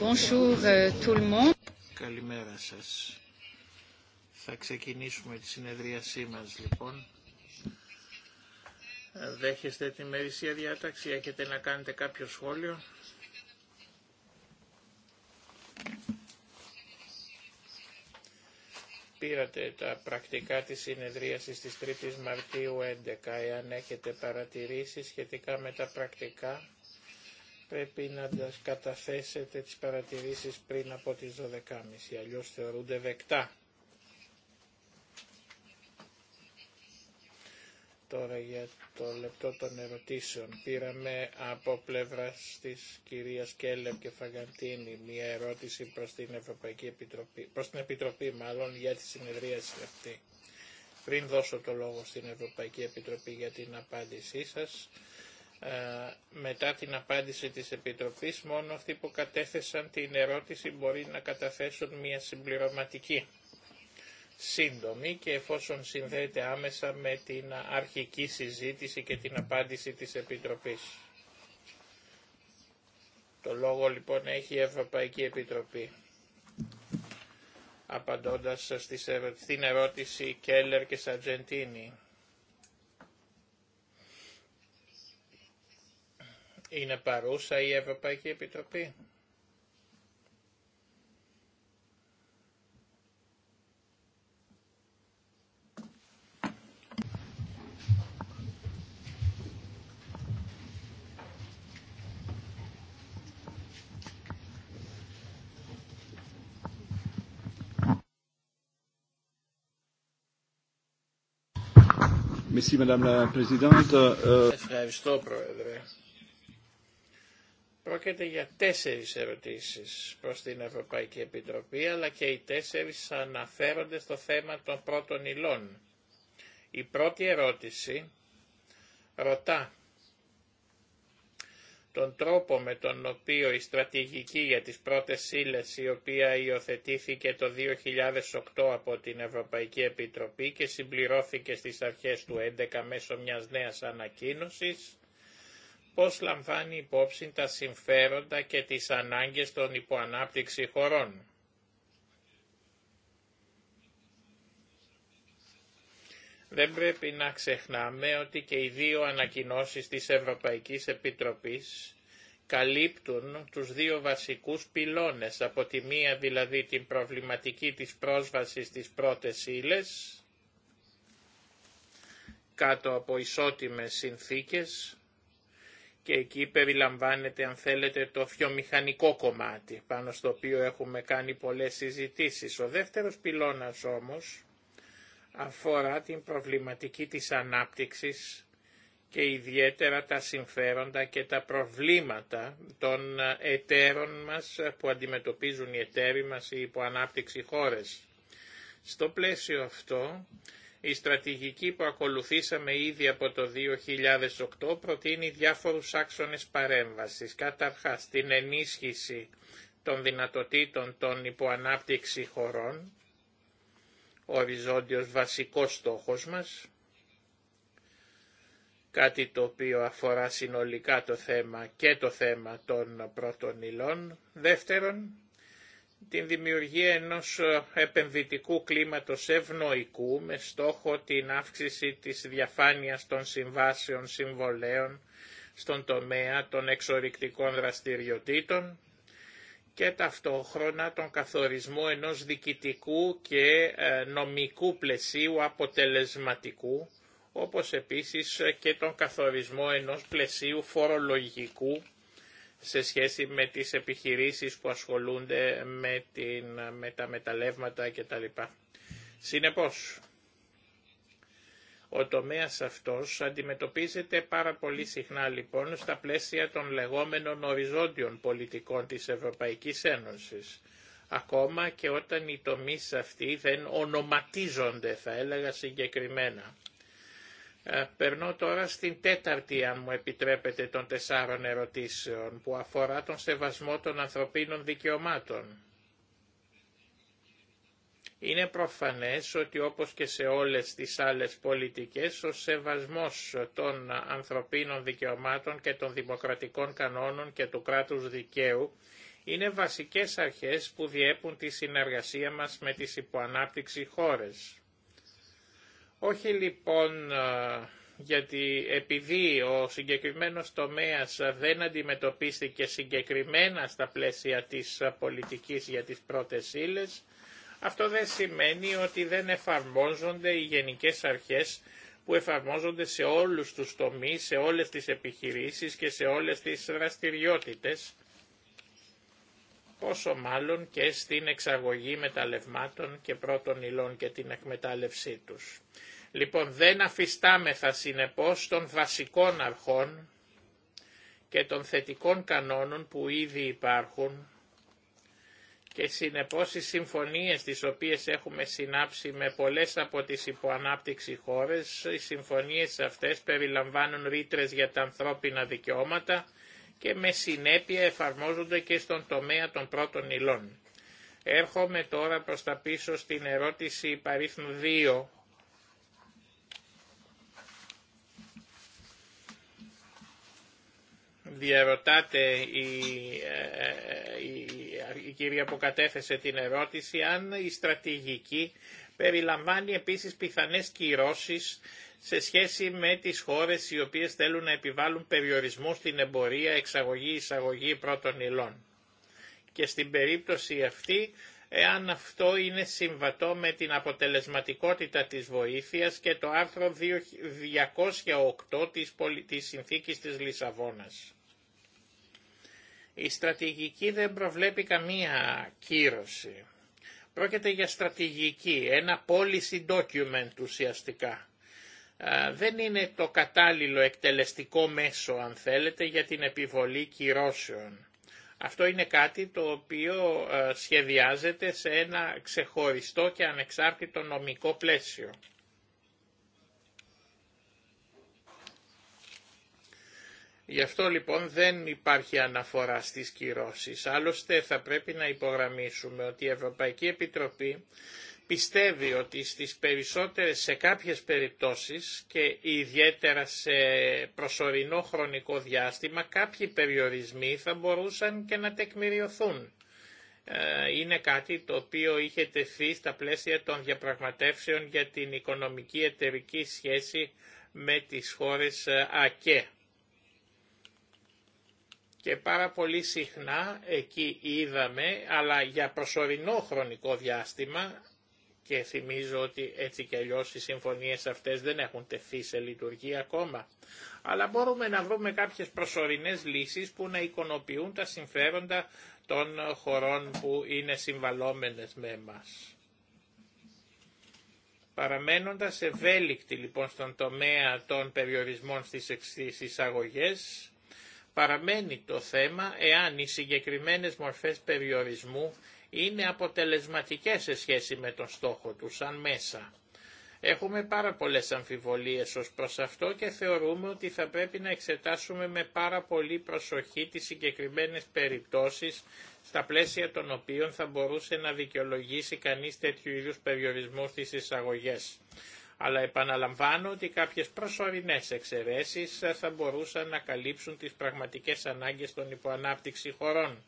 Euh, Καλημέρα σας. Θα ξεκινήσουμε τη συνεδρίασή μας λοιπόν. Ε, δέχεστε τη μερισία διάταξη, έχετε να κάνετε κάποιο σχόλιο. Πήρατε τα πρακτικά της συνεδρίασης της 3ης Μαρτίου 11. Εάν έχετε παρατηρήσει σχετικά με τα πρακτικά, πρέπει να καταθέσετε τις παρατηρήσεις πριν από τις 12.30, αλλιώς θεωρούνται δεκτά. Τώρα για το λεπτό των ερωτήσεων. Πήραμε από πλευράς της κυρίας Κέλλερ και Φαγαντίνη μια ερώτηση προς την Ευρωπαϊκή Επιτροπή, προς την Επιτροπή μάλλον για τη συνεδρίαση αυτή. Πριν δώσω το λόγο στην Ευρωπαϊκή Επιτροπή για την απάντησή σας, ε, μετά την απάντηση της Επιτροπής μόνο αυτοί που κατέθεσαν την ερώτηση μπορεί να καταθέσουν μια συμπληρωματική σύντομη και εφόσον συνδέεται άμεσα με την αρχική συζήτηση και την απάντηση της Επιτροπής. Το λόγο λοιπόν έχει η Ευρωπαϊκή Επιτροπή. Απαντώντας στην ερώτηση Κέλλερ και Σατζεντίνη. Είναι παρούσα η Ευρωπαϊκή Επιτροπή. Euh, Ευχαριστώ, Πρόεδρε. Πρόκειται για τέσσερις ερωτήσεις προς την Ευρωπαϊκή Επιτροπή, αλλά και οι τέσσερις αναφέρονται στο θέμα των πρώτων υλών. Η πρώτη ερώτηση ρωτά τον τρόπο με τον οποίο η στρατηγική για τις πρώτες ύλε η οποία υιοθετήθηκε το 2008 από την Ευρωπαϊκή Επιτροπή και συμπληρώθηκε στις αρχές του 2011 μέσω μιας νέας ανακοίνωσης πώς λαμβάνει υπόψη τα συμφέροντα και τις ανάγκες των υποανάπτυξη χωρών. Δεν πρέπει να ξεχνάμε ότι και οι δύο ανακοινώσεις της Ευρωπαϊκής Επιτροπής καλύπτουν τους δύο βασικούς πυλώνες, από τη μία δηλαδή την προβληματική της πρόσβασης στις πρώτες ύλες, κάτω από ισότιμες συνθήκες, και εκεί περιλαμβάνεται αν θέλετε το βιομηχανικό κομμάτι πάνω στο οποίο έχουμε κάνει πολλές συζητήσεις. Ο δεύτερος πυλώνας όμως αφορά την προβληματική της ανάπτυξης και ιδιαίτερα τα συμφέροντα και τα προβλήματα των εταίρων μας που αντιμετωπίζουν οι εταίροι μας η υποανάπτυξη χώρες. Στο πλαίσιο αυτό η στρατηγική που ακολουθήσαμε ήδη από το 2008 προτείνει διάφορους άξονες παρέμβασης. Καταρχάς την ενίσχυση των δυνατοτήτων των υποανάπτυξη χωρών, οριζόντιος βασικός στόχος μας, κάτι το οποίο αφορά συνολικά το θέμα και το θέμα των πρώτων υλών. Δεύτερον, την δημιουργία ενός ε, επενδυτικού κλίματος ευνοϊκού με στόχο την αύξηση της διαφάνειας των συμβάσεων συμβολέων στον τομέα των εξορρυκτικών δραστηριοτήτων και ταυτόχρονα τον καθορισμό ενός δικητικού και ε, νομικού πλαισίου αποτελεσματικού, όπως επίσης και τον καθορισμό ενός πλαισίου φορολογικού σε σχέση με τις επιχειρήσεις που ασχολούνται με, την, με τα μεταλλεύματα κτλ. Συνεπώς, ο τομέας αυτός αντιμετωπίζεται πάρα πολύ συχνά λοιπόν στα πλαίσια των λεγόμενων οριζόντιων πολιτικών της Ευρωπαϊκής Ένωσης. Ακόμα και όταν οι τομείς αυτοί δεν ονοματίζονται θα έλεγα συγκεκριμένα. Ε, περνώ τώρα στην τέταρτη, αν μου επιτρέπετε, των τεσσάρων ερωτήσεων που αφορά τον σεβασμό των ανθρωπίνων δικαιωμάτων. Είναι προφανές ότι όπως και σε όλες τις άλλες πολιτικές, ο σεβασμός των ανθρωπίνων δικαιωμάτων και των δημοκρατικών κανόνων και του κράτους δικαίου είναι βασικές αρχές που διέπουν τη συνεργασία μας με τις υποανάπτυξη χώρες. Όχι λοιπόν γιατί επειδή ο συγκεκριμένος τομέας δεν αντιμετωπίστηκε συγκεκριμένα στα πλαίσια της πολιτικής για τις πρώτες ύλες, αυτό δεν σημαίνει ότι δεν εφαρμόζονται οι γενικές αρχές που εφαρμόζονται σε όλους τους τομείς, σε όλες τις επιχειρήσεις και σε όλες τις δραστηριότητες, πόσο μάλλον και στην εξαγωγή μεταλλευμάτων και πρώτων υλών και την εκμετάλλευσή τους. Λοιπόν, δεν αφιστάμεθα συνεπώς των βασικών αρχών και των θετικών κανόνων που ήδη υπάρχουν και συνεπώς οι συμφωνίες τις οποίες έχουμε συνάψει με πολλές από τις υποανάπτυξη χώρες, οι συμφωνίες αυτές περιλαμβάνουν ρήτρες για τα ανθρώπινα δικαιώματα και με συνέπεια εφαρμόζονται και στον τομέα των πρώτων υλών. Έρχομαι τώρα προς τα πίσω στην ερώτηση παρίθμου 2 διαρωτάται η, ε, ε, η, η κυρία που κατέθεσε την ερώτηση αν η στρατηγική περιλαμβάνει επίσης πιθανές κυρώσεις σε σχέση με τις χώρες οι οποίες θέλουν να επιβάλλουν περιορισμού στην εμπορία, εξαγωγή, εισαγωγή πρώτων υλών. Και στην περίπτωση αυτή, εάν αυτό είναι συμβατό με την αποτελεσματικότητα της βοήθειας και το άρθρο 208 της, πολι... της Συνθήκης της Λισαβόνας. Η στρατηγική δεν προβλέπει καμία κύρωση. Πρόκειται για στρατηγική, ένα policy document ουσιαστικά. Δεν είναι το κατάλληλο εκτελεστικό μέσο, αν θέλετε, για την επιβολή κυρώσεων. Αυτό είναι κάτι το οποίο σχεδιάζεται σε ένα ξεχωριστό και ανεξάρτητο νομικό πλαίσιο. Γι' αυτό λοιπόν δεν υπάρχει αναφορά στις κυρώσεις. Άλλωστε θα πρέπει να υπογραμμίσουμε ότι η Ευρωπαϊκή Επιτροπή πιστεύει ότι στις περισσότερες, σε κάποιες περιπτώσεις και ιδιαίτερα σε προσωρινό χρονικό διάστημα κάποιοι περιορισμοί θα μπορούσαν και να τεκμηριωθούν. Ε, είναι κάτι το οποίο είχε τεθεί στα πλαίσια των διαπραγματεύσεων για την οικονομική εταιρική σχέση με τις χώρες ε, ΑΚΕ και πάρα πολύ συχνά εκεί είδαμε, αλλά για προσωρινό χρονικό διάστημα, και θυμίζω ότι έτσι και αλλιώ οι συμφωνίες αυτές δεν έχουν τεθεί σε λειτουργία ακόμα, αλλά μπορούμε να βρούμε κάποιες προσωρινές λύσεις που να εικονοποιούν τα συμφέροντα των χωρών που είναι συμβαλόμενες με εμάς. Παραμένοντας ευέλικτη λοιπόν στον τομέα των περιορισμών στις εισαγωγές, Παραμένει το θέμα εάν οι συγκεκριμένες μορφές περιορισμού είναι αποτελεσματικές σε σχέση με τον στόχο του σαν μέσα. Έχουμε πάρα πολλές αμφιβολίες ως προς αυτό και θεωρούμε ότι θα πρέπει να εξετάσουμε με πάρα πολύ προσοχή τις συγκεκριμένες περιπτώσεις στα πλαίσια των οποίων θα μπορούσε να δικαιολογήσει κανείς τέτοιου είδους περιορισμού στις εισαγωγές αλλά επαναλαμβάνω ότι κάποιες προσωρινές εξαιρέσεις ε, θα μπορούσαν να καλύψουν τις πραγματικές ανάγκες των υποανάπτυξη χωρών.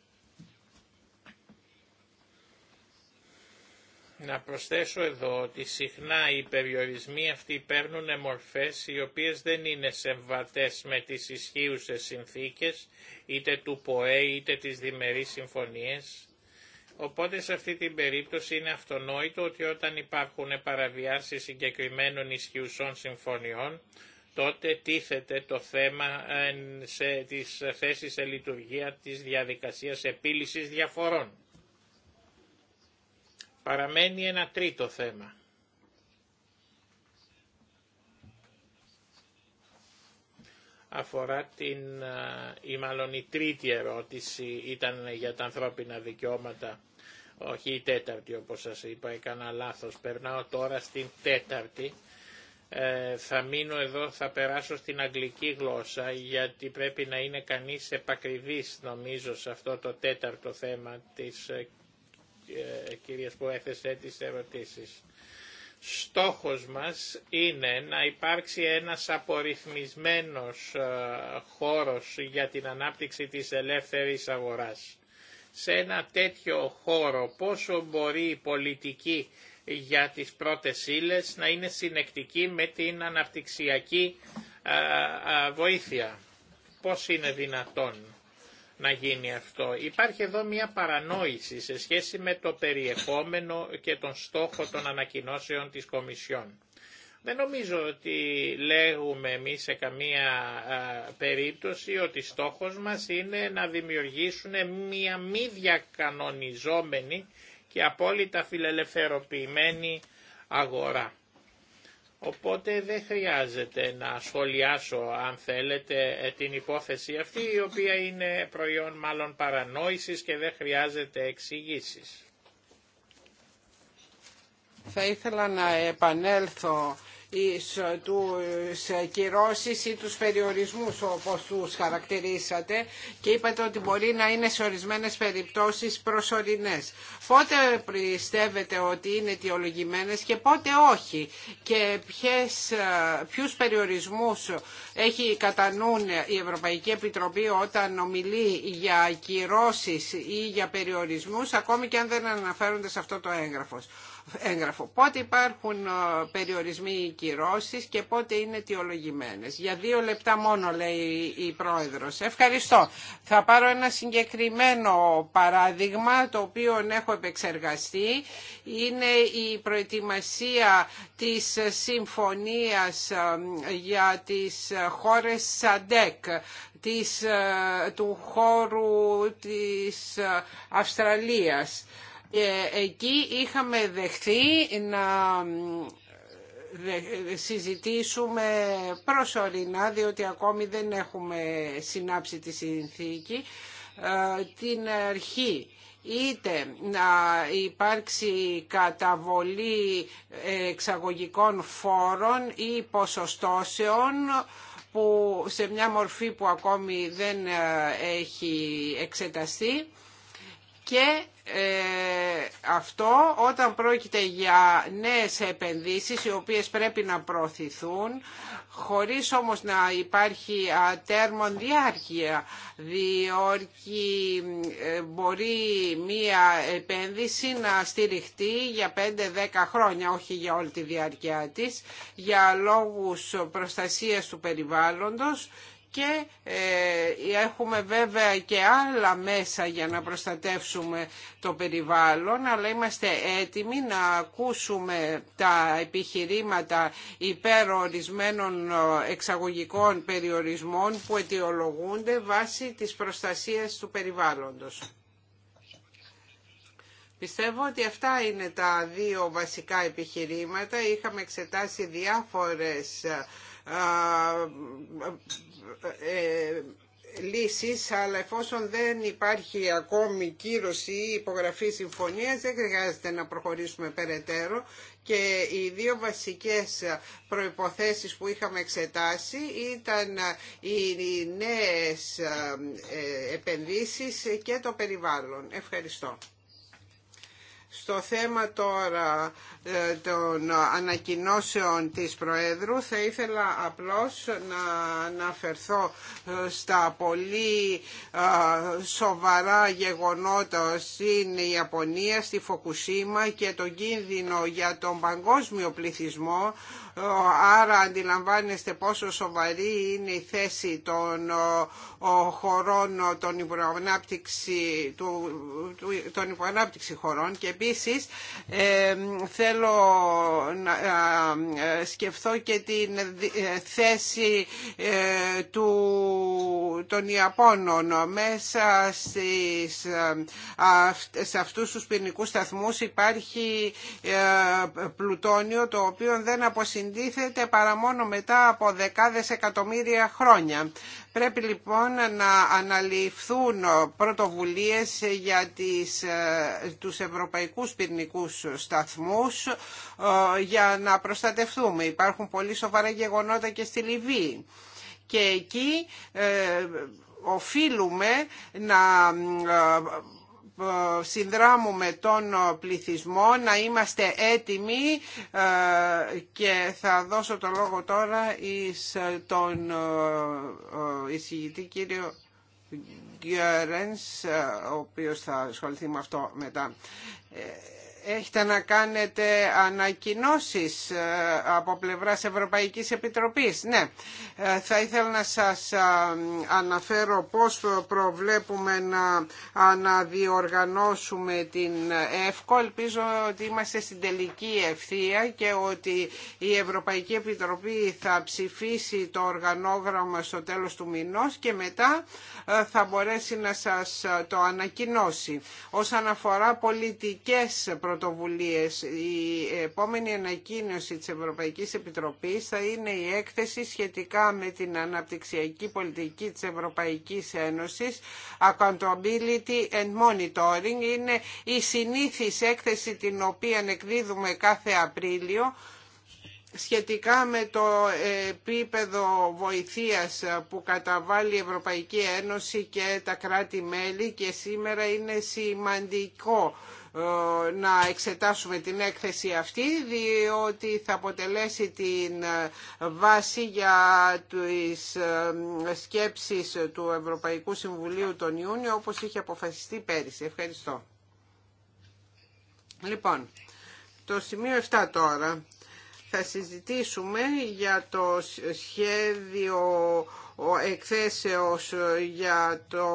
Να προσθέσω εδώ ότι συχνά οι περιορισμοί αυτοί παίρνουν μορφές οι οποίες δεν είναι σεμβατές με τις ισχύουσες συνθήκες είτε του ΠΟΕ είτε της διμερείς συμφωνίες Οπότε σε αυτή την περίπτωση είναι αυτονόητο ότι όταν υπάρχουν παραβιάσεις συγκεκριμένων ισχυουσών συμφωνιών, τότε τίθεται το θέμα ε, σε τις θέσεις σε λειτουργία της διαδικασίας επίλυσης διαφορών. Παραμένει ένα τρίτο θέμα. αφορά την, ή μάλλον η τρίτη ερώτηση ήταν για τα ανθρώπινα δικαιώματα, όχι η τέταρτη όπως σας είπα, έκανα λάθος. Περνάω τώρα στην τέταρτη. Ε, θα μείνω εδώ, θα περάσω στην αγγλική γλώσσα γιατί πρέπει να είναι κανείς επακριβής νομίζω σε αυτό το τέταρτο θέμα της ε, ε κυρίας που έθεσε τις ερωτήσεις. Στόχος μας είναι να υπάρξει ένας απορριθμισμένος ε, χώρος για την ανάπτυξη της ελεύθερης αγοράς. Σε ένα τέτοιο χώρο πόσο μπορεί η πολιτική για τις πρώτες ύλε να είναι συνεκτική με την αναπτυξιακή ε, ε, βοήθεια. Πώς είναι δυνατόν να γίνει αυτό. Υπάρχει εδώ μια παρανόηση σε σχέση με το περιεχόμενο και τον στόχο των ανακοινώσεων της Κομισιόν. Δεν νομίζω ότι λέγουμε εμείς σε καμία περίπτωση ότι στόχος μας είναι να δημιουργήσουν μια μη διακανονιζόμενη και απόλυτα φιλελευθεροποιημένη αγορά. Οπότε δεν χρειάζεται να σχολιάσω, αν θέλετε, την υπόθεση αυτή, η οποία είναι προϊόν μάλλον παρανόησης και δεν χρειάζεται εξηγήσεις. Θα ήθελα να επανέλθω ε, τους ε, κυρώσεις ή τους περιορισμούς όπως τους χαρακτηρίσατε και είπατε ότι μπορεί να είναι σε ορισμένες περιπτώσεις προσωρινές. Πότε πιστεύετε ότι είναι αιτιολογημένες και πότε όχι και ποιες, ε, ποιους περιορισμούς έχει κατά νου η Ευρωπαϊκή Επιτροπή όταν ομιλεί για κυρώσεις ή για περιορισμούς ακόμη και αν δεν αναφέρονται σε αυτό το έγγραφο έγγραφο. Πότε υπάρχουν ε, περιορισμοί ή κυρώσεις και πότε είναι αιτιολογημένες. Για δύο λεπτά μόνο λέει η Πρόεδρος. Ευχαριστώ. Θα πάρω ένα συγκεκριμένο παράδειγμα το οποίο έχω επεξεργαστεί. Είναι η προετοιμασία της συμφωνίας ε, για τις χώρες ΣΑΝΤΕΚ ε, του χώρου της Αυστραλίας εκεί είχαμε δεχθεί να συζητήσουμε προσωρινά, διότι ακόμη δεν έχουμε συνάψει τη συνθήκη, ε, την αρχή είτε να υπάρξει καταβολή εξαγωγικών φόρων ή ποσοστώσεων που σε μια μορφή που ακόμη δεν ε, έχει εξεταστεί και ε, αυτό όταν πρόκειται για νέες επενδύσεις οι οποίες πρέπει να προωθηθούν χωρίς όμως να υπάρχει ατέρμον διάρκεια διότι ε, μπορεί μία επένδυση να στηριχτεί για 5-10 χρόνια όχι για όλη τη διάρκεια της για λόγους προστασίας του περιβάλλοντος και ε, έχουμε βέβαια και άλλα μέσα για να προστατεύσουμε το περιβάλλον, αλλά είμαστε έτοιμοι να ακούσουμε τα επιχειρήματα υπέρ ορισμένων ε, εξαγωγικών περιορισμών που αιτιολογούνται βάσει της προστασίας του περιβάλλοντος. Πιστεύω ότι αυτά είναι τα δύο βασικά επιχειρήματα. Είχαμε εξετάσει διάφορες ε, ε, λύσεις, αλλά εφόσον δεν υπάρχει ακόμη κύρωση ή υπογραφή συμφωνίας, δεν χρειάζεται να προχωρήσουμε περαιτέρω και οι δύο βασικές προϋποθέσεις που είχαμε εξετάσει ήταν οι νέες ε, επενδύσεις και το περιβάλλον. Ευχαριστώ. Στο θέμα τώρα ε, των ανακοινώσεων της Προέδρου θα ήθελα απλώς να αναφερθώ ε, στα πολύ ε, σοβαρά γεγονότα στην Ιαπωνία, στη Φοκουσίμα και τον κίνδυνο για τον παγκόσμιο πληθυσμό άρα αντιλαμβάνεστε πόσο σοβαρή είναι η θέση των χωρών των υποανάπτυξη, του, των υποανάπτυξη χωρών και επίσης ε, θέλω να ε, σκεφτώ και την ε, θέση ε, του, των Ιαπώνων μέσα στις, σε αυτούς τους πυρηνικούς σταθμούς υπάρχει πλουτόνιο το οποίο δεν αποσυνδέεται παρά μόνο μετά από δεκάδες εκατομμύρια χρόνια. Πρέπει λοιπόν να αναλυφθούν πρωτοβουλίες για τις, ε, τους ευρωπαϊκούς πυρνικούς σταθμούς ε, για να προστατευτούμε. Υπάρχουν πολύ σοβαρά γεγονότα και στη Λιβύη. Και εκεί ε, οφείλουμε να ε, συνδράμουμε τον πληθυσμό, να είμαστε έτοιμοι ε, και θα δώσω το λόγο τώρα εις ε, τον εισηγητή κύριο Γκιόρενς, ο οποίος θα ασχοληθεί με αυτό μετά έχετε να κάνετε ανακοινώσεις ε, από πλευράς Ευρωπαϊκής Επιτροπής. Ναι, ε, θα ήθελα να σας ε, αναφέρω πώς προβλέπουμε να αναδιοργανώσουμε την ΕΦΚΟ. Ελπίζω ότι είμαστε στην τελική ευθεία και ότι η Ευρωπαϊκή Επιτροπή θα ψηφίσει το οργανόγραμμα στο τέλος του μηνός και μετά θα μπορέσει να σας το ανακοινώσει. Όσον αφορά πολιτικές πρωτοβουλίες. Η επόμενη ανακοίνωση της Ευρωπαϊκής Επιτροπής θα είναι η έκθεση σχετικά με την αναπτυξιακή πολιτική της Ευρωπαϊκής Ένωσης, Accountability and Monitoring. Είναι η συνήθις έκθεση την οποία εκδίδουμε κάθε Απρίλιο σχετικά με το επίπεδο βοηθείας που καταβάλει η Ευρωπαϊκή Ένωση και τα κράτη-μέλη και σήμερα είναι σημαντικό ε, να εξετάσουμε την έκθεση αυτή διότι θα αποτελέσει την ε, βάση για τις ε, σκέψεις του Ευρωπαϊκού Συμβουλίου τον Ιούνιο όπως είχε αποφασιστεί πέρυσι. Ευχαριστώ. Λοιπόν, το σημείο 7 τώρα θα συζητήσουμε για το σχέδιο εκθέσεως για το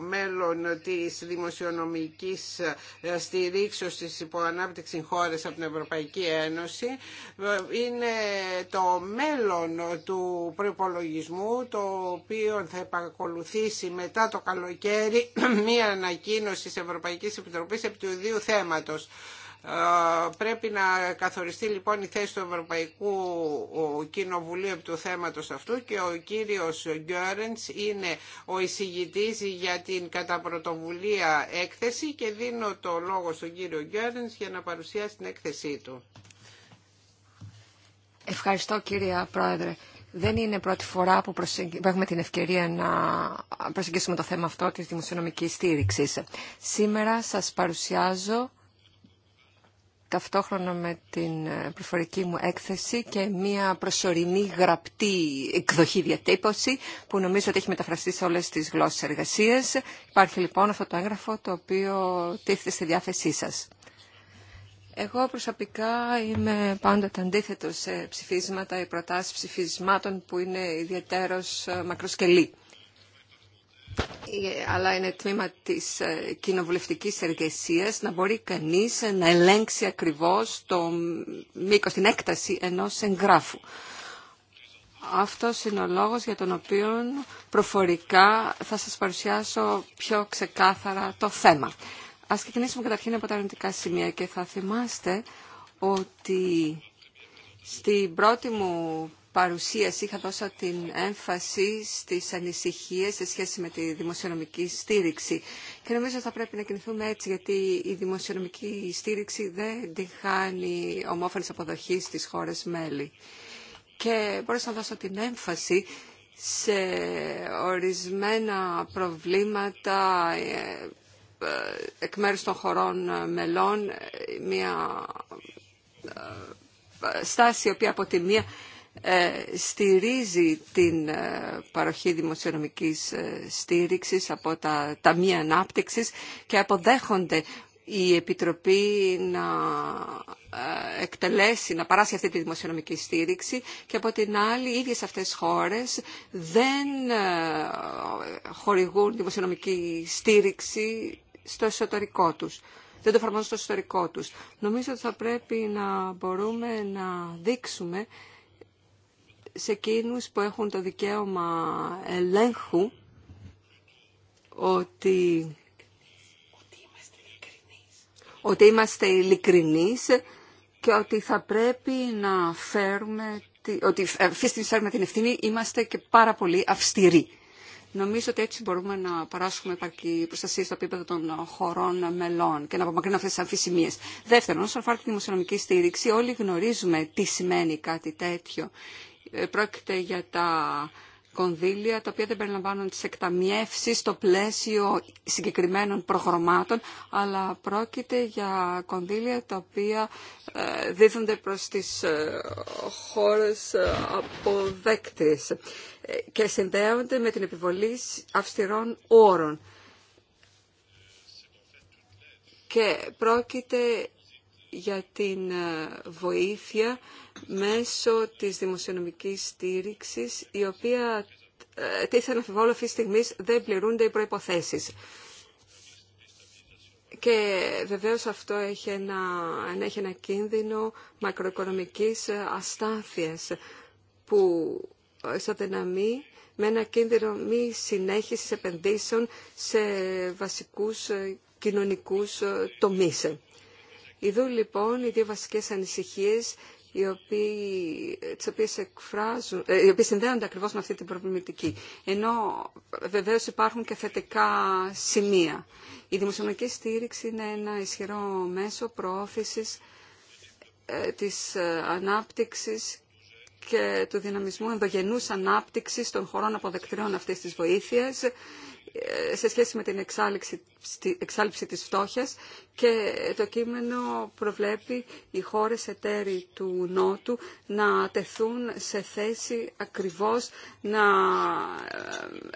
μέλλον της δημοσιονομικής στηρίξεως της υποανάπτυξης χώρες από την Ευρωπαϊκή Ένωση. Είναι το μέλλον του προϋπολογισμού το οποίο θα επακολουθήσει μετά το καλοκαίρι μία ανακοίνωση της Ευρωπαϊκής Επιτροπής επί του ιδίου θέματος. Ε, πρέπει να καθοριστεί λοιπόν η θέση του Ευρωπαϊκού Κοινοβουλίου του θέματο αυτού και ο κύριος Γκέρενς είναι ο εισηγητής για την κατά έκθεση και δίνω το λόγο στον κύριο Γκέρενς για να παρουσιάσει την έκθεσή του. Ευχαριστώ κύριε Πρόεδρε. Δεν είναι πρώτη φορά που έχουμε την ευκαιρία να προσεγγίσουμε το θέμα αυτό της δημοσιονομικής στήριξης. Σήμερα σας παρουσιάζω ταυτόχρονα με την ε, προφορική μου έκθεση και μια προσωρινή γραπτή εκδοχή διατύπωση που νομίζω ότι έχει μεταφραστεί σε όλες τις γλώσσες εργασίες. Υπάρχει λοιπόν αυτό το έγγραφο το οποίο τίθεται στη διάθεσή σας. Εγώ προσωπικά είμαι πάντοτε αντίθετο σε ψηφίσματα ή προτάσεις ψηφισμάτων που είναι ιδιαίτερος ε, μακροσκελή. Ε, αλλά είναι τμήμα της ε, κοινοβουλευτικής εργασίας να μπορεί κανείς ε, να ελέγξει ακριβώς το μήκος, την έκταση ενός εγγράφου. Αυτό είναι ο λόγος για τον οποίο προφορικά θα σας παρουσιάσω πιο ξεκάθαρα το θέμα. Ας ξεκινήσουμε καταρχήν από τα αρνητικά σημεία και θα θυμάστε ότι στην πρώτη μου παρουσίαση είχα δώσω την έμφαση στις ανησυχίες σε σχέση με τη δημοσιονομική στήριξη. Και νομίζω θα πρέπει να κινηθούμε έτσι, γιατί η δημοσιονομική στήριξη δεν την χάνει ομόφωνης αποδοχής στις χώρες μέλη. Και μπορούσα να δώσω την έμφαση σε ορισμένα προβλήματα ε, ε, εκ μέρους των χωρών μελών, ε, μια στάση η οποία από τη μία ε, στηρίζει την ε, παροχή δημοσιονομικής ε, στήριξης από τα Ταμεία Ανάπτυξης και αποδέχονται η Επιτροπή να εκτελέσει, να παράσει αυτή τη δημοσιονομική στήριξη και από την άλλη οι ίδιες αυτές χώρες δεν χορηγούν δημοσιονομική στήριξη στο εσωτερικό τους. Δεν το εφαρμόζουν στο εσωτερικό τους. Νομίζω ότι θα πρέπει να μπορούμε να δείξουμε σε εκείνους που έχουν το δικαίωμα ελέγχου ότι, ότι είμαστε ειλικρινείς και ότι θα πρέπει να φέρουμε, ότι ε, αφήστε φέρουμε την ευθύνη, είμαστε και πάρα πολύ αυστηροί. Νομίζω ότι έτσι μπορούμε να παράσχουμε επαρκή προστασία στο επίπεδο των χωρών μελών και να απομακρύνουμε αυτέ τι αμφισημίε. Δεύτερον, όσον αφορά τη δημοσιονομική στήριξη, όλοι γνωρίζουμε τι σημαίνει κάτι τέτοιο πρόκειται για τα κονδύλια τα οποία δεν περιλαμβάνουν τις εκταμιεύσεις στο πλαίσιο συγκεκριμένων προχρωμάτων, αλλά πρόκειται για κονδύλια τα οποία ε, δίδονται προς τις ε, χώρες ε, αποδέκτες και συνδέονται με την επιβολή αυστηρών όρων. Και πρόκειται για την ε, βοήθεια μέσω της δημοσιονομικής στήριξης, η οποία ε, τίθεται αφιβόλω αυτή τη στιγμή δεν πληρούνται οι προϋποθέσεις. Και βεβαίως αυτό έχει ένα, έχει ένα κίνδυνο μακροοικονομικής ε, αστάθειας που ισοδυναμεί με ένα κίνδυνο μη συνέχισης επενδύσεων σε βασικούς κοινωνικούς τομείς. Ιδού λοιπόν οι δύο βασικές ανησυχίες οι οποίε οποίες εκφράζουν, ε, συνδέονται ακριβώς με αυτή την προβληματική. Ενώ βεβαίως υπάρχουν και θετικά σημεία. Η δημοσιονομική στήριξη είναι ένα ισχυρό μέσο προώθησης ε, της ε, ανάπτυξης και του δυναμισμού ενδογενούς ανάπτυξης των χωρών αποδεκτριών αυτής της βοήθειας σε σχέση με την εξάλληψη, εξάλληψη της φτώχειας και το κείμενο προβλέπει οι χώρες εταίροι του Νότου να τεθούν σε θέση ακριβώς να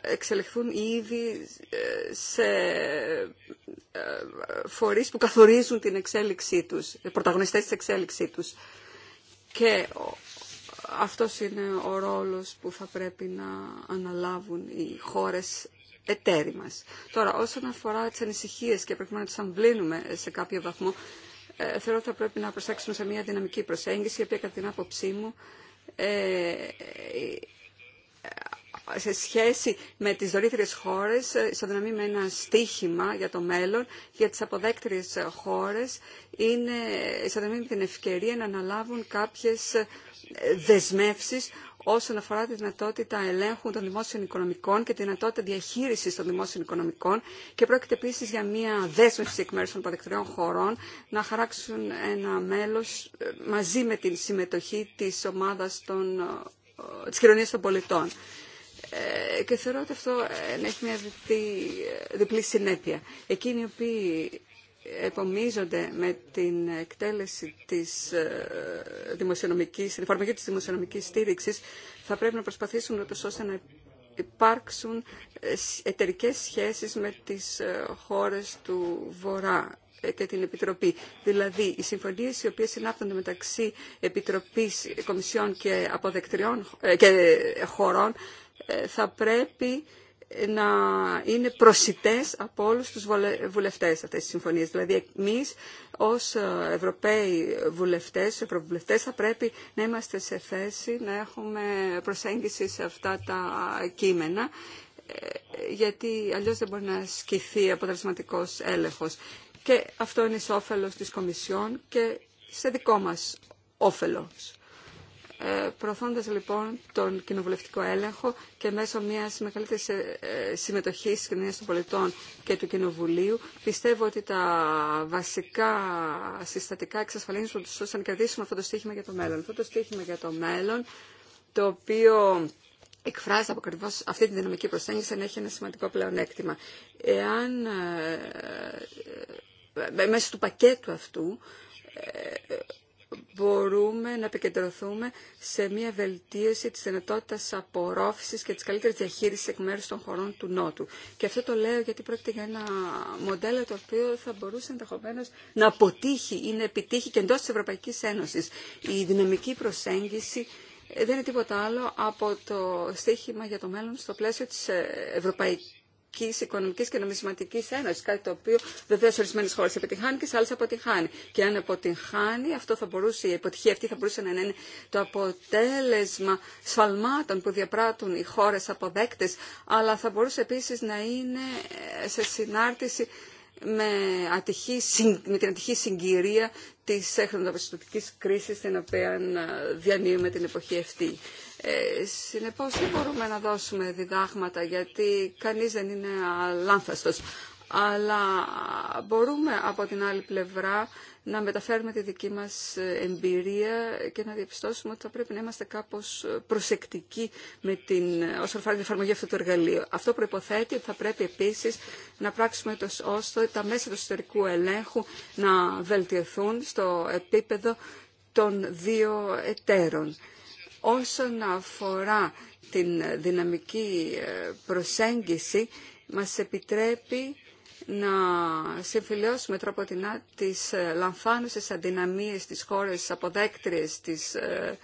ε, εξελιχθούν ήδη ε, σε ε, φορείς που καθορίζουν την εξέλιξή τους, πρωταγωνιστές της εξέλιξή τους. Και αυτός είναι ο ρόλος που θα πρέπει να αναλάβουν οι χώρες εταίροι Τώρα, όσον αφορά τις ανησυχίε και πρέπει να τι αμβλύνουμε σε κάποιο βαθμό, ε, θεωρώ ότι θα πρέπει να προσέξουμε σε μια δυναμική προσέγγιση, η οποία κατά την άποψή μου ε, ε, σε σχέση με τις δωρήθριες χώρες ισοδυναμεί με ένα στίχημα για το μέλλον, για τις αποδέκτριες χώρες είναι ισοδυναμεί με την ευκαιρία να αναλάβουν κάποιες δεσμεύσεις όσον αφορά τη δυνατότητα ελέγχου των δημόσιων οικονομικών και τη δυνατότητα διαχείριση των δημόσιων οικονομικών και πρόκειται επίση για μια δέσμευση εκ μέρου των αποδεκτριών χωρών να χαράξουν ένα μέλο ε, μαζί με την συμμετοχή τη ομάδα των ε, κοινωνία των πολιτών. Ε, και θεωρώ ότι αυτό έχει μια διπλή συνέπεια. Εκείνοι οι οποίοι επομίζονται με την εκτέλεση της ε, δημοσιονομικής, την εφαρμογή της δημοσιονομικής στήριξης, θα πρέπει να προσπαθήσουν ώστε να υπάρξουν ε, εταιρικέ σχέσεις με τις ε, χώρες του Βορρά και την Επιτροπή. Δηλαδή, οι συμφωνίες οι οποίες συνάπτονται μεταξύ Επιτροπής Κομισιών και, αποδεκτριών, και χωρών θα πρέπει να είναι προσιτές από όλους τους βουλευτές αυτές τις συμφωνίες. Δηλαδή εμείς ως ε, Ευρωπαίοι βουλευτές, Ευρωβουλευτές θα πρέπει να είμαστε σε θέση να έχουμε προσέγγιση σε αυτά τα κείμενα ε, γιατί αλλιώς δεν μπορεί να σκηθεί αποτελεσματικό έλεγχος. Και αυτό είναι σε όφελος της Κομισιόν και σε δικό μας όφελος. Ε, προωθώντας λοιπόν τον κοινοβουλευτικό έλεγχο και μέσω μιας μεγαλύτερης ε, ε, συμμετοχής της κοινωνίας των πολιτών και του Κοινοβουλίου πιστεύω ότι τα βασικά συστατικά εξασφαλίζουν ώστε να κρατήσουμε αυτό το στίχημα για το μέλλον. Αυτό το στίχημα για το μέλλον το οποίο εκφράζει από ακριβώ αυτή τη δυναμική προσέγγιση να έχει ένα σημαντικό πλεονέκτημα. Εάν ε, μέσα του πακέτου αυτού μπορούμε να επικεντρωθούμε σε μια βελτίωση της δυνατότητας απορρόφησης και της καλύτερης διαχείρισης εκ μέρους των χωρών του Νότου. Και αυτό το λέω γιατί πρόκειται για ένα μοντέλο το οποίο θα μπορούσε ενδεχομένω να αποτύχει ή να επιτύχει και εντός της Ευρωπαϊκής Ένωσης. Η δυναμική προσέγγιση δεν είναι τίποτα άλλο από το στίχημα για το μέλλον στο πλαίσιο της ε, Ευρωπαϊκής Ευρωπαϊκή Οικονομική και Νομισματική Ένωση. Κάτι το οποίο βεβαίω ορισμένε χώρε επιτυχάνει και σε άλλε αποτυχάνει. Και αν αποτυχάνει, αυτό θα μπορούσε, η αποτυχία αυτή θα μπορούσε να είναι το αποτέλεσμα σφαλμάτων που διαπράττουν οι χώρε αποδέκτε, αλλά θα μπορούσε επίση να είναι σε συνάρτηση με, ατυχή, με την ατυχή συγκυρία της χρηματοπιστωτικής κρίσης την οποία διανύουμε την εποχή αυτή. Ε, συνεπώς δεν μπορούμε να δώσουμε διδάγματα γιατί κανείς δεν είναι αλάνθαστος. Αλλά μπορούμε από την άλλη πλευρά να μεταφέρουμε τη δική μας εμπειρία και να διαπιστώσουμε ότι θα πρέπει να είμαστε κάπως προσεκτικοί με την, όσον αφορά την εφαρμογή αυτού του εργαλείου. Αυτό προϋποθέτει ότι θα πρέπει επίσης να πράξουμε το ώστε τα μέσα του εσωτερικού ελέγχου να βελτιωθούν στο επίπεδο των δύο εταίρων. Όσον αφορά την δυναμική ε, προσέγγιση, μας επιτρέπει να συμφιλειώσουμε τρόπο την τις ε, λαμφάνωσες αδυναμίες της χώρας αποδέκτριες της ε,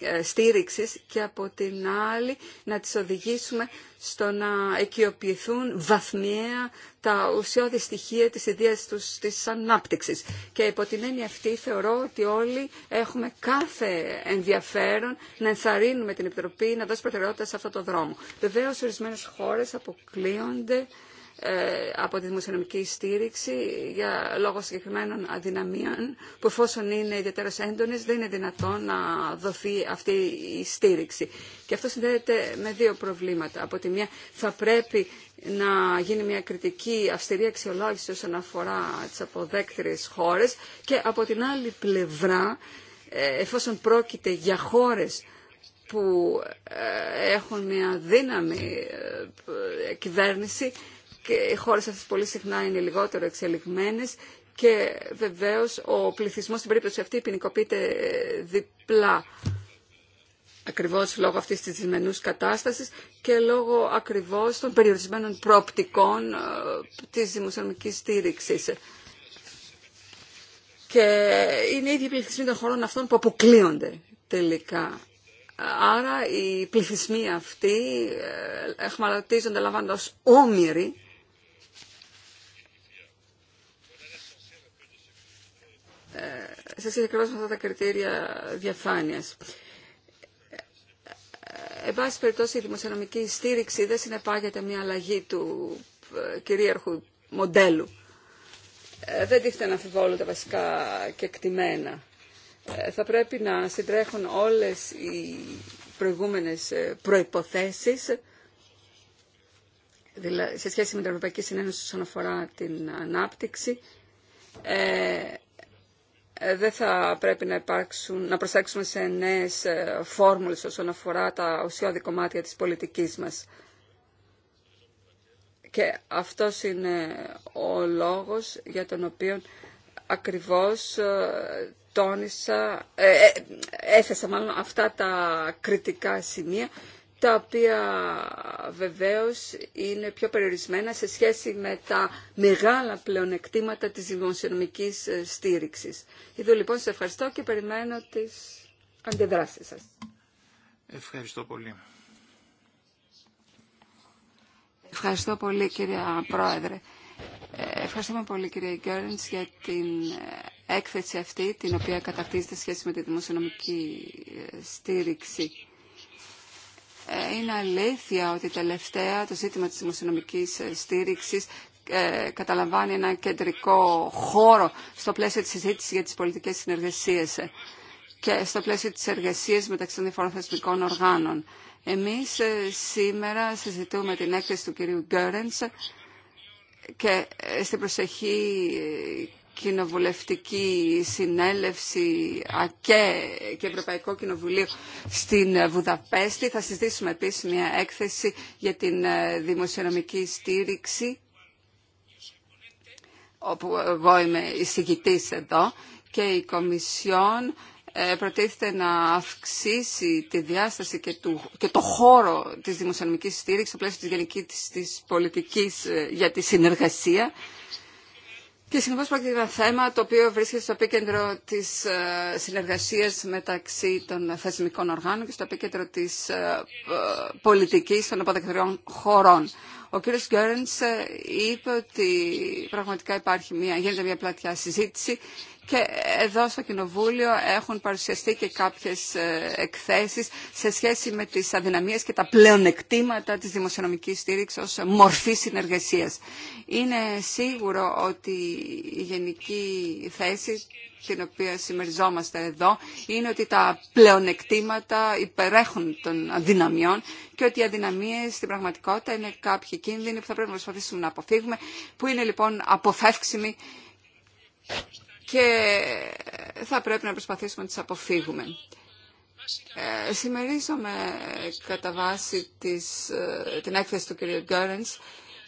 ε, στήριξης και από την άλλη να τις οδηγήσουμε στο να οικειοποιηθούν βαθμιαία τα ουσιώδη στοιχεία της ιδέας τους της ανάπτυξης. Και υπό την έννοια αυτή θεωρώ ότι όλοι έχουμε κάθε ενδιαφέρον να ενθαρρύνουμε την Επιτροπή να δώσει προτεραιότητα σε αυτό το δρόμο. Βεβαίως, ορισμένες χώρες αποκλείονται ε, από τη δημοσιονομική στήριξη για λόγω συγκεκριμένων αδυναμίων που εφόσον είναι ιδιαίτερα έντονες δεν είναι δυνατόν να δοθεί αυτή η στήριξη. Και αυτό συνδέεται με δύο προβλήματα. Από τη μία θα πρέπει να γίνει μια κριτική αυστηρή αξιολόγηση όσον αφορά τις αποδέκτηρες χώρες και από την άλλη πλευρά ε, εφόσον πρόκειται για χώρες που ε, έχουν μια δύναμη κυβέρνηση και οι χώρες αυτές πολύ συχνά είναι λιγότερο εξελιγμένες και βεβαίως ο πληθυσμός στην περίπτωση αυτή ποινικοποιείται ε, διπλά ακριβώς λόγω αυτής της δυσμενούς κατάστασης και λόγω ακριβώς των περιορισμένων προοπτικών ε, της δημοσιονομικής στήριξης. Και είναι οι ίδιοι πληθυσμοί των χωρών αυτών που αποκλείονται τελικά. Άρα οι πληθυσμοί αυτοί εχμαλωτίζονται λαμβάνοντας όμοιροι σε συγκεκριμένα με αυτά τα κριτήρια διαφάνειας. Ε, εν πάση περιπτώσει, η δημοσιονομική στήριξη δεν συνεπάγεται μια αλλαγή του ε, κυρίαρχου μοντέλου. Ε, δεν τίθεται να τα βασικά και εκτιμένα. Θα πρέπει να συντρέχουν όλες οι προηγούμενες προϋποθέσεις σε σχέση με την Ευρωπαϊκή Συνένωση όσον αφορά την ανάπτυξη ε, δεν θα πρέπει να, υπάρξουν, να προσέξουμε σε νέες ε, φόρμουλες όσον αφορά τα ουσιώδη κομμάτια της πολιτικής μας. Και αυτός είναι ο λόγος για τον οποίο ακριβώς ε, τόνισα, ε, έθεσα μάλλον αυτά τα κριτικά σημεία τα οποία βεβαίως είναι πιο περιορισμένα σε σχέση με τα μεγάλα πλεονεκτήματα της δημοσιονομικής ε, στήριξης. Εδώ λοιπόν σε ευχαριστώ και περιμένω τις αντιδράσεις σας. Ευχαριστώ πολύ. Ευχαριστώ πολύ κυρία Πρόεδρε. Ε, ευχαριστούμε πολύ κύριε Γκέρνς για την ε, έκθεση αυτή την οποία κατακτήσετε σχέση με τη δημοσιονομική στήριξη. Ε, είναι αλήθεια ότι τελευταία το ζήτημα της δημοσιονομικής ε, στήριξης ε, καταλαμβάνει ένα κεντρικό χώρο στο πλαίσιο της συζήτηση για τις πολιτικές συνεργασίες και στο πλαίσιο της εργασίας μεταξύ των διαφορών θεσμικών οργάνων. Εμείς σήμερα συζητούμε την έκθεση του κυρίου Γκέρενς και στην προσεχή κοινοβουλευτική συνέλευση ΑΚΕ και Ευρωπαϊκό Κοινοβουλίο στην ε, Βουδαπέστη. Θα συζητήσουμε επίσης μια έκθεση για την ε, δημοσιονομική στήριξη, όπου εγώ είμαι εισηγητής εδώ, και η Κομισιόν ε, προτίθεται να αυξήσει τη διάσταση και, του, και το χώρο της δημοσιονομικής στήριξης στο πλαίσιο της γενικής της, της πολιτικής για τη συνεργασία και συνήθως πρόκειται ένα θέμα το οποίο βρίσκεται στο επίκεντρο της ε, συνεργασίας μεταξύ των θεσμικών οργάνων και στο επίκεντρο της ε, ε, πολιτικής των αποδεκτριών χωρών. Ο κύριος Γκέρνς είπε ότι πραγματικά υπάρχει μια, γίνεται μια πλατιά συζήτηση και εδώ στο Κοινοβούλιο έχουν παρουσιαστεί και κάποιες ε, εκθέσεις σε σχέση με τις αδυναμίες και τα πλεονεκτήματα της δημοσιονομικής στήριξης ως μορφή συνεργασίας. Είναι σίγουρο ότι η γενική θέση την οποία συμμεριζόμαστε εδώ είναι ότι τα πλεονεκτήματα υπερέχουν των αδυναμιών και ότι οι αδυναμίες στην πραγματικότητα είναι κάποιοι κίνδυνοι που θα πρέπει να προσπαθήσουμε να αποφύγουμε, που είναι λοιπόν αποφεύξιμοι και θα πρέπει να προσπαθήσουμε να τις αποφύγουμε. Ε, Συμμερίζομαι κατά βάση της, ε, την έκθεση του κ. Γκέρενς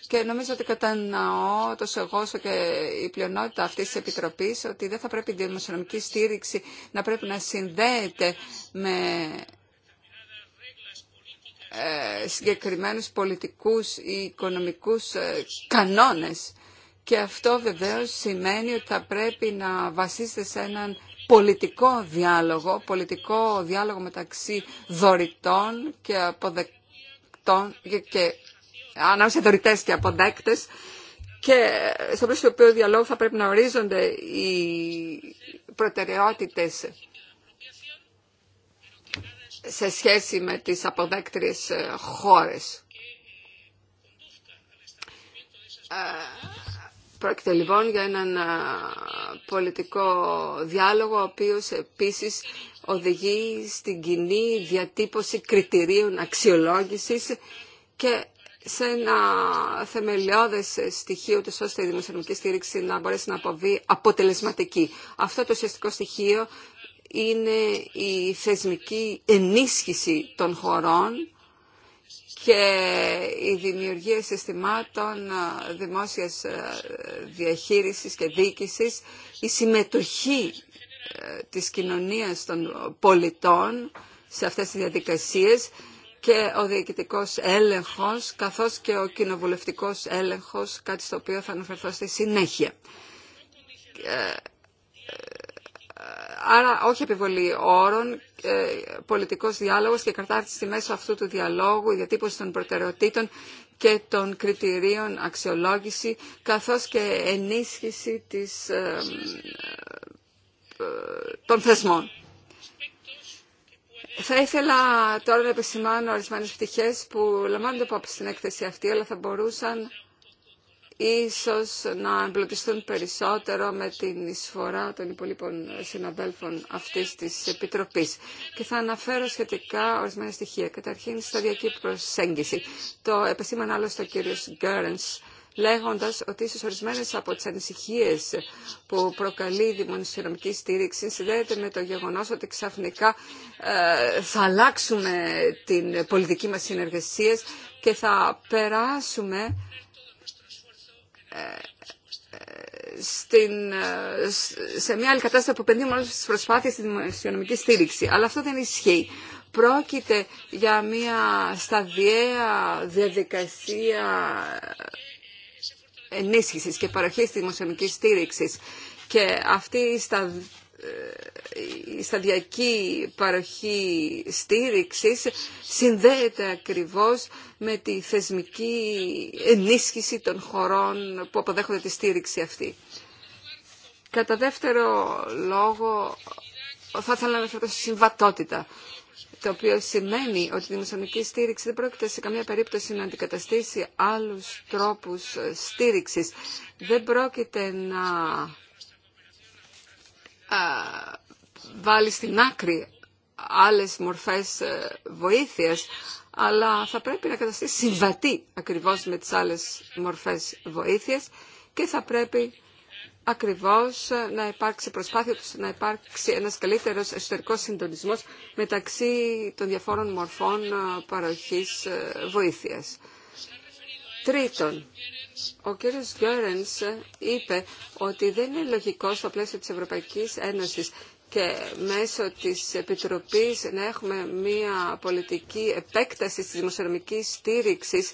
και νομίζω ότι κατανοώ τόσο εγώ όσο και η πλειονότητα αυτή τη Επιτροπή ότι δεν θα πρέπει η δημοσιονομική στήριξη να πρέπει να συνδέεται με ε, συγκεκριμένους πολιτικούς ή οικονομικούς ε, κανόνες. Και αυτό βεβαίως σημαίνει ότι θα πρέπει να βασίστε σε έναν πολιτικό διάλογο, πολιτικό διάλογο μεταξύ δωρητών και αποδεκτών και, και ανάμεσα δωρητές και αποδέκτες και στο πλαίσιο του οποίου διαλόγου θα πρέπει να ορίζονται οι προτεραιότητες σε σχέση με τις αποδέκτριες χώρες ε, Πρόκειται λοιπόν για έναν πολιτικό διάλογο, ο οποίος επίσης οδηγεί στην κοινή διατύπωση κριτηρίων αξιολόγησης και σε ένα θεμελιώδες στοιχείο του ώστε η δημοσιονομική στήριξη να μπορέσει να αποβεί αποτελεσματική. Αυτό το ουσιαστικό στοιχείο είναι η θεσμική ενίσχυση των χωρών και η δημιουργία συστημάτων ε, δημόσιας ε, διαχείρισης και διοίκησης, η συμμετοχή ε, της κοινωνίας των πολιτών σε αυτές τις διαδικασίες και ο διοικητικός έλεγχος καθώς και ο κοινοβουλευτικός έλεγχος, κάτι στο οποίο θα αναφερθώ στη συνέχεια. Άρα όχι επιβολή όρων, ε, πολιτικός διάλογος και κατάρτιση μέσω αυτού του διαλόγου, διατύπωση των προτεραιοτήτων και των κριτηρίων αξιολόγηση, καθώς και ενίσχυση της, ε, ε, των θεσμών. Θα ήθελα τώρα να επισημάνω ορισμένες πτυχές που λαμβάνονται υπόψη στην έκθεση αυτή, αλλά θα μπορούσαν ίσως να εμπλουτιστούν περισσότερο με την εισφορά των υπολείπων συναδέλφων αυτής της Επιτροπής. Και θα αναφέρω σχετικά ορισμένα στοιχεία. Καταρχήν, σταδιακή προσέγγιση. Το επεσήμανε άλλο ο κύριος Γκέρνς λέγοντας ότι ίσως ορισμένες από τις ανησυχίες που προκαλεί η δημοσιονομική στήριξη συνδέεται με το γεγονός ότι ξαφνικά ε, θα αλλάξουμε την πολιτική μας συνεργασία και θα περάσουμε στην, σε μια άλλη κατάσταση που επενδύουμε όλες τις προσπάθειες στην δημοσιονομική στήριξη. Αλλά αυτό δεν ισχύει. Πρόκειται για μια σταδιαία διαδικασία ενίσχυσης και παροχής της δημοσιονομικής στήριξης. Και αυτή η σταδιαία ε, η σταδιακή παροχή στήριξης συνδέεται ακριβώς με τη θεσμική ενίσχυση των χωρών που αποδέχονται τη στήριξη αυτή. Κατά δεύτερο λόγο, θα ήθελα να αναφερθώ συμβατότητα, το οποίο σημαίνει ότι η δημοσιονομική στήριξη δεν πρόκειται σε καμία περίπτωση να αντικαταστήσει άλλους τρόπους στήριξης. Δεν πρόκειται να βάλει στην άκρη άλλες μορφές ε, βοήθειας, αλλά θα πρέπει να καταστεί συμβατή ακριβώς με τις άλλες μορφές βοήθειας και θα πρέπει ακριβώς ε, να υπάρξει προσπάθεια τους να υπάρξει ένας καλύτερος εσωτερικός συντονισμός μεταξύ των διαφόρων μορφών ε, παροχής βοήθειας. Τρίτον, ο κύριος Γκέρενς είπε ότι δεν είναι λογικό στο πλαίσιο της Ευρωπαϊκής Ένωσης και μέσω της Επιτροπής να έχουμε μια πολιτική επέκταση της δημοσιονομικής στήριξης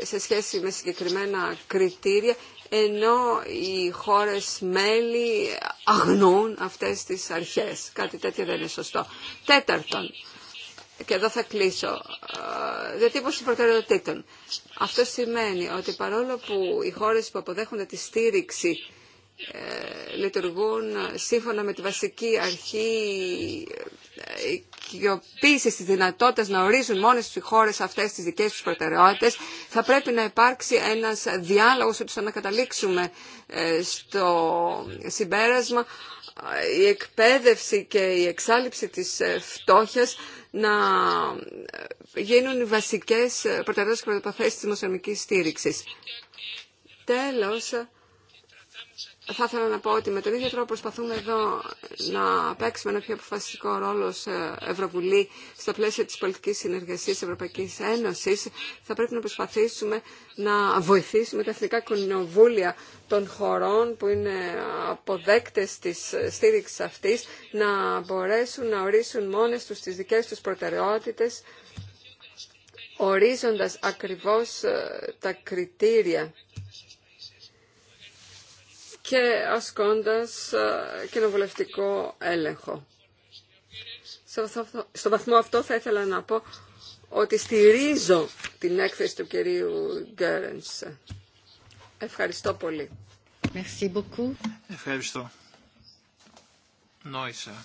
ε, σε σχέση με συγκεκριμένα κριτήρια, ενώ οι χώρες μέλη αγνούν αυτές τις αρχές. Κάτι τέτοιο δεν είναι σωστό. Τέταρτον, και εδώ θα κλείσω, διατύπωση προτεραιοτήτων. Αυτό σημαίνει ότι παρόλο που οι χώρες που αποδέχονται τη στήριξη ε, λειτουργούν σύμφωνα με τη βασική αρχή ε, οικειοποίηση τη δυνατότητα να ορίζουν μόνε του οι χώρε αυτέ τι δικέ του προτεραιότητε, θα πρέπει να υπάρξει ένα διάλογο ώστε να καταλήξουμε ε, στο συμπέρασμα η εκπαίδευση και η εξάλληψη της ε, φτώχειας να ε, γίνουν οι βασικές ε, προτεραιότητες και προϋποθέσεις της δημοσιονομικής στήριξης. Τέλος, θα ήθελα να πω ότι με τον ίδιο τρόπο προσπαθούμε εδώ να παίξουμε ένα πιο αποφασιστικό ρόλο σε Ευρωβουλή στα πλαίσια της πολιτικής συνεργασίας Ευρωπαϊκής Ένωσης. Θα πρέπει να προσπαθήσουμε να βοηθήσουμε τα εθνικά κοινοβούλια των χωρών που είναι αποδέκτες της στήριξης αυτής να μπορέσουν να ορίσουν μόνες τους τις δικές τους προτεραιότητες ορίζοντας ακριβώς ε, τα κριτήρια και ασκώντας ε, κοινοβουλευτικό έλεγχο. Στο βαθμό αυτό θα ήθελα να πω ότι στηρίζω την έκθεση του κυρίου Γκέρενς. Ευχαριστώ πολύ. Merci beaucoup. Ευχαριστώ. Νόησα.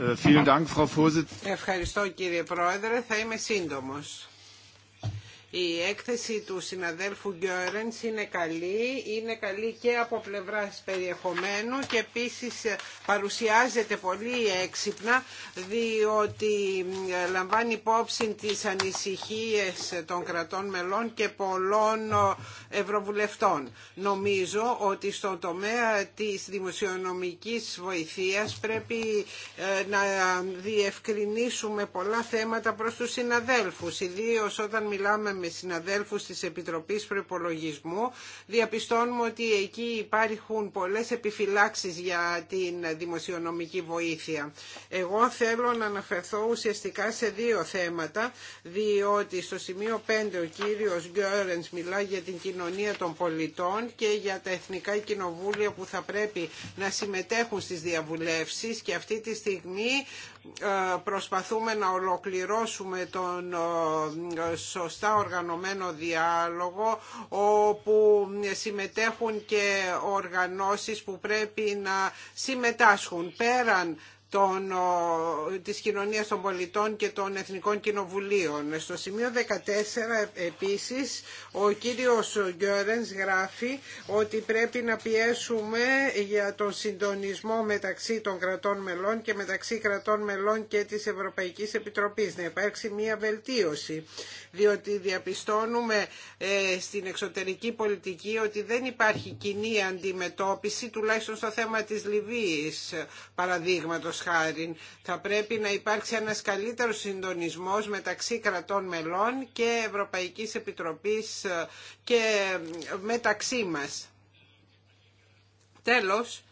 Ε, Ευχαριστώ κύριε Πρόεδρε. Θα είμαι σύντομος. Η έκθεση του συναδέλφου Γκιόρενς είναι καλή, είναι καλή και από πλευράς περιεχομένου και επίσης παρουσιάζεται πολύ έξυπνα διότι λαμβάνει υπόψη τις ανησυχίες των κρατών μελών και πολλών ευρωβουλευτών. Νομίζω ότι στον τομέα της δημοσιονομικής βοηθείας πρέπει ε, να διευκρινίσουμε πολλά θέματα προς τους συναδέλφους, ιδίως όταν μιλάμε με συναδέλφους της Επιτροπής Προπολογισμού διαπιστώνουμε ότι εκεί υπάρχουν πολλές επιφυλάξεις για την δημοσιονομική βοήθεια. Εγώ θέλω να αναφερθώ ουσιαστικά σε δύο θέματα, διότι στο σημείο 5 ο κύριος Γκέρενς μιλά για την κοινωνία των πολιτών και για τα εθνικά κοινοβούλια που θα πρέπει να συμμετέχουν στις διαβουλεύσεις και αυτή τη στιγμή ε, προσπαθούμε να ολοκληρώσουμε τον ε, σωστά οργανωμένο διάλογο όπου συμμετέχουν και οργανώσεις που πρέπει να συμμετάσχουν πέραν των, της κοινωνίας των πολιτών και των εθνικών κοινοβουλίων. Στο σημείο 14 επίσης ο κύριος Γκιόρενς γράφει ότι πρέπει να πιέσουμε για τον συντονισμό μεταξύ των κρατών μελών και μεταξύ κρατών μελών και της Ευρωπαϊκής Επιτροπής να υπάρξει μια βελτίωση διότι διαπιστώνουμε ε, στην εξωτερική πολιτική ότι δεν υπάρχει κοινή αντιμετώπιση τουλάχιστον στο θέμα της Λιβύης παραδείγματος χάρη. Θα πρέπει να υπάρξει ένας καλύτερος συντονισμός μεταξύ κρατών μελών και Ευρωπαϊκής Επιτροπής ε, και ε, μεταξύ μας. Τέλος,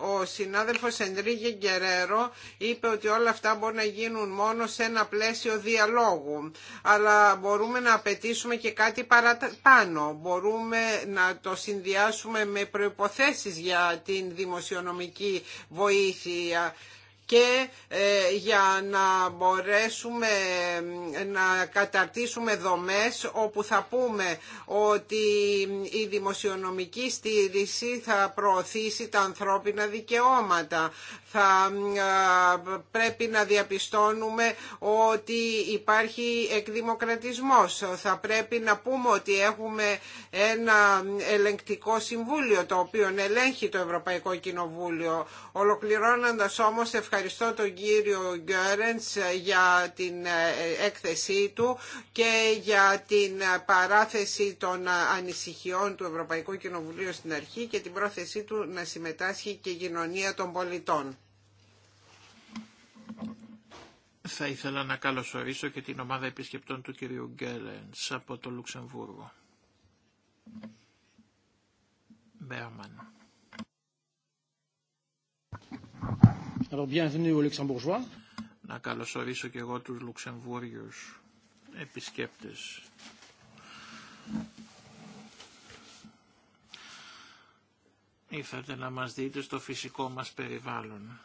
ο συνάδελφος Ενρίγε Γκερέρο είπε ότι όλα αυτά μπορεί να γίνουν μόνο σε ένα πλαίσιο διαλόγου. Αλλά μπορούμε να απαιτήσουμε και κάτι παραπάνω. Μπορούμε να το συνδυάσουμε με προϋποθέσεις για την δημοσιονομική βοήθεια και ε, για να μπορέσουμε ε, να καταρτήσουμε δομές όπου θα πούμε ότι η δημοσιονομική στήριξη θα προωθήσει τα ανθρώπινα δικαιώματα, θα πρέπει να διαπιστώνουμε ότι υπάρχει εκδημοκρατισμός. Θα πρέπει να πούμε ότι έχουμε ένα ελεγκτικό συμβούλιο το οποίο ελέγχει το Ευρωπαϊκό Κοινοβούλιο. Ολοκληρώνοντας όμως ευχαριστώ τον κύριο Γκέρενς για την ε, έκθεσή του και για την παράθεση των ανησυχιών του Ευρωπαϊκού Κοινοβουλίου στην αρχή και την πρόθεσή του να συμμετάσχει και η κοινωνία των πολιτών. Θα ήθελα να καλωσορίσω και την ομάδα επισκεπτών του κυρίου Γκέρενς από το Λουξεμβούργο. Μπέρμαν. Να καλωσορίσω και εγώ τους Λουξεμβούργιους επισκέπτες. Ήρθατε να μας δείτε στο φυσικό μας περιβάλλον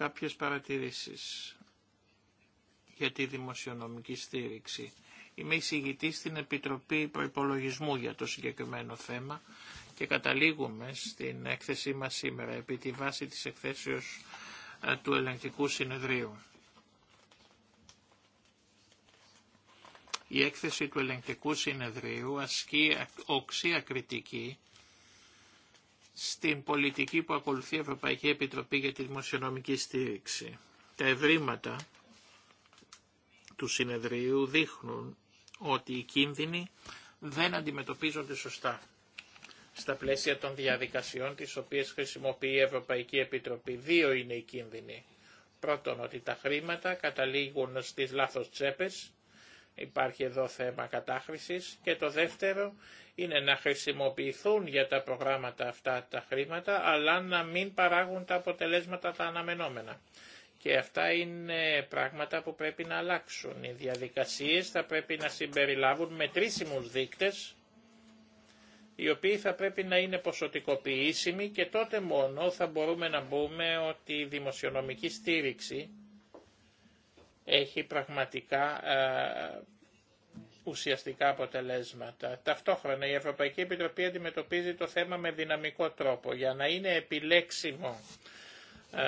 κάποιες παρατηρήσεις για τη δημοσιονομική στήριξη. Είμαι εισηγητή στην Επιτροπή Προϋπολογισμού για το συγκεκριμένο θέμα και καταλήγουμε στην έκθεσή μας σήμερα επί τη βάση της εκθέσεως ε, του ελεγκτικού συνεδρίου. Η έκθεση του ελεγκτικού συνεδρίου ασκεί οξία κριτική στην πολιτική που ακολουθεί η Ευρωπαϊκή Επιτροπή για τη Δημοσιονομική Στήριξη. Τα ευρήματα του συνεδρίου δείχνουν ότι οι κίνδυνοι δεν αντιμετωπίζονται σωστά στα πλαίσια των διαδικασιών τις οποίες χρησιμοποιεί η Ευρωπαϊκή Επιτροπή. Δύο είναι οι κίνδυνοι. Πρώτον, ότι τα χρήματα καταλήγουν στις λάθος τσέπες Υπάρχει εδώ θέμα κατάχρησης. Και το δεύτερο είναι να χρησιμοποιηθούν για τα προγράμματα αυτά τα χρήματα, αλλά να μην παράγουν τα αποτελέσματα τα αναμενόμενα. Και αυτά είναι πράγματα που πρέπει να αλλάξουν. Οι διαδικασίες θα πρέπει να συμπεριλάβουν μετρήσιμους δείκτες, οι οποίοι θα πρέπει να είναι ποσοτικοποιήσιμοι και τότε μόνο θα μπορούμε να μπούμε ότι η δημοσιονομική στήριξη έχει πραγματικά ε, ουσιαστικά αποτελέσματα. Ταυτόχρονα η Ευρωπαϊκή Επιτροπή αντιμετωπίζει το θέμα με δυναμικό τρόπο. Για να είναι επιλέξιμο ε,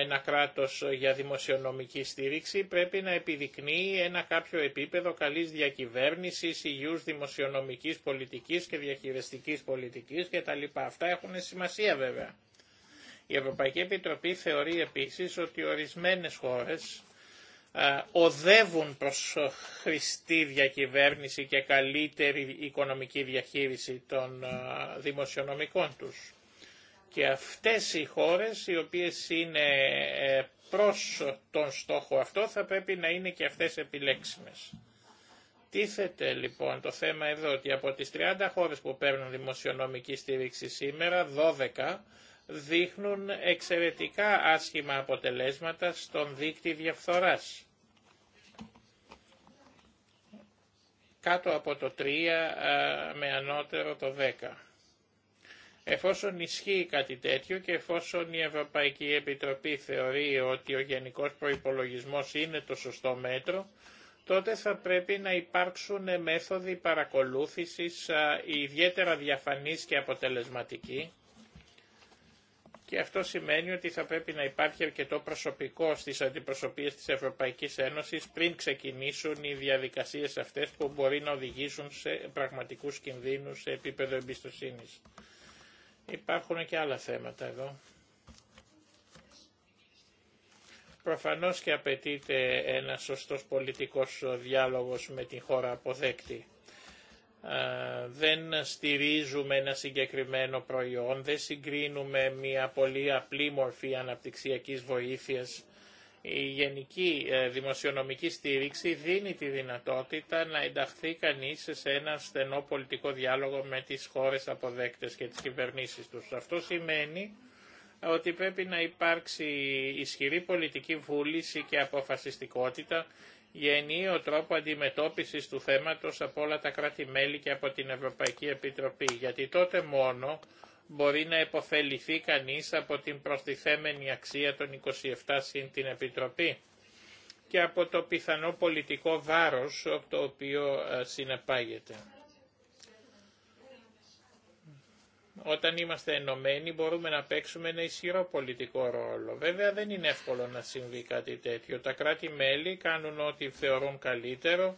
ένα κράτος για δημοσιονομική στήριξη πρέπει να επιδεικνύει ένα κάποιο επίπεδο καλής διακυβέρνησης, υγιούς δημοσιονομικής πολιτικής και διαχειριστικής πολιτικής κτλ. Αυτά έχουν σημασία βέβαια. Η Ευρωπαϊκή Επιτροπή θεωρεί επίσης ότι ορισμένες χώρες ε, οδεύουν προς χρηστή διακυβέρνηση και καλύτερη οικονομική διαχείριση των ε, δημοσιονομικών τους. Και αυτές οι χώρες οι οποίες είναι ε, προς τον στόχο αυτό θα πρέπει να είναι και αυτές επιλέξιμες. Τίθεται λοιπόν το θέμα εδώ ότι από τις 30 χώρες που παίρνουν δημοσιονομική στήριξη σήμερα, 12 δείχνουν εξαιρετικά άσχημα αποτελέσματα στον δίκτυο διαφθοράς. Κάτω από το 3 με ανώτερο το 10. Εφόσον ισχύει κάτι τέτοιο και εφόσον η Ευρωπαϊκή Επιτροπή θεωρεί ότι ο γενικός προϋπολογισμός είναι το σωστό μέτρο, τότε θα πρέπει να υπάρξουν μέθοδοι παρακολούθησης ιδιαίτερα διαφανείς και αποτελεσματική, και αυτό σημαίνει ότι θα πρέπει να υπάρχει αρκετό προσωπικό στις αντιπροσωπείες της Ευρωπαϊκής Ένωσης πριν ξεκινήσουν οι διαδικασίες αυτές που μπορεί να οδηγήσουν σε πραγματικούς κινδύνους σε επίπεδο εμπιστοσύνης. Υπάρχουν και άλλα θέματα εδώ. Προφανώς και απαιτείται ένας σωστός πολιτικός διάλογος με την χώρα αποδέκτη. Ε, δεν στηρίζουμε ένα συγκεκριμένο προϊόν, δεν συγκρίνουμε μια πολύ απλή μορφή αναπτυξιακής βοήθειας. Η γενική ε, δημοσιονομική στήριξη δίνει τη δυνατότητα να ενταχθεί κανείς σε ένα στενό πολιτικό διάλογο με τις χώρες αποδέκτες και τις κυβερνήσεις τους. Αυτό σημαίνει ότι πρέπει να υπάρξει ισχυρή πολιτική βούληση και αποφασιστικότητα ο τρόπο αντιμετώπισης του θέματος από όλα τα κράτη-μέλη και από την Ευρωπαϊκή Επιτροπή, γιατί τότε μόνο μπορεί να επωφεληθεί κανείς από την προστιθέμενη αξία των 27 συν την Επιτροπή και από το πιθανό πολιτικό βάρος το οποίο ε, συνεπάγεται. Όταν είμαστε ενωμένοι μπορούμε να παίξουμε ένα ισχυρό πολιτικό ρόλο. Βέβαια δεν είναι εύκολο να συμβεί κάτι τέτοιο. Τα κράτη-μέλη κάνουν ό,τι θεωρούν καλύτερο,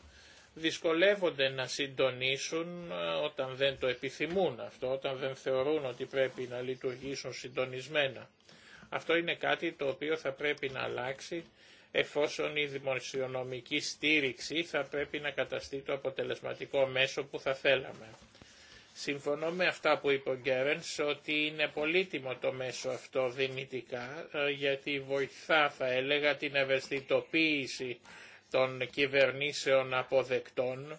δυσκολεύονται να συντονίσουν ε, όταν δεν το επιθυμούν αυτό, όταν δεν θεωρούν ότι πρέπει να λειτουργήσουν συντονισμένα. Αυτό είναι κάτι το οποίο θα πρέπει να αλλάξει εφόσον η δημοσιονομική στήριξη θα πρέπει να καταστεί το αποτελεσματικό μέσο που θα θέλαμε. Συμφωνώ με αυτά που είπε ο Γκέρενς ότι είναι πολύτιμο το μέσο αυτό δυνητικά ε, γιατί βοηθά θα έλεγα την ευαισθητοποίηση των κυβερνήσεων αποδεκτών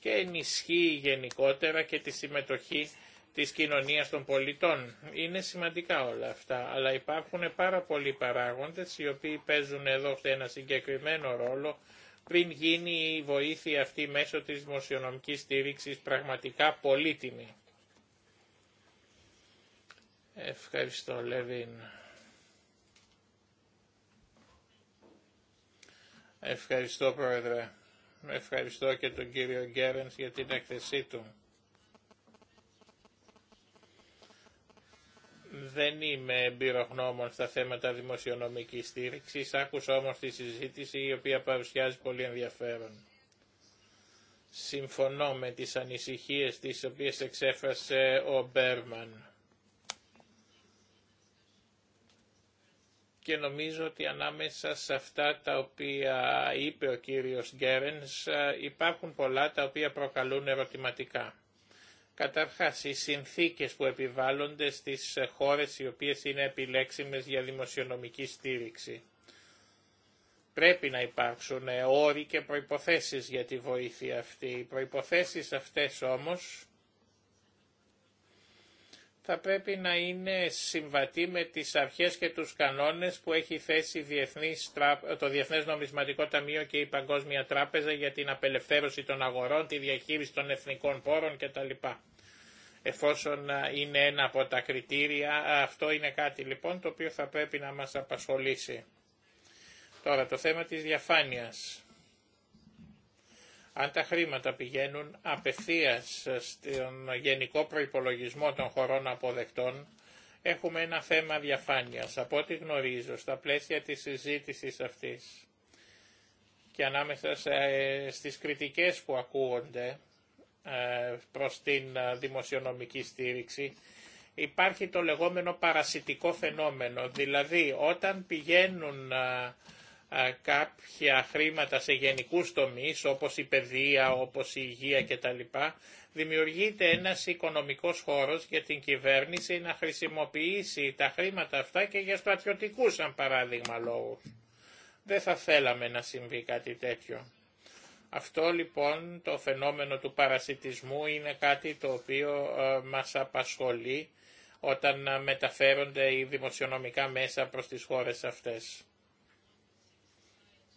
και ενισχύει γενικότερα και τη συμμετοχή της κοινωνίας των πολιτών. Είναι σημαντικά όλα αυτά, αλλά υπάρχουν πάρα πολλοί παράγοντες οι οποίοι παίζουν εδώ ένα συγκεκριμένο ρόλο πριν γίνει η βοήθεια αυτή μέσω της δημοσιονομικής στήριξης πραγματικά πολύτιμη. Ευχαριστώ Λεβίν. Ευχαριστώ Πρόεδρε. Ευχαριστώ και τον κύριο Γκέρενς για την έκθεσή του. Δεν είμαι εμπειρογνώμων στα θέματα δημοσιονομικής στήριξης, άκουσα όμως τη συζήτηση η οποία παρουσιάζει πολύ ενδιαφέρον. Συμφωνώ με τις ανησυχίες τις οποίες εξέφρασε ο Μπέρμαν. και νομίζω ότι ανάμεσα σε αυτά τα οποία είπε ο κύριος Γκέρενς ε, υπάρχουν πολλά τα οποία προκαλούν ερωτηματικά. Καταρχάς, οι συνθήκες που επιβάλλονται στις χώρες οι οποίες είναι επιλέξιμες για δημοσιονομική στήριξη. Πρέπει να υπάρξουν όροι και προϋποθέσεις για τη βοήθεια αυτή. Οι προϋποθέσεις αυτές όμως θα πρέπει να είναι συμβατή με τις αρχές και τους κανόνες που έχει θέσει το Διεθνές Νομισματικό Ταμείο και η Παγκόσμια Τράπεζα για την απελευθέρωση των αγορών, τη διαχείριση των εθνικών πόρων κτλ. Εφόσον είναι ένα από τα κριτήρια, αυτό είναι κάτι λοιπόν το οποίο θα πρέπει να μας απασχολήσει. Τώρα το θέμα της διαφάνειας αν τα χρήματα πηγαίνουν απευθείας στον γενικό προϋπολογισμό των χωρών αποδεκτών, έχουμε ένα θέμα διαφάνειας, από ό,τι γνωρίζω, στα πλαίσια της συζήτησης αυτής και ανάμεσα ε, στις κριτικές που ακούονται ε, προς την ε, δημοσιονομική στήριξη, υπάρχει το λεγόμενο παρασιτικό φαινόμενο, δηλαδή όταν πηγαίνουν κάποια χρήματα σε γενικούς τομείς όπως η παιδεία, όπως η υγεία κτλ. Δημιουργείται ένας οικονομικός χώρος για την κυβέρνηση να χρησιμοποιήσει τα χρήματα αυτά και για στρατιωτικούς σαν παράδειγμα λόγους. Δεν θα θέλαμε να συμβεί κάτι τέτοιο. Αυτό λοιπόν το φαινόμενο του παρασιτισμού είναι κάτι το οποίο μας απασχολεί όταν μεταφέρονται οι δημοσιονομικά μέσα προς τις χώρες αυτές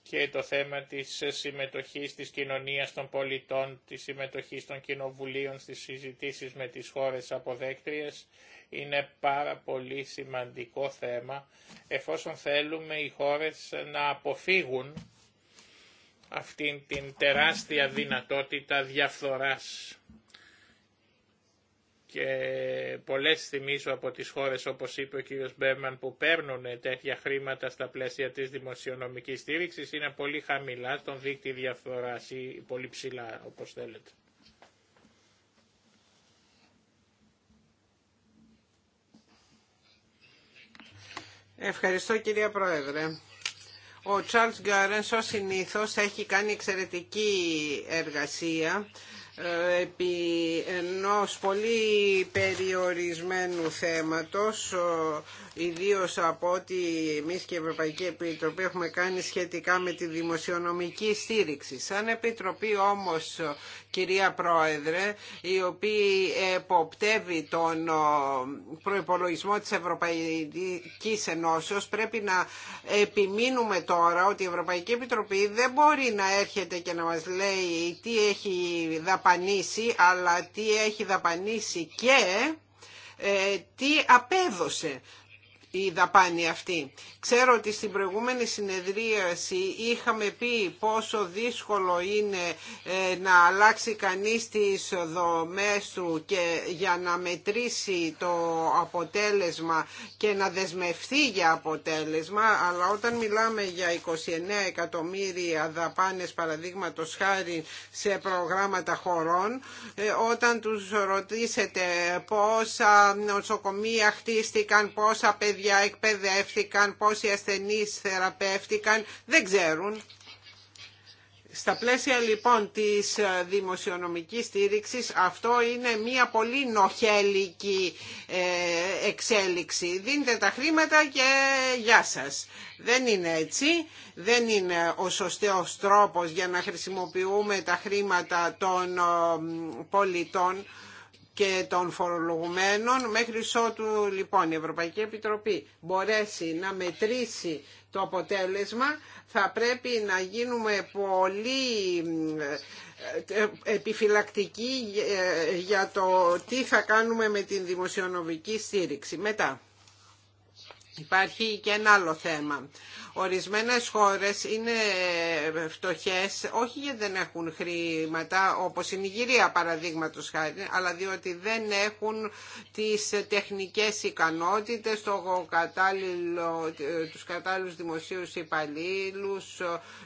και το θέμα της συμμετοχής της κοινωνίας των πολιτών, της συμμετοχής των κοινοβουλίων στις συζητήσεις με τις χώρες αποδέκτριες είναι πάρα πολύ σημαντικό θέμα εφόσον θέλουμε οι χώρες να αποφύγουν αυτήν την τεράστια δυνατότητα διαφθοράς και πολλές θυμίζω από τις χώρες όπως είπε ο κύριος Μπέρμαν που παίρνουν τέτοια χρήματα στα πλαίσια της δημοσιονομικής στήριξης είναι πολύ χαμηλά τον δείκτη διαφθοράς ή πολύ ψηλά όπως θέλετε. Ευχαριστώ κυρία Πρόεδρε. Ο Τσάρλς Γκάρενς ως συνήθως έχει κάνει εξαιρετική εργασία ε, επί ενός πολύ περιορισμένου θέματος ιδίως από ό,τι εμείς και η Ευρωπαϊκή Επιτροπή έχουμε κάνει σχετικά με τη δημοσιονομική στήριξη. Σαν Επιτροπή όμως κυρία Πρόεδρε, η οποία εποπτεύει τον προϋπολογισμό της Ευρωπαϊκής Ενώσεως, πρέπει να επιμείνουμε τώρα ότι η Ευρωπαϊκή Επιτροπή δεν μπορεί να έρχεται και να μας λέει τι έχει δαπανίσει, αλλά τι έχει δαπανίσει και ε, τι απέδωσε η δαπάνη αυτή. Ξέρω ότι στην προηγούμενη συνεδρίαση είχαμε πει πόσο δύσκολο είναι ε, να αλλάξει κανείς τις δομές του και για να μετρήσει το αποτέλεσμα και να δεσμευτεί για αποτέλεσμα, αλλά όταν μιλάμε για 29 εκατομμύρια δαπάνες παραδείγματος χάρη σε προγράμματα χωρών, ε, όταν τους ρωτήσετε πόσα νοσοκομεία χτίστηκαν, πόσα παιδιά παιδιά εκπαιδεύτηκαν, πόσοι ασθενείς θεραπεύτηκαν, δεν ξέρουν. Στα πλαίσια λοιπόν της ε, δημοσιονομικής στήριξης αυτό είναι μια πολύ νοχέλικη ε, εξέλιξη. Δίνετε τα χρήματα και γεια σας. Δεν είναι έτσι, δεν είναι ο σωστός τρόπος για να χρησιμοποιούμε τα χρήματα των ε, πολιτών και των φορολογουμένων μέχρι ότου λοιπόν η Ευρωπαϊκή Επιτροπή μπορέσει να μετρήσει το αποτέλεσμα θα πρέπει να γίνουμε πολύ ε, επιφυλακτικοί ε, για το τι θα κάνουμε με την δημοσιονομική στήριξη. Μετά υπάρχει και ένα άλλο θέμα Ορισμένες χώρες είναι φτωχές, όχι γιατί δεν έχουν χρήματα, όπως η Νιγηρία παραδείγματος χάρη, αλλά διότι δεν έχουν τις τεχνικές ικανότητες, το κατάλληλο, τους κατάλληλους δημοσίους υπαλλήλους,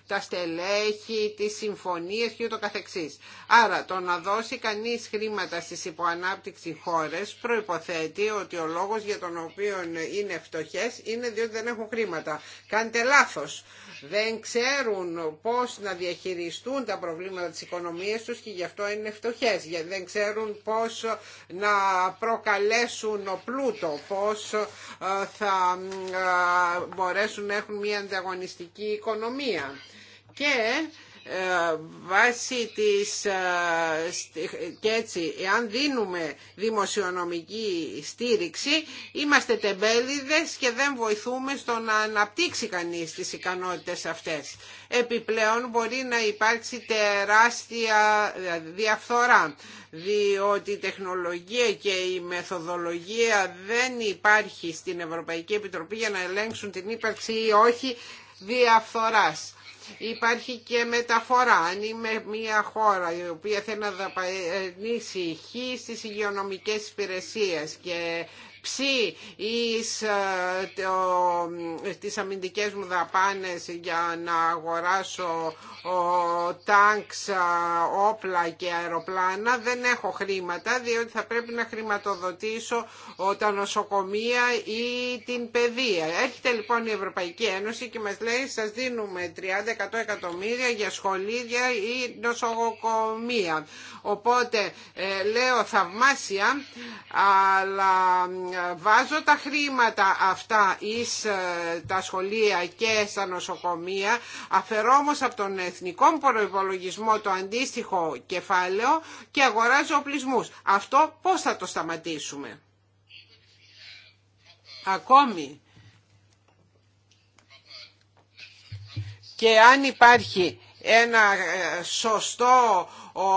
τα στελέχη, τις συμφωνίες και ούτω καθεξής. Άρα το να δώσει κανείς χρήματα στις υποανάπτυξη χώρες προϋποθέτει ότι ο λόγος για τον οποίο είναι φτωχές είναι διότι δεν έχουν χρήματα λάθος. Δεν ξέρουν πώς να διαχειριστούν τα προβλήματα της οικονομίας τους και γι' αυτό είναι φτωχές. Δεν ξέρουν πώς να προκαλέσουν ο πλούτο, πώς ε, θα ε, μπορέσουν να έχουν μια ανταγωνιστική οικονομία. Και ε, βάσει της ε, και έτσι εάν δίνουμε δημοσιονομική στήριξη είμαστε τεμπέληδες και δεν βοηθούμε στο να αναπτύξει κανείς τις ικανότητες αυτές. Επιπλέον μπορεί να υπάρξει τεράστια ε, διαφθορά διότι η τεχνολογία και η μεθοδολογία δεν υπάρχει στην Ευρωπαϊκή Επιτροπή για να ελέγξουν την ύπαρξη ή όχι διαφθοράς. Υπάρχει και μεταφορά. Αν είμαι μια χώρα η οποία θέλει να δαπανίσει χ στις υγειονομικές υπηρεσίες και Ψή ή ε, τις αμυντικές μου δαπάνες για να αγοράσω τάγκς, ε, όπλα και αεροπλάνα. Δεν έχω χρήματα διότι θα πρέπει να χρηματοδοτήσω τα νοσοκομεία ή την παιδεία. Έρχεται λοιπόν η Ευρωπαϊκή Ένωση και μας λέει σας δίνουμε 30 εκατομμύρια για σχολίδια ή νοσοκομεία. Οπότε ε, λέω θαυμάσια, αλλά ε, βάζω τα χρήματα αυτά εις ε, τα σχολεία και στα νοσοκομεία, αφαιρώ όμως από τον εθνικό προϋπολογισμό το αντίστοιχο κεφάλαιο και αγοράζω οπλισμούς. Αυτό πώς θα το σταματήσουμε. Ακόμη και αν υπάρχει ένα σωστό ο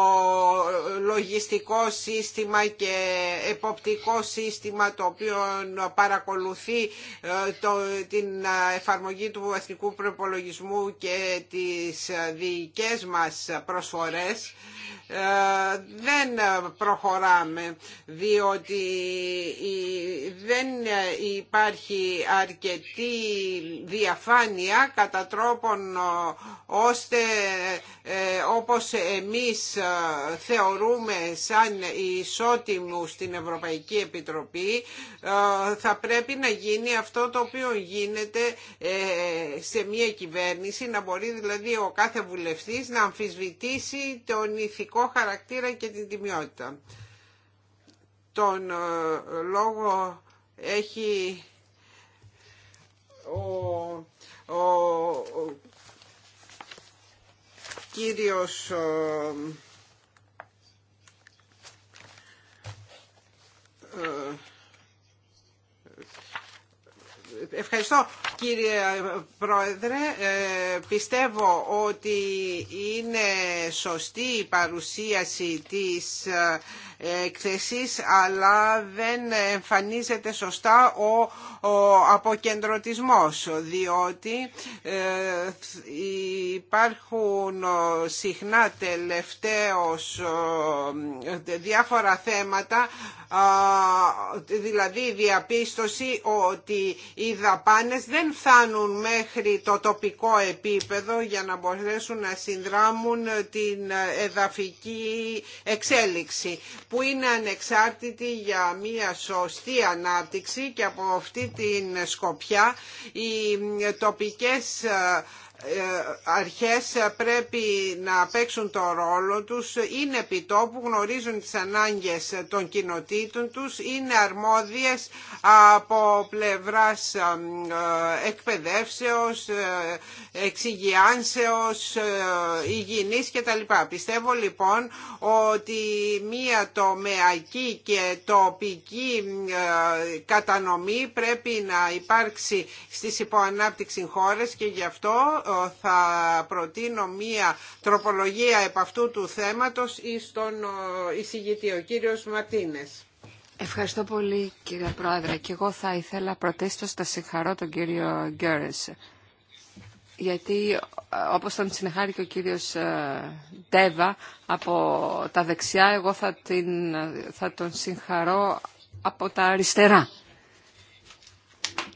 λογιστικό σύστημα και εποπτικό σύστημα το οποίο παρακολουθεί ε, το, την ε, εφαρμογή του εθνικού προπολογισμού και τις ε, δικές μας προσφορές δεν προχωράμε διότι δεν υπάρχει αρκετή διαφάνεια κατά τρόπον ώστε όπως εμείς θεωρούμε σαν ισότιμου στην Ευρωπαϊκή Επιτροπή θα πρέπει να γίνει αυτό το οποίο γίνεται ε, σε μια κυβέρνηση να μπορεί δηλαδή ο κάθε βουλευτής να αμφισβητήσει τον ηθικό χαρακτήρα και την τιμιότητα. Τον ε, λόγο έχει ο ο κύριος ε, Ευχαριστώ. Κύριε Πρόεδρε, ε, πιστεύω ότι είναι σωστή η παρουσίαση της ε, εκθεσής αλλά δεν εμφανίζεται σωστά ο, ο αποκεντρωτισμός διότι ε, υπάρχουν συχνά τελευταίως διάφορα θέματα δηλαδή η διαπίστωση ότι οι δαπάνες δεν δεν φτάνουν μέχρι το τοπικό επίπεδο για να μπορέσουν να συνδράμουν την εδαφική εξέλιξη που είναι ανεξάρτητη για μια σωστή ανάπτυξη και από αυτή την σκοπιά οι τοπικές ε, αρχές ε, πρέπει να παίξουν το ρόλο τους, είναι επιτόπου, γνωρίζουν τις ανάγκες ε, των κοινοτήτων τους, είναι αρμόδιες από πλευράς εκπαιδεύσεως, εξυγιάνσεως, υγιεινής κτλ. Πιστεύω λοιπόν ότι μία τομεακή και τοπική κατανομή πρέπει να υπάρξει στις υποανάπτυξη χώρες και γι' αυτό θα προτείνω μία τροπολογία επ' αυτού του θέματος ή στον εισηγητή, ο κύριος Ματίνες. Ευχαριστώ πολύ κύριε Πρόεδρε και εγώ θα ήθελα πρωτίστως να συγχαρώ τον κύριο Γκέρες γιατί ε, όπως τον συνεχάρει και ο κύριος ε, Ντέβα από τα δεξιά εγώ θα, την, θα τον συγχαρώ από τα αριστερά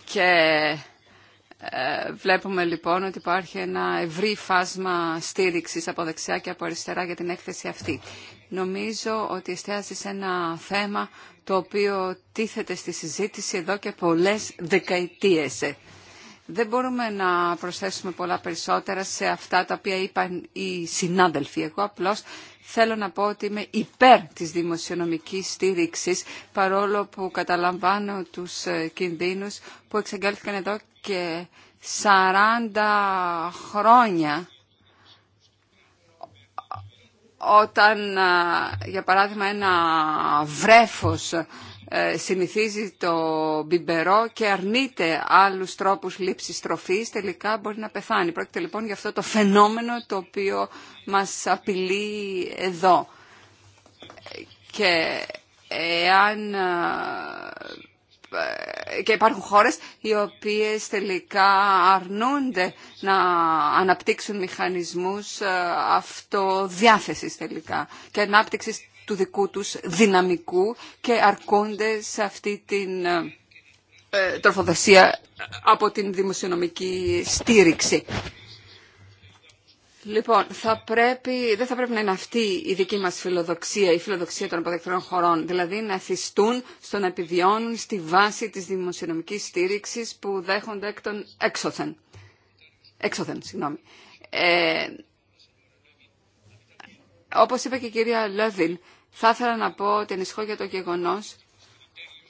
και ε, βλέπουμε λοιπόν ότι υπάρχει ένα ευρύ φάσμα στήριξης από δεξιά και από αριστερά για την έκθεση αυτή. Νομίζω ότι εστιάζει σε ένα θέμα το οποίο τίθεται στη συζήτηση εδώ και πολλές δεκαετίες. Δεν μπορούμε να προσθέσουμε πολλά περισσότερα σε αυτά τα οποία είπαν οι συνάδελφοι. Εγώ απλώς θέλω να πω ότι είμαι υπέρ της δημοσιονομικής στήριξης, παρόλο που καταλαμβάνω τους ε, κινδύνους που εξαγγέλθηκαν εδώ και 40 χρόνια όταν, ε, για παράδειγμα, ένα βρέφος ε, συνηθίζει το μπιμπερό και αρνείται άλλους τρόπους λήψης τροφής, τελικά μπορεί να πεθάνει. Πρόκειται λοιπόν για αυτό το φαινόμενο το οποίο μας απειλεί εδώ. Και εάν ε, ε, και υπάρχουν χώρες οι οποίες τελικά αρνούνται να αναπτύξουν μηχανισμούς αυτοδιάθεσης τελικά και ανάπτυξης του δικού τους δυναμικού και αρκούνται σε αυτή την ε, ε, τροφοδοσία από την δημοσιονομική στήριξη. Λοιπόν, θα πρέπει, δεν θα πρέπει να είναι αυτή η δική μας φιλοδοξία, η φιλοδοξία των αποδεκτρών χωρών, δηλαδή να θυστούν στο να επιβιώνουν στη βάση της δημοσιονομικής στήριξης που δέχονται εκ των έξωθεν. Έξωθεν, συγγνώμη. Ε, όπως είπε και η κυρία Λέβιν, θα ήθελα να πω ότι ενισχώ για το γεγονός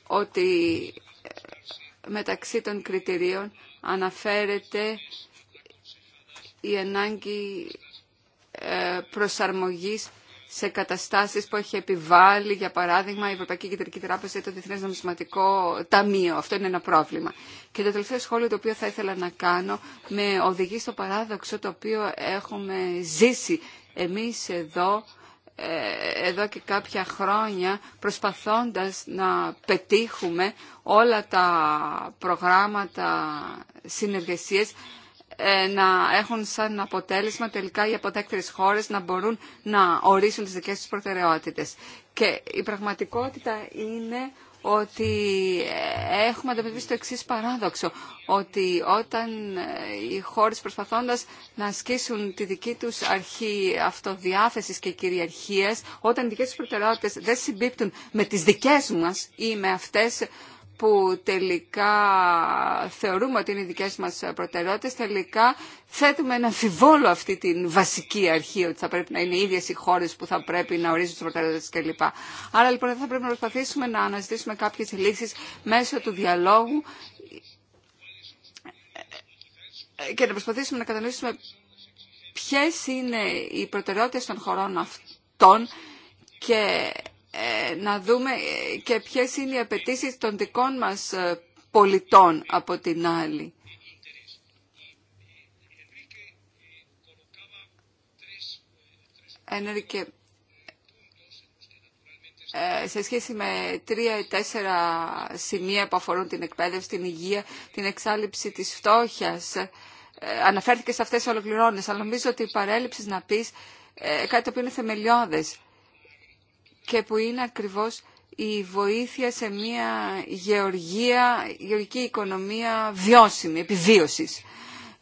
ότι ε, μεταξύ των κριτηρίων αναφέρεται η ανάγκη ε, προσαρμογής σε καταστάσεις που έχει επιβάλει, για παράδειγμα, η Ευρωπαϊκή Κεντρική Τράπεζα ή το Διεθνές Νομισματικό Ταμείο. Αυτό είναι ένα πρόβλημα. Και το τελευταίο σχόλιο το οποίο θα ήθελα να κάνω με οδηγεί στο παράδοξο το οποίο έχουμε ζήσει εμείς εδώ ε, εδώ και κάποια χρόνια προσπαθώντας να πετύχουμε όλα τα προγράμματα συνεργασίες ε, να έχουν σαν αποτέλεσμα τελικά οι αποδέκτερες χώρες να μπορούν να ορίσουν τις δικές τους προτεραιότητες. Και η πραγματικότητα είναι ότι έχουμε αντιμετωπίσει το εξή παράδοξο, ότι όταν ε, οι χώρες προσπαθώντας να ασκήσουν τη δική τους αρχή αυτοδιάθεσης και κυριαρχία, όταν οι δικές τους προτεραιότητες δεν συμπίπτουν με τις δικές μας ή με αυτές που τελικά θεωρούμε ότι είναι οι δικές μας προτεραιότητες, τελικά θέτουμε ένα αμφιβόλο αυτή την βασική αρχή ότι θα πρέπει να είναι οι ίδιες οι χώρες που θα πρέπει να ορίζουν τις προτεραιότητες κλπ. Άρα λοιπόν θα πρέπει να προσπαθήσουμε να αναζητήσουμε κάποιες λύσεις μέσω του διαλόγου και να προσπαθήσουμε να κατανοήσουμε ποιες είναι οι προτεραιότητες των χωρών αυτών και ε, να δούμε ε, και ποιες είναι οι απαιτήσει των δικών μας ε, πολιτών από την άλλη. Ενρικε, σε σχέση με τρία ή τέσσερα σημεία που αφορούν την εκπαίδευση, την υγεία, την εξάλληψη της φτώχειας, αναφέρθηκε σε αυτές ολοκληρώνες, αλλά νομίζω ότι η τεσσερα σημεια που αφορουν την εκπαιδευση την υγεια την εξαλληψη της φτωχειας αναφερθηκε σε αυτες ολοκληρωνες αλλα νομιζω οτι η να πεις κάτι το οποίο είναι θεμελιώδες και που είναι ακριβώς η βοήθεια σε μια γεωργία, γεωργική οικονομία βιώσιμη, επιβίωσης.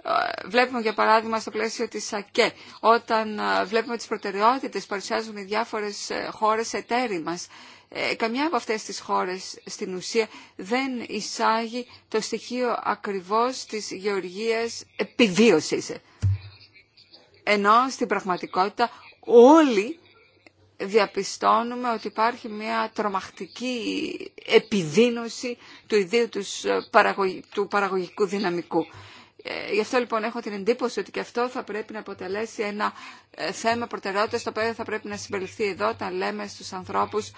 Ε, βλέπουμε για παράδειγμα στο πλαίσιο της ΑΚΕ, όταν ε, βλέπουμε τις προτεραιότητες που παρουσιάζουν οι διάφορες ε, χώρες εταίροι μας, καμιά από αυτές τις χώρες στην ουσία δεν εισάγει το στοιχείο ακριβώς της γεωργίας επιβίωσης. Ενώ στην πραγματικότητα όλοι διαπιστώνουμε ότι υπάρχει μια τρομακτική επιδίνωση του ιδίου ε, του παραγωγικού δυναμικού. Ε, γι' αυτό λοιπόν έχω την εντύπωση ότι και αυτό θα πρέπει να αποτελέσει ένα ε, θέμα προτεραιότητας το οποίο θα πρέπει να συμπεριληφθεί εδώ όταν λέμε στους ανθρώπους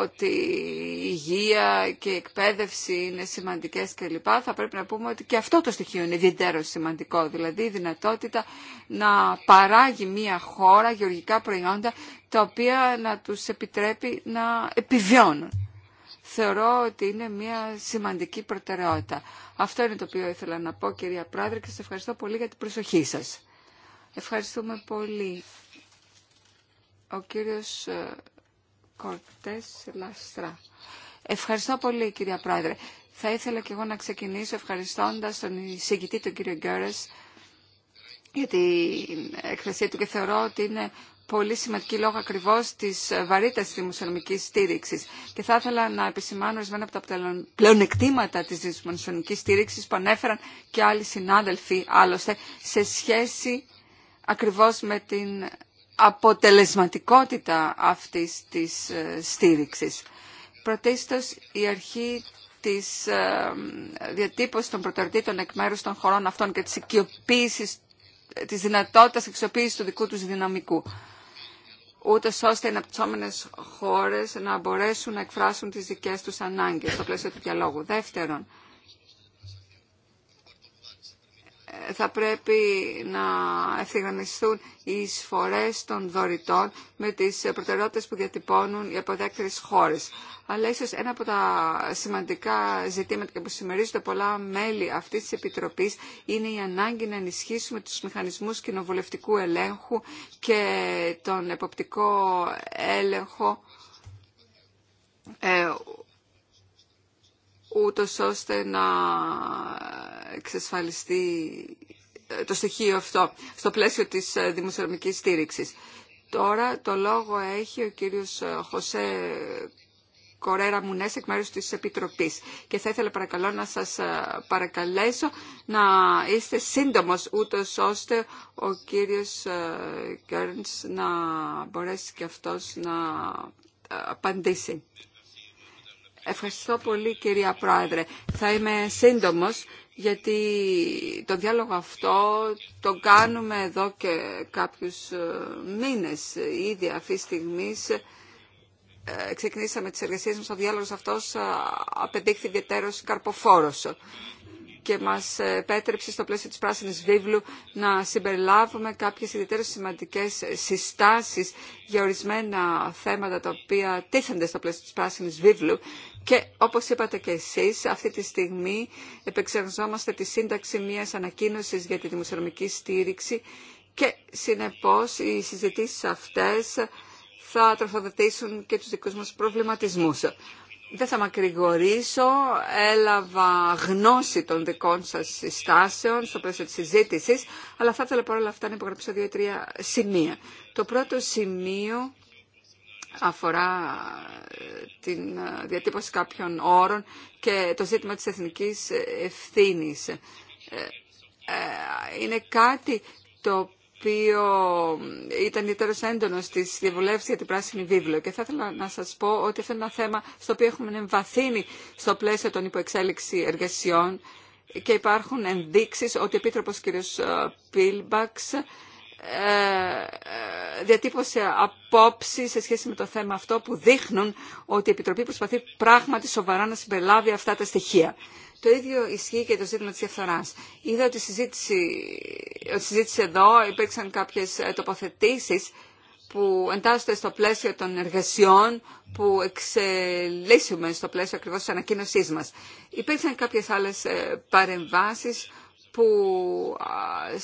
ότι η υγεία και η εκπαίδευση είναι σημαντικές κλπ. Θα πρέπει να πούμε ότι και αυτό το στοιχείο είναι ιδιαίτερο σημαντικό, δηλαδή η δυνατότητα να παράγει μια χώρα γεωργικά προϊόντα τα οποία να τους επιτρέπει να επιβιώνουν. Θεωρώ ότι είναι μια σημαντική προτεραιότητα. Αυτό είναι το οποίο ήθελα να πω κυρία Πρόεδρε και σας ευχαριστώ πολύ για την προσοχή σας. Ευχαριστούμε πολύ. Ο κύριος ε, Ευχαριστώ πολύ κυρία Πρόεδρε. Θα ήθελα και εγώ να ξεκινήσω ευχαριστώντας τον συγκητή τον κύριο Γκέρες για την εκθεσία του και θεωρώ ότι είναι πολύ σημαντική λόγω ακριβώς της βαρύτητας της δημοσιονομικής στήριξης. Και θα ήθελα να επισημάνω ορισμένα από τα πλεονεκτήματα της δημοσιονομικής στήριξης που ανέφεραν και άλλοι συνάδελφοι άλλωστε σε σχέση ακριβώς με την αποτελεσματικότητα αυτής της ε, στήριξης. Πρωτίστως η αρχή της ε, διατύπωσης των προτεραιτήτων εκ μέρους των χωρών αυτών και της οικειοποίησης, της δυνατότητας εξοποίησης του δικού τους δυναμικού ούτε ώστε οι αναπτυσσόμενε χώρε να μπορέσουν να εκφράσουν τι δικέ του ανάγκε στο πλαίσιο του διαλόγου. Δεύτερον, θα πρέπει να ευθυγραμμιστούν οι εισφορές των δωρητών με τις προτεραιότητες που διατυπώνουν οι αποδέκτες χώρες. Αλλά ίσως ένα από τα σημαντικά ζητήματα και που συμμερίζονται πολλά μέλη αυτής της Επιτροπής είναι η ανάγκη να ενισχύσουμε τους μηχανισμούς κοινοβουλευτικού ελέγχου και τον εποπτικό έλεγχο ε, ούτως ώστε να εξασφαλιστεί ε, το στοιχείο αυτό στο πλαίσιο της ε, δημοσιονομικής στήριξης. Τώρα το λόγο έχει ο κύριος ε, Χωσέ Κορέρα Μουνές εκ μέρους της Επιτροπής και θα ήθελα παρακαλώ να σας παρακαλέσω να είστε σύντομος ούτως ώστε ο κύριος Κέρνς να μπορέσει και αυτός να απαντήσει. Ευχαριστώ πολύ κυρία Πρόεδρε. Θα είμαι σύντομος γιατί το διάλογο αυτό το κάνουμε εδώ και κάποιους ε, μήνες. Ήδη αυτή τη στιγμή ε, ξεκινήσαμε τις εργασίες μας, ο διάλογος αυτός ε, απεδείχθη ιδιαίτερος καρποφόρος και μας επέτρεψε στο πλαίσιο της Πράσινης Βίβλου να συμπεριλάβουμε κάποιες ιδιαίτερες σημαντικές συστάσεις για ορισμένα θέματα τα οποία τίθενται στο πλαίσιο της Πράσινης Βίβλου και όπως είπατε και εσείς, αυτή τη στιγμή επεξεργαζόμαστε τη σύνταξη μιας ανακοίνωσης για τη δημοσιονομική στήριξη και συνεπώς οι συζητήσεις αυτές θα τροφοδοτήσουν και τους δικούς μας προβληματισμούς δεν θα μακρηγορήσω, έλαβα γνώση των δικών σας συστάσεων στο πλαίσιο της συζήτησης, αλλά θα ήθελα παρόλα αυτά να υπογράψω δύο-τρία σημεία. Το πρώτο σημείο αφορά ε, την ε, διατύπωση κάποιων όρων και το ζήτημα της εθνικής ευθύνης. Ε, είναι κάτι το οποίο ήταν ιδιαίτερα έντονο στι διαβουλεύσει για την Πράσινη Βίβλο. Και θα ήθελα να σα πω ότι αυτό είναι ένα θέμα στο οποίο έχουμε εμβαθύνει στο πλαίσιο των υποεξέλιξη εργασιών και υπάρχουν ενδείξει ότι ο Επίτροπο κ. Πίλμπαξ ε, ε, διατύπωσε απόψει σε σχέση με το θέμα αυτό που δείχνουν ότι η Επιτροπή προσπαθεί πράγματι σοβαρά να συμπεριλάβει αυτά τα στοιχεία. Το ίδιο ισχύει και το ζήτημα τη διαφθορά. Είδα ότι συζήτηση, ότι συζήτηση εδώ υπήρξαν κάποιες ε, τοποθετήσεις που εντάσσονται στο πλαίσιο των εργασιών που εξελίσσουμε στο πλαίσιο ακριβώ τη ανακοίνωσή μας. Υπήρξαν κάποιες άλλες ε, παρεμβάσεις που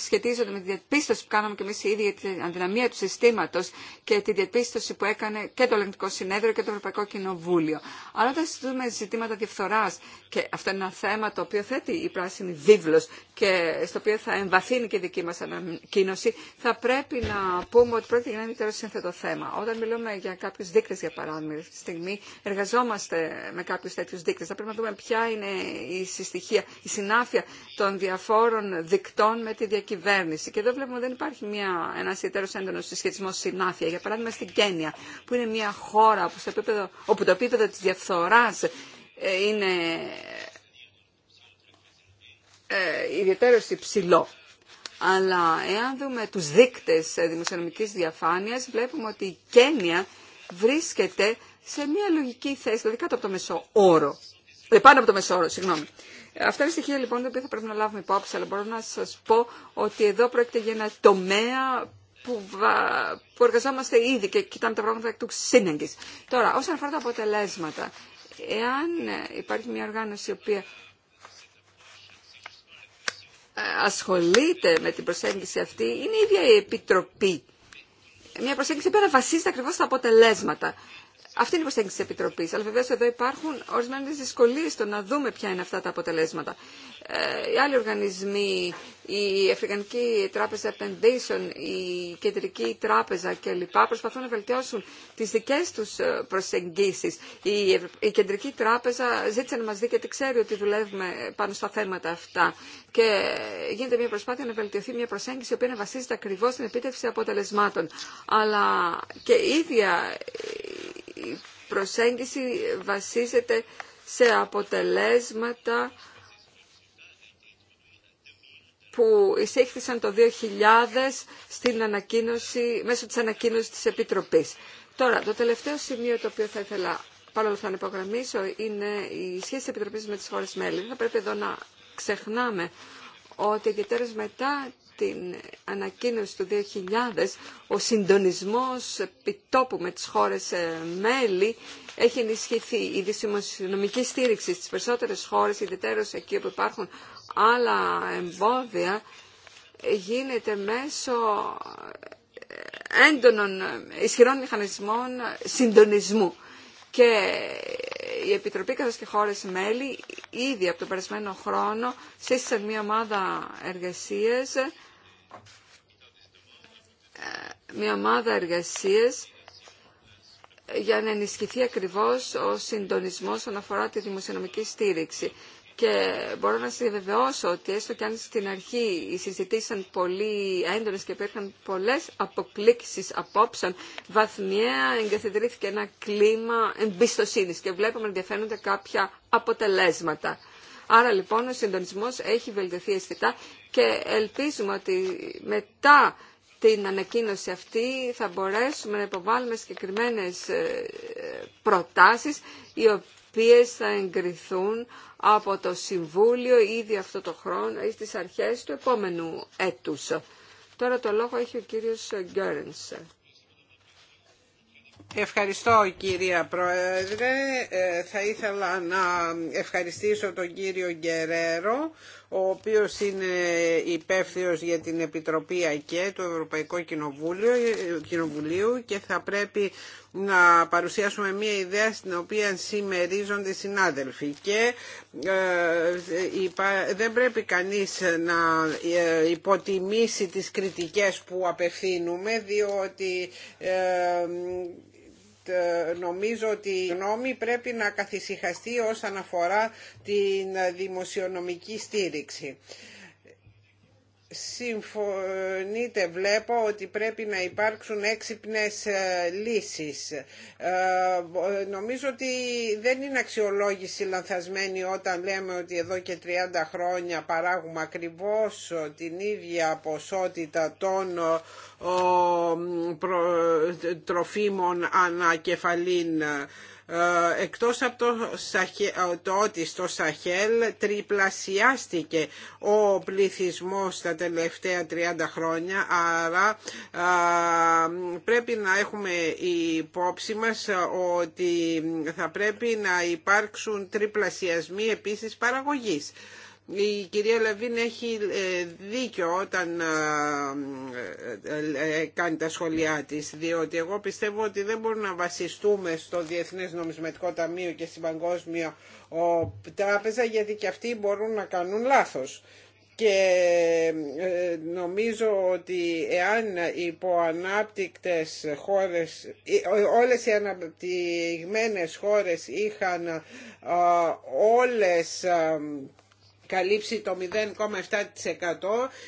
σχετίζονται με τη διαπίστωση που κάναμε και εμεί οι ίδιοι για την αδυναμία του συστήματο και τη διαπίστωση που έκανε και το Ελεγκτικό Συνέδριο και το Ευρωπαϊκό Κοινοβούλιο. Αλλά όταν συζητούμε ζητήματα διαφθορά και αυτό είναι ένα θέμα το οποίο θέτει η πράσινη βίβλο και στο οποίο θα εμβαθύνει και η δική μα ανακοίνωση, θα πρέπει να πούμε ότι πρόκειται για ένα ιδιαίτερο σύνθετο θέμα. Όταν μιλούμε για κάποιου δείκτε, για παράδειγμα, αυτή στιγμή εργαζόμαστε με κάποιου τέτοιου δείκτε. Θα πρέπει να δούμε ποια είναι η συστοιχία, η συνάφεια των διαφόρων όρων δικτών με τη διακυβέρνηση. Και εδώ βλέπουμε ότι δεν υπάρχει μια, ένας ιδιαίτερος έντονο συσχετισμό συνάφεια. Για παράδειγμα στην Κένια, που είναι μια χώρα όπου, επίπεδο, όπου το επίπεδο της ε, είναι ε, ιδιαίτερος υψηλό. Αλλά εάν δούμε τους δείκτες δημοσιονομικής διαφάνειας, βλέπουμε ότι η Κένια βρίσκεται σε μια λογική θέση, δηλαδή κάτω από το μεσό όρο. Ε, πάνω από το μεσό όρο, συγγνώμη. Αυτά είναι στοιχεία λοιπόν τα οποία θα πρέπει να λάβουμε υπόψη, αλλά μπορώ να σα πω ότι εδώ πρόκειται για ένα τομέα που, που εργαζόμαστε ήδη και κοιτάμε τα πράγματα εκ του σύνεγγυ. Τώρα, όσον αφορά τα αποτελέσματα, εάν υπάρχει μια οργάνωση η οποία ε, ασχολείται με την προσέγγιση αυτή, είναι η ίδια η Επιτροπή. Μια προσέγγιση που βασίζεται ακριβώ στα αποτελέσματα. Αυτή είναι η προσέγγιση τη Επιτροπή. Αλλά βεβαίω εδώ υπάρχουν ορισμένε δυσκολίε στο να δούμε ποια είναι αυτά τα αποτελέσματα. Ε, οι άλλοι οργανισμοί, η Αφρικανική Τράπεζα Επενδύσεων, η Κεντρική Τράπεζα κλπ. προσπαθούν να βελτιώσουν τι δικέ του ε, προσεγγίσει. Η, η Κεντρική Τράπεζα ζήτησε να μα δει γιατί ξέρει ότι δουλεύουμε ε, πάνω στα θέματα αυτά. Και ε, γίνεται μια προσπάθεια να βελτιωθεί μια προσέγγιση η οποία να βασίζεται ακριβώ στην επίτευξη αποτελεσμάτων. Αλλά και ίδια η προσέγγιση βασίζεται σε αποτελέσματα που εισήχθησαν το 2000 στην ανακοίνωση, μέσω της ανακοίνωσης της Επιτροπής. Τώρα, το τελευταίο σημείο το οποίο θα ήθελα παρόλο θα υπογραμμίσω είναι η σχέση της Επιτροπής με τις χώρες μέλη. Θα πρέπει εδώ να ξεχνάμε ότι εγκαιτέρως μετά την ανακοίνωση του 2000, ο συντονισμός επιτόπου με τις χώρες ε, μέλη έχει ενισχυθεί. Η δημοσιονομική στήριξη στις περισσότερες χώρες, ιδιαίτερως εκεί όπου υπάρχουν άλλα εμπόδια, γίνεται μέσω ε, έντονων ε, ισχυρών μηχανισμών συντονισμού. Και η Επιτροπή καθώς και χώρες μέλη ήδη από τον περασμένο χρόνο σύστησαν μια ομάδα εργασίες μια ομάδα εργασίες για να ενισχυθεί ακριβώς ο συντονισμός όσον αφορά τη δημοσιονομική στήριξη. Και μπορώ να σας βεβαιώσω ότι έστω και αν στην αρχή οι συζητήσεις ήταν πολύ έντονες και υπήρχαν πολλές αποκλήξεις απόψεων, βαθμιαία εγκαθιδρύθηκε ένα κλίμα εμπιστοσύνης και βλέπουμε ενδιαφέρονται κάποια αποτελέσματα. Άρα λοιπόν ο συντονισμός έχει βελτιωθεί αισθητά και ελπίζουμε ότι μετά την ανακοίνωση αυτή θα μπορέσουμε να υποβάλουμε συγκεκριμένε ε, προτάσεις οι οποίες θα εγκριθούν από το Συμβούλιο ήδη αυτό το χρόνο ή στις αρχές του επόμενου έτους. Τώρα το λόγο έχει ο κύριος Γκέρενς. Ευχαριστώ κυρία Πρόεδρε. Ε, θα ήθελα να ευχαριστήσω τον κύριο Γκερέρο, ο οποίος είναι υπεύθυνο για την Επιτροπή ΑΚΕ του Ευρωπαϊκού Κοινοβουλίου και θα πρέπει να παρουσιάσουμε μια ιδέα στην οποία συμμερίζονται συνάδελφοι και ε, δεν πρέπει κανείς να ε, υποτιμήσει τις κριτικές που απευθύνουμε διότι ε, νομίζω ότι η γνώμη πρέπει να καθησυχαστεί όσον αφορά την δημοσιονομική στήριξη. Συμφωνείτε, βλέπω ότι πρέπει να υπάρξουν έξυπνες ε, λύσεις. Ε, ε, νομίζω ότι δεν είναι αξιολόγηση λανθασμένη όταν λέμε ότι εδώ και 30 χρόνια παράγουμε ακριβώς ε, την ίδια ποσότητα των ο, τροφίμων ανακεφαλήν ε, εκτός από ε, το, ότι στο Σαχέλ τριπλασιάστηκε ο πληθυσμός τα τελευταία 30 χρόνια, άρα πρέπει να έχουμε υπόψη μας ότι θα πρέπει να υπάρξουν τριπλασιασμοί επίσης παραγωγής. Η κυρία Λαβίν έχει ε, δίκιο όταν ε, ε, κάνει τα σχολιά της, διότι εγώ πιστεύω ότι δεν μπορούμε να βασιστούμε στο Διεθνές Νομισματικό Ταμείο και στην Παγκόσμια Τράπεζα, γιατί και αυτοί μπορούν να κάνουν λάθος. Και νομίζω ότι εάν οι υποανάπτυκτες χώρες, όλες οι αναπτυγμένες χώρες είχαν όλες καλύψει το 0,7%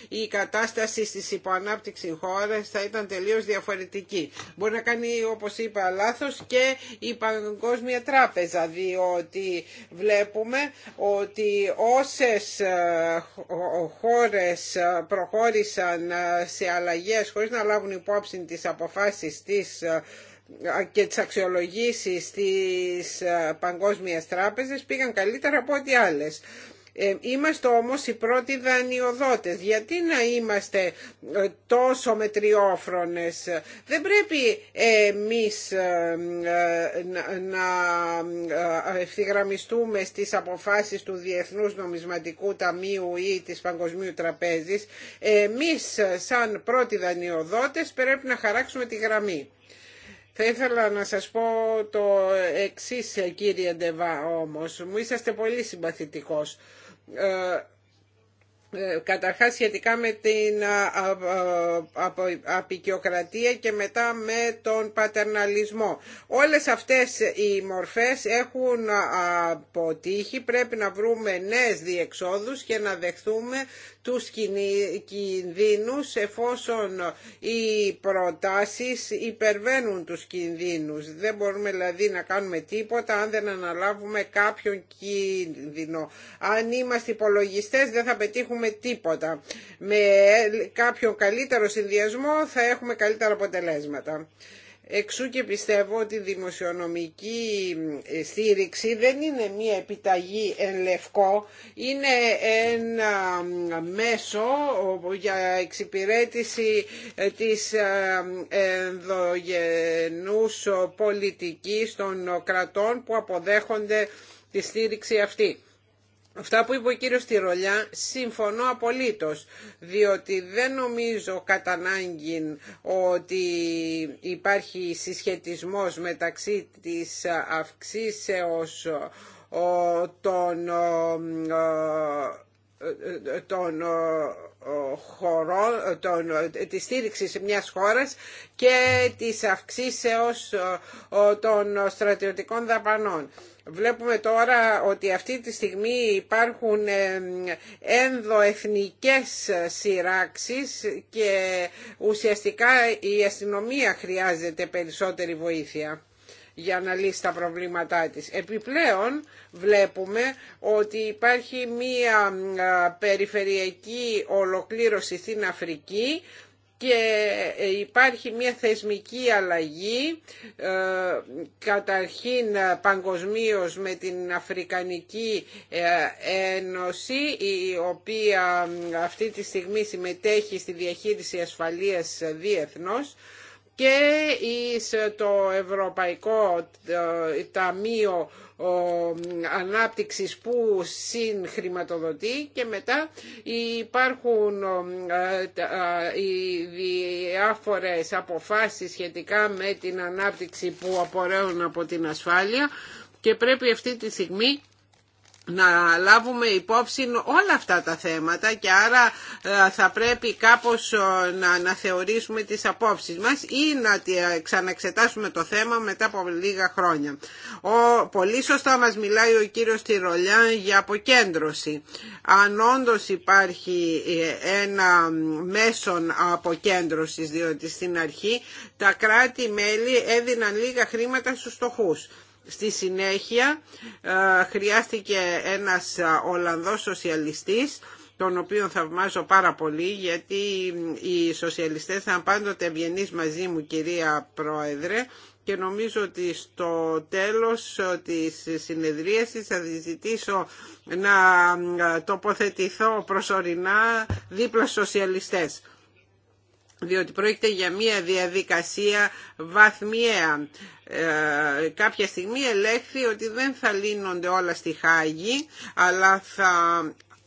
η κατάσταση στις υποανάπτυξη χώρες θα ήταν τελείως διαφορετική. Μπορεί να κάνει όπως είπα λάθος και η Παγκόσμια Τράπεζα διότι βλέπουμε ότι όσες ε, χώρες προχώρησαν ε, σε αλλαγές χωρίς να λάβουν υπόψη τις αποφάσεις της ε, και τις αξιολογήσεις της Παγκόσμιας Τράπεζας πήγαν καλύτερα από ό,τι άλλες. Ε, είμαστε όμως οι πρώτοι δανειοδότες. Γιατί να είμαστε ε, τόσο μετριόφρονες. Δεν πρέπει εμείς ε, να ευθυγραμμιστούμε στις αποφάσεις του Διεθνούς Νομισματικού Ταμείου ή της Παγκοσμίου Τραπέζης. Εμείς σαν πρώτοι δανειοδότες πρέπει να χαράξουμε τη γραμμή. Θα ήθελα να σας πω το εξής κύριε Ντεβά όμως. Μου είσαστε πολύ συμπαθητικός. Ε, καταρχάς σχετικά με την απεικιοκρατία και μετά με τον πατερναλισμό. Όλες αυτές οι μορφές έχουν αποτύχει, πρέπει να βρούμε νέες διεξόδους και να δεχθούμε τους κινδύνους εφόσον οι προτάσεις υπερβαίνουν τους κινδύνους. Δεν μπορούμε δηλαδή να κάνουμε τίποτα αν δεν αναλάβουμε κάποιον κίνδυνο. Αν είμαστε υπολογιστέ, δεν θα πετύχουμε τίποτα. Με κάποιο καλύτερο συνδυασμό θα έχουμε καλύτερα αποτελέσματα. Εξού και πιστεύω ότι η δημοσιονομική ε, στήριξη δεν είναι μία επιταγή εν λευκό, είναι ένα μέσο για εξυπηρέτηση ε, της ε, ενδογενούς πολιτικής των κρατών που αποδέχονται τη στήριξη αυτή. Αυτά που είπε ο κύριος Τυρολιά συμφωνώ απολύτως, διότι δεν νομίζω κατά ότι υπάρχει συσχετισμός μεταξύ της αυξήσεως των των ε, ε, χωρών, των, ε, της στήριξης μιας χώρας και της αυξήσεως των στρατιωτικών δαπανών. Βλέπουμε τώρα ότι αυτή τη στιγμή υπάρχουν ενδοεθνικές σειράξεις και ουσιαστικά η αστυνομία χρειάζεται περισσότερη βοήθεια για να λύσει τα προβλήματά της. Επιπλέον βλέπουμε ότι υπάρχει μία περιφερειακή ολοκλήρωση στην Αφρική και ε, υπάρχει μια θεσμική αλλαγή ε, καταρχήν ε, παγκοσμίως με την Αφρικανική Ένωση η οποία αυτή τη στιγμή συμμετέχει στη διαχείριση ασφαλείας διεθνώς και σε το Ευρωπαϊκό ε, Ταμείο Ανάπτυξης που συγχρηματοδοτεί και μετά υπάρχουν ε, οι διάφορες αποφάσεις σχετικά με την ανάπτυξη που απορρέουν από την ασφάλεια και πρέπει αυτή τη στιγμή να λάβουμε υπόψη όλα αυτά τα θέματα και άρα ε, θα πρέπει κάπως ε, να αναθεωρήσουμε τις απόψεις μας ή να ε, ξαναξετάσουμε το θέμα μετά από λίγα χρόνια. Ο, πολύ σωστά μας μιλάει ο κύριος Τυρολιά για αποκέντρωση. Αν όντω υπάρχει ένα μέσον αποκέντρωσης, διότι στην αρχή τα κράτη-μέλη έδιναν λίγα χρήματα στους στοχούς. Στη συνέχεια ε, χρειάστηκε ένας ε, Ολλανδός σοσιαλιστής τον οποίο θαυμάζω πάρα πολύ γιατί οι σοσιαλιστές ήταν πάντοτε ευγενείς μαζί μου κυρία Πρόεδρε και νομίζω ότι στο τέλος ε, της συνεδρίασης θα ζητήσω να τοποθετηθώ προσωρινά δίπλα σοσιαλιστές διότι πρόκειται για μια διαδικασία βαθμιαία. Ε, κάποια στιγμή ελέγχθη ότι δεν θα λύνονται όλα στη Χάγη, αλλά θα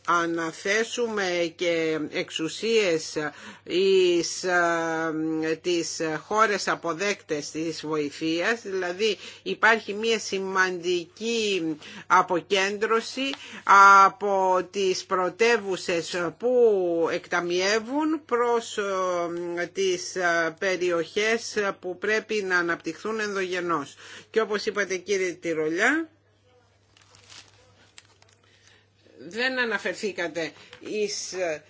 αναθέσουμε και εξουσίες εις τις χώρες αποδέκτες της βοηθείας, δηλαδή υπάρχει μια σημαντική αποκέντρωση από τις πρωτεύουσες που εκταμιεύουν προς τις περιοχές που πρέπει να αναπτυχθούν ενδογενώς. Και όπως είπατε κύριε Τυρολιά, δεν αναφερθήκατε εις ε,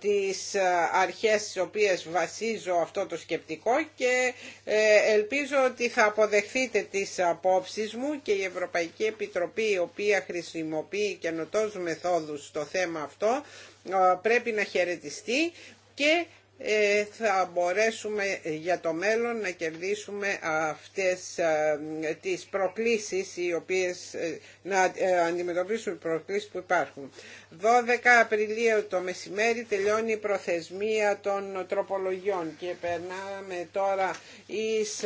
τις ε, αρχές στις οποίες βασίζω αυτό το σκεπτικό και ε, ελπίζω ότι θα αποδεχθείτε τις απόψεις μου και η Ευρωπαϊκή Επιτροπή η οποία χρησιμοποιεί καινοτόζου μεθόδους στο θέμα αυτό ε, πρέπει να χαιρετιστεί και ε, θα μπορέσουμε για το μέλλον να κερδίσουμε αυτές ε, τις προκλήσεις οι οποίες ε, να αντιμετωπίσουμε οι προκλήσεις που υπάρχουν. 12 Απριλίου το μεσημέρι τελειώνει η προθεσμία των τροπολογιών και περνάμε τώρα εις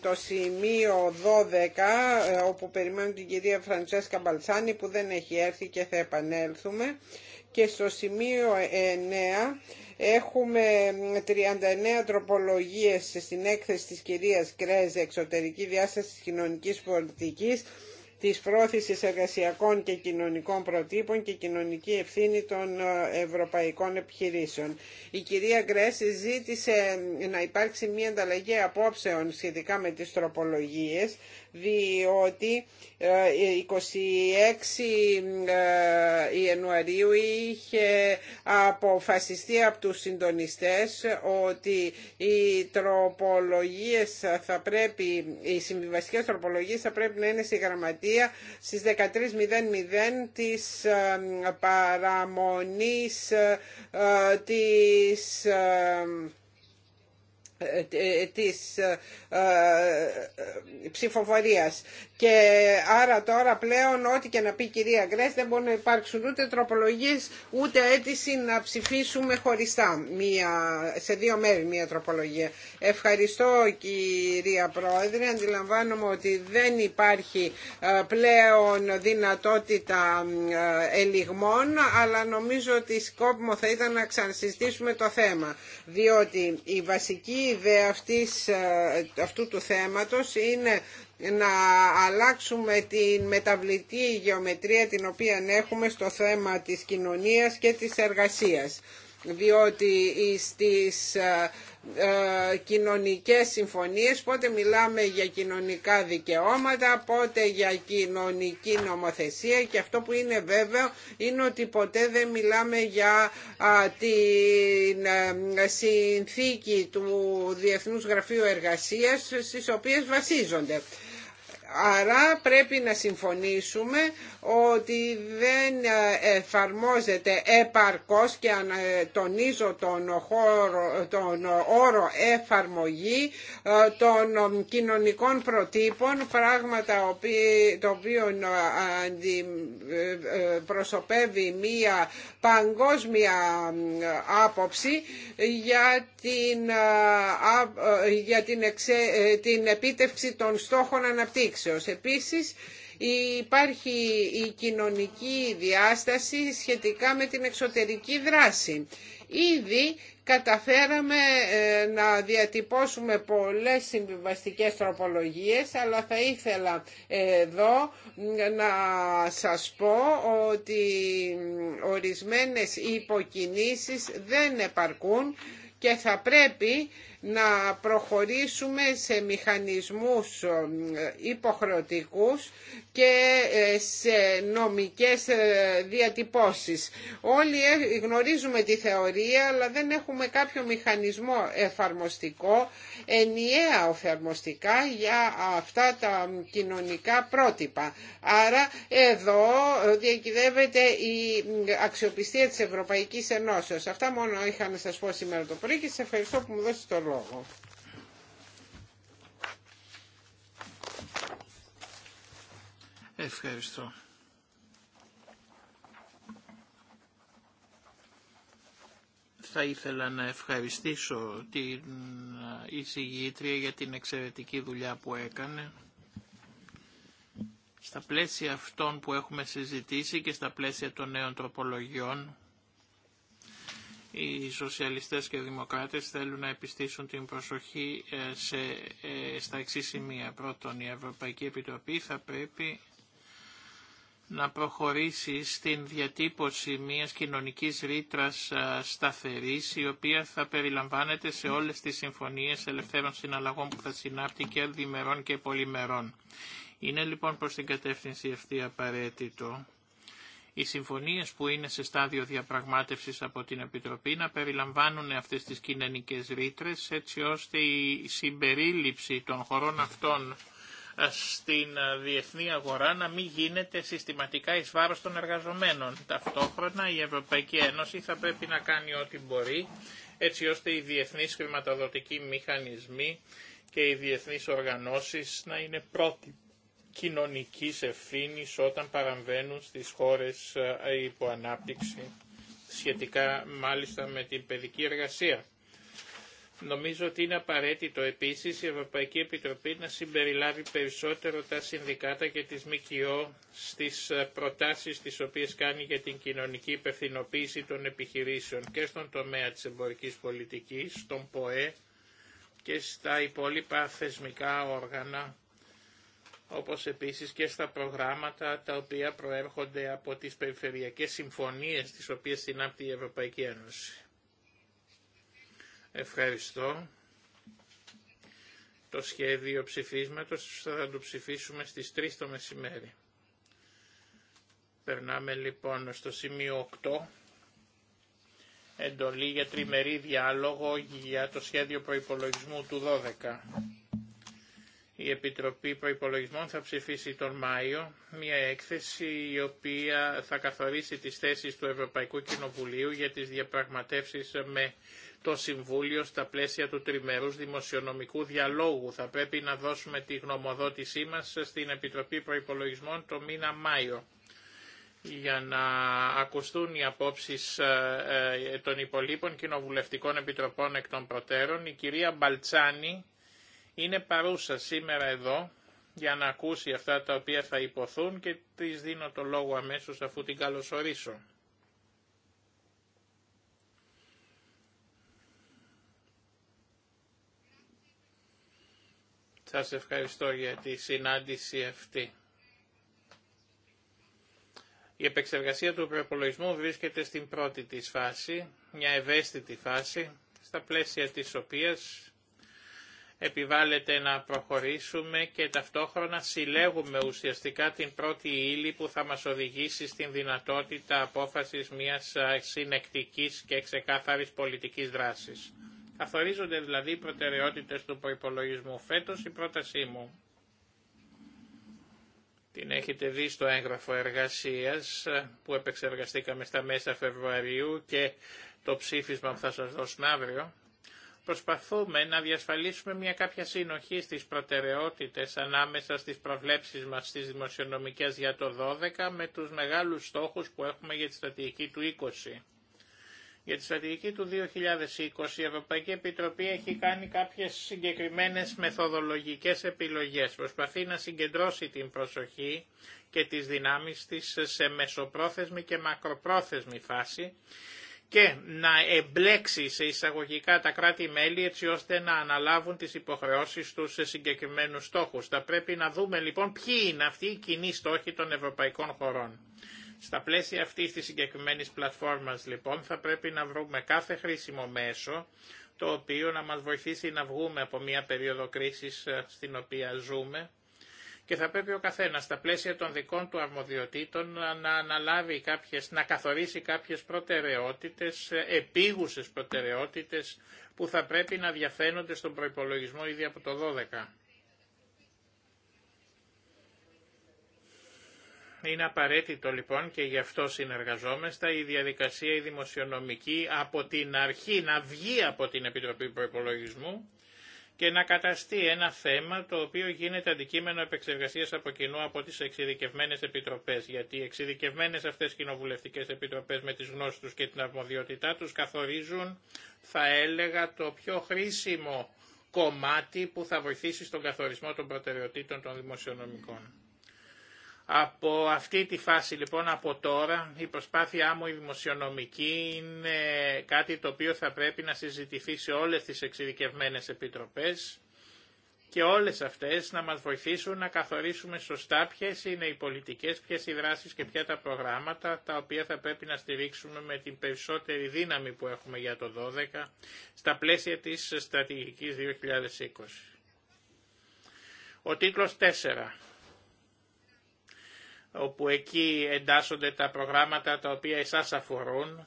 το σημείο 12 όπου περιμένουν την κυρία Φραντσέσκα Μπαλτσάνη που δεν έχει έρθει και θα επανέλθουμε και στο σημείο 9 Έχουμε 39 ε, τροπολογίες στην έκθεση της κυρίας Κρέζε, εξωτερική διάσταση της κοινωνικής πολιτικής, της πρόθεσης εργασιακών και κοινωνικών προτύπων και κοινωνική ευθύνη των ε, ευρωπαϊκών επιχειρήσεων. Η κυρία Γκρέση ζήτησε ε, να υπάρξει μια ανταλλαγή απόψεων σχετικά με τις τροπολογίες διότι 26 ε, ε, Ιανουαρίου είχε αποφασιστεί από τους συντονιστές ότι οι τροπολογίες θα πρέπει, οι συμβιβαστικές τροπολογίες θα πρέπει να είναι στη γραμματεία στις 13.00 της ε, παραμονής της ε, ε, ε, της ψηφοφορίας. Και άρα τώρα πλέον ό,τι και να πει η κυρία Γκρέσ δεν μπορεί να υπάρξουν ούτε τροπολογίες ούτε αίτηση να ψηφίσουμε χωριστά μία, σε δύο μέρη μία τροπολογία. Ευχαριστώ κυρία Πρόεδρε. Αντιλαμβάνομαι ότι δεν υπάρχει ε, πλέον δυνατότητα ε, ελιγμών αλλά νομίζω ότι σκόπιμο θα ήταν να ξανασυζητήσουμε το θέμα. Διότι η βασική ιδέα αυτής, ε, αυτού του θέματος είναι να αλλάξουμε την μεταβλητή γεωμετρία την οποία έχουμε στο θέμα της κοινωνίας και της εργασίας διότι στις ε, ε, κοινωνικές συμφωνίες, πότε μιλάμε για κοινωνικά δικαιώματα, πότε για κοινωνική νομοθεσία και αυτό που είναι βέβαιο είναι ότι ποτέ δεν μιλάμε για την ε, συνθήκη του Διεθνούς Γραφείου Εργασίας στις οποίες βασίζονται. Άρα πρέπει να συμφωνήσουμε ότι δεν εφαρμόζεται επαρκώς και τονίζω τον, τον όρο εφαρμογή ε, των κοινωνικών προτύπων, πράγματα το οποίο ε, ε, προσωπεύει μία παγκόσμια άποψη για την, για την, την επίτευξη των στόχων αναπτύξης σε Επίσης υπάρχει η κοινωνική διάσταση σχετικά με την εξωτερική δράση. Ήδη καταφέραμε ε, να διατυπώσουμε πολλές συμβιβαστικές τροπολογίες, αλλά θα ήθελα εδώ να σας πω ότι ορισμένες υποκινήσεις δεν επαρκούν και θα πρέπει να προχωρήσουμε σε μηχανισμούς ε, υποχρεωτικούς και ε, σε νομικές ε, διατυπώσεις. Όλοι γνωρίζουμε τη θεωρία αλλά δεν έχουμε κάποιο μηχανισμό εφαρμοστικό, ενιαία εφαρμοστικά για αυτά τα κοινωνικά πρότυπα. Άρα εδώ διακυδεύεται η αξιοπιστία της Ευρωπαϊκής Ενώσεως. Αυτά μόνο είχα να σας πω σήμερα το πρωί και σας ευχαριστώ που μου δώσετε το λόγο. Ευχαριστώ. Θα ήθελα να ευχαριστήσω την ε, εισηγήτρια για την εξαιρετική δουλειά που έκανε. Στα πλαίσια αυτών που έχουμε συζητήσει και στα πλαίσια των νέων τροπολογιών, οι σοσιαλιστές και οι δημοκράτες θέλουν να επιστήσουν την προσοχή ε, σε, ε, στα εξή σημεία. Πρώτον, η Ευρωπαϊκή Επιτροπή θα πρέπει να προχωρήσει στην διατύπωση μιας κοινωνικής ρήτρας ε, σταθερής, η οποία θα περιλαμβάνεται σε όλες τις συμφωνίες ελευθέρων συναλλαγών που θα συνάπτει και διμερών και πολυμερών. Είναι λοιπόν προς την κατεύθυνση αυτή απαραίτητο οι συμφωνίες που είναι σε στάδιο διαπραγμάτευσης από την Επιτροπή να περιλαμβάνουν αυτές τις κοινωνικές ρήτρε, έτσι ώστε η συμπερίληψη των χωρών αυτών ε, στην ε, διεθνή αγορά να μην γίνεται συστηματικά εις βάρος των εργαζομένων. Ταυτόχρονα η Ευρωπαϊκή Ένωση θα πρέπει να κάνει ό,τι μπορεί έτσι ώστε οι διεθνείς χρηματοδοτικοί μηχανισμοί και οι διεθνείς οργανώσεις να είναι πρότυποι κοινωνικής ευθύνης όταν παραμβαίνουν στις χώρες ε, υποανάπτυξη σχετικά μάλιστα με την παιδική εργασία. Νομίζω ότι είναι απαραίτητο επίσης η Ευρωπαϊκή Επιτροπή να συμπεριλάβει περισσότερο τα συνδικάτα και τις ΜΚΟ στις ε, προτάσεις τις οποίες κάνει για την κοινωνική υπευθυνοποίηση των επιχειρήσεων και στον τομέα της εμπορικής πολιτικής, στον ΠΟΕ και στα υπόλοιπα θεσμικά όργανα όπως επίσης και στα προγράμματα τα οποία προέρχονται από τις περιφερειακές συμφωνίες τις οποίες συνάπτει η Ευρωπαϊκή Ένωση. Ευχαριστώ. Το σχέδιο ψηφίσματος θα το ψηφίσουμε στις 3 το μεσημέρι. Περνάμε λοιπόν στο σημείο 8. Εντολή για τριμερή διάλογο για το σχέδιο προϋπολογισμού του 12. Η Επιτροπή Προϋπολογισμών θα ψηφίσει τον Μάιο μια έκθεση η οποία θα καθορίσει τις θέσεις του Ευρωπαϊκού Κοινοβουλίου για τις διαπραγματεύσεις με το Συμβούλιο στα πλαίσια του τριμερούς δημοσιονομικού διαλόγου. Θα πρέπει να δώσουμε τη γνωμοδότησή μας στην Επιτροπή Προϋπολογισμών το μήνα Μάιο για να ακουστούν οι απόψεις ε, ε, των υπολείπων κοινοβουλευτικών επιτροπών εκ των προτέρων. Η κυρία Μπαλτσάνη είναι παρούσα σήμερα εδώ για να ακούσει αυτά τα οποία θα υποθούν και της δίνω το λόγο αμέσως αφού την καλωσορίσω. Σας ευχαριστώ για τη συνάντηση αυτή. Η επεξεργασία του προπολογισμού βρίσκεται στην πρώτη της φάση, μια ευαίσθητη φάση, στα πλαίσια της οποίας επιβάλλεται να προχωρήσουμε και ταυτόχρονα συλλέγουμε ουσιαστικά την πρώτη ύλη που θα μας οδηγήσει στην δυνατότητα απόφασης μιας ε, συνεκτικής και ξεκάθαρης πολιτικής δράσης. Καθορίζονται δηλαδή οι προτεραιότητες του προϋπολογισμού. Φέτος η πρότασή μου, την έχετε δει στο έγγραφο εργασίας ε, που επεξεργαστήκαμε στα μέσα Φεβρουαρίου και το ψήφισμα που θα σας δώσουμε αύριο, προσπαθούμε να διασφαλίσουμε μια κάποια συνοχή στις προτεραιότητες ανάμεσα στις προβλέψεις μας στις δημοσιονομικές για το 12 με τους μεγάλους στόχους που έχουμε για τη στρατηγική του 20. Για τη στρατηγική του 2020 η Ευρωπαϊκή Επιτροπή έχει κάνει κάποιες συγκεκριμένες μεθοδολογικές επιλογές. Προσπαθεί να συγκεντρώσει την προσοχή και τις δυνάμεις της σε μεσοπρόθεσμη και μακροπρόθεσμη φάση και να εμπλέξει σε εισαγωγικά τα κράτη-μέλη έτσι ώστε να αναλάβουν τις υποχρεώσεις τους σε συγκεκριμένους στόχους. Θα πρέπει να δούμε λοιπόν ποιοι είναι αυτοί οι κοινοί στόχοι των ευρωπαϊκών χωρών. Στα πλαίσια αυτή τη συγκεκριμένη πλατφόρμας λοιπόν θα πρέπει να βρούμε κάθε χρήσιμο μέσο το οποίο να μας βοηθήσει να βγούμε από μια περίοδο κρίσης ε, στην οποία ζούμε και θα πρέπει ο καθένας στα πλαίσια των δικών του αρμοδιοτήτων να αναλάβει κάποιες, να καθορίσει κάποιες προτεραιότητες, επίγουσες προτεραιότητες που θα πρέπει να διαφαίνονται στον προϋπολογισμό ήδη από το 12. Είναι απαραίτητο λοιπόν και γι' αυτό συνεργαζόμεστα η διαδικασία η δημοσιονομική από την αρχή να βγει από την Επιτροπή Προϋπολογισμού και να καταστεί ένα θέμα το οποίο γίνεται αντικείμενο επεξεργασίας από κοινού από τις εξειδικευμένε επιτροπές, γιατί οι εξειδικευμένε αυτές κοινοβουλευτικέ επιτροπές με τις γνώσεις τους και την αρμοδιότητά τους καθορίζουν, θα έλεγα, το πιο χρήσιμο κομμάτι που θα βοηθήσει στον καθορισμό των προτεραιοτήτων των δημοσιονομικών. Από αυτή τη φάση λοιπόν από τώρα η προσπάθειά μου η δημοσιονομική είναι κάτι το οποίο θα πρέπει να συζητηθεί σε όλες τις εξειδικευμένες επιτροπές και όλες αυτές να μας βοηθήσουν να καθορίσουμε σωστά ποιες είναι οι πολιτικές, ποιες οι δράσεις και ποια τα προγράμματα τα οποία θα πρέπει να στηρίξουμε με την περισσότερη δύναμη που έχουμε για το 12 στα πλαίσια της στρατηγικής 2020. Ο τίτλος 4 όπου εκεί εντάσσονται τα προγράμματα τα οποία εσάς αφορούν,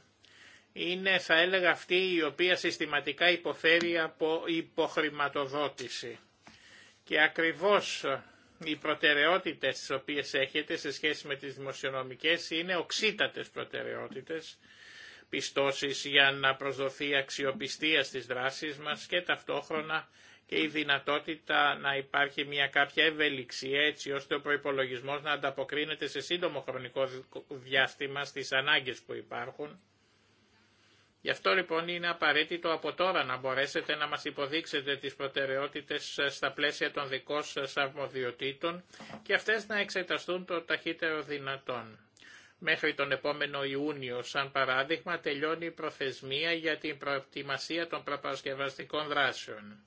είναι θα έλεγα αυτή η οποία συστηματικά υποφέρει από υποχρηματοδότηση. Και ακριβώς οι προτεραιότητες τις οποίες έχετε σε σχέση με τις δημοσιονομικές είναι οξύτατες προτεραιότητες, πιστώσεις για να προσδοθεί αξιοπιστία στις δράσεις μας και ταυτόχρονα και η δυνατότητα να υπάρχει μια κάποια ευελιξία έτσι ώστε ο προϋπολογισμός να ανταποκρίνεται σε σύντομο χρονικό διάστημα στις ανάγκες που υπάρχουν. Γι' αυτό λοιπόν είναι απαραίτητο από τώρα να μπορέσετε να μας υποδείξετε τις προτεραιότητες στα πλαίσια των δικών σας αρμοδιοτήτων και αυτές να εξεταστούν το ταχύτερο δυνατόν. Μέχρι τον επόμενο Ιούνιο, σαν παράδειγμα, τελειώνει η προθεσμία για την προετοιμασία των προπαρασκευαστικών δράσεων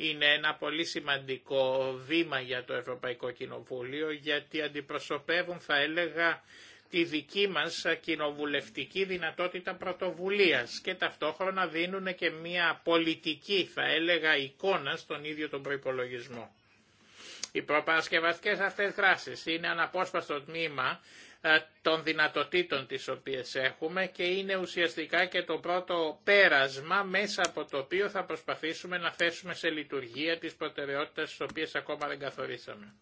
είναι ένα πολύ σημαντικό βήμα για το Ευρωπαϊκό Κοινοβούλιο γιατί αντιπροσωπεύουν θα έλεγα τη δική μας κοινοβουλευτική δυνατότητα πρωτοβουλίας και ταυτόχρονα δίνουν και μια πολιτική θα έλεγα εικόνα στον ίδιο τον προϋπολογισμό. Οι προπαρασκευαστικές αυτές δράσεις είναι αναπόσπαστο τμήμα ε, των δυνατοτήτων τις οποίες έχουμε και είναι ουσιαστικά και το πρώτο πέρασμα μέσα από το οποίο θα προσπαθήσουμε να θέσουμε σε λειτουργία τις προτεραιότητες τις οποίες ακόμα δεν καθορίσαμε.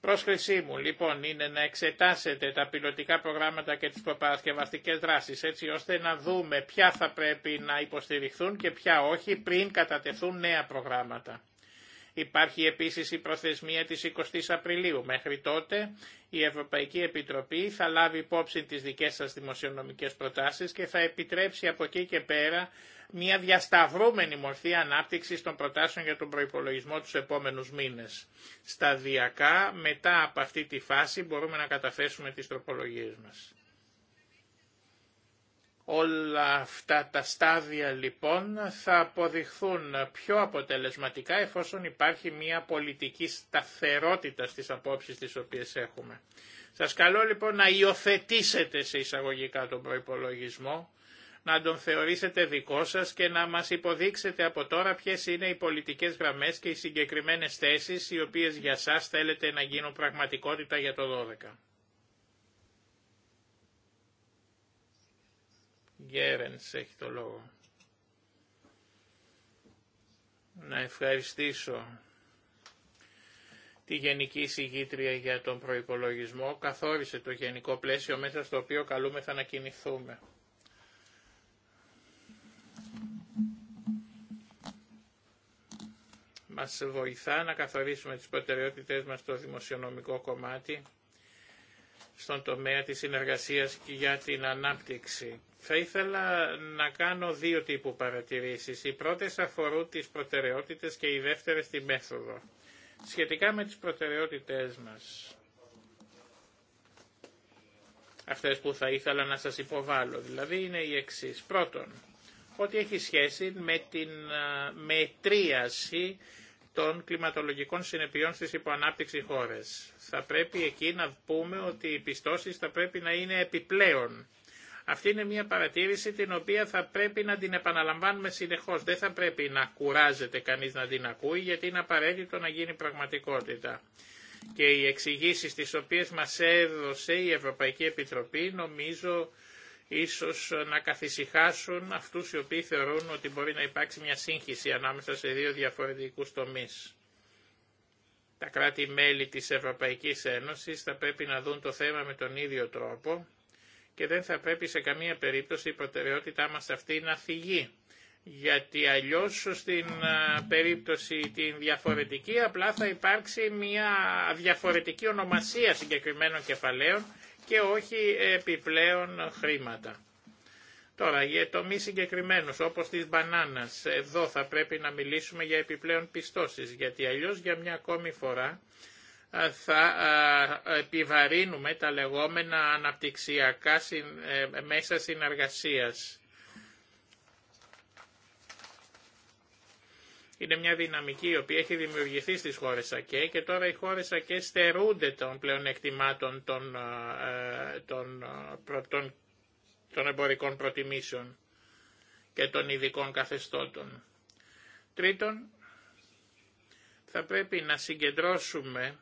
Πρόσκλησή μου λοιπόν είναι να εξετάσετε τα πιλωτικά προγράμματα και τις προπαρασκευαστικές δράσεις έτσι ώστε να δούμε ποια θα πρέπει να υποστηριχθούν και ποια όχι πριν κατατεθούν νέα προγράμματα. Υπάρχει επίσης η προθεσμία της 20 Απριλίου. Μέχρι τότε η Ευρωπαϊκή Επιτροπή θα λάβει υπόψη τις δικές σας δημοσιονομικές προτάσεις και θα επιτρέψει από εκεί και πέρα μια διασταυρούμενη μορφή ανάπτυξης των προτάσεων για τον προϋπολογισμό τους επόμενους μήνες. Σταδιακά, μετά από αυτή τη φάση, μπορούμε να καταθέσουμε τις τροπολογίες μας. Όλα αυτά τα στάδια λοιπόν θα αποδειχθούν πιο αποτελεσματικά εφόσον υπάρχει μια πολιτική σταθερότητα στις απόψεις τις οποίες έχουμε. Σας καλώ λοιπόν να υιοθετήσετε σε εισαγωγικά τον προϋπολογισμό, να τον θεωρήσετε δικό σας και να μας υποδείξετε από τώρα ποιες είναι οι πολιτικές γραμμές και οι συγκεκριμένες θέσεις οι οποίες για σας θέλετε να γίνουν πραγματικότητα για το 12. Γκέρενς έχει το λόγο. Να ευχαριστήσω τη Γενική Συγγήτρια για τον προϋπολογισμό, καθόρισε το γενικό πλαίσιο μέσα στο οποίο καλούμεθα να κινηθούμε. Μας βοηθά να καθορίσουμε τις προτεραιότητες μας στο δημοσιονομικό κομμάτι, στον τομέα της συνεργασίας και για την ανάπτυξη. Θα ήθελα να κάνω δύο τύπου παρατηρήσεις. Οι πρώτες αφορούν τις προτεραιότητες και οι δεύτερες τη μέθοδο. Σχετικά με τις προτεραιότητες μας, αυτές που θα ήθελα να σας υποβάλω, δηλαδή είναι οι εξής. Πρώτον, ότι έχει σχέση με την μετρίαση των κλιματολογικών συνεπειών στις υποανάπτυξη χώρες. Θα πρέπει εκεί να πούμε ότι οι πιστώσεις θα πρέπει να είναι επιπλέον. Αυτή είναι μια παρατήρηση την οποία θα πρέπει να την επαναλαμβάνουμε συνεχώς. Δεν θα πρέπει να κουράζεται κανείς να την ακούει γιατί είναι απαραίτητο να γίνει πραγματικότητα. Και οι εξηγήσει τις οποίες μας έδωσε η Ευρωπαϊκή Επιτροπή νομίζω ίσως να καθησυχάσουν αυτούς οι οποίοι θεωρούν ότι μπορεί να υπάρξει μια σύγχυση ανάμεσα σε δύο διαφορετικούς τομείς. Τα κράτη-μέλη της Ευρωπαϊκής Ένωσης θα πρέπει να δουν το θέμα με τον ίδιο τρόπο και δεν θα πρέπει σε καμία περίπτωση η προτεραιότητά μας αυτή να φυγεί. Γιατί αλλιώς στην περίπτωση την διαφορετική απλά θα υπάρξει μια διαφορετική ονομασία συγκεκριμένων κεφαλαίων και όχι επιπλέον χρήματα. Τώρα για μη συγκεκριμένου όπως τις μπανάνας, εδώ θα πρέπει να μιλήσουμε για επιπλέον πιστώσεις, γιατί αλλιώς για μια ακόμη φορά θα επιβαρύνουμε τα λεγόμενα αναπτυξιακά ε, μέσα συνεργασίας. Είναι μια δυναμική η οποία έχει δημιουργηθεί στις χώρες ΑΚΕ και τώρα οι χώρες ΑΚΕ στερούνται των πλέον εκτιμάτων των, ε, των, ε, των, των εμπορικών προτιμήσεων και των ειδικών καθεστώτων. Τρίτον, θα πρέπει να συγκεντρώσουμε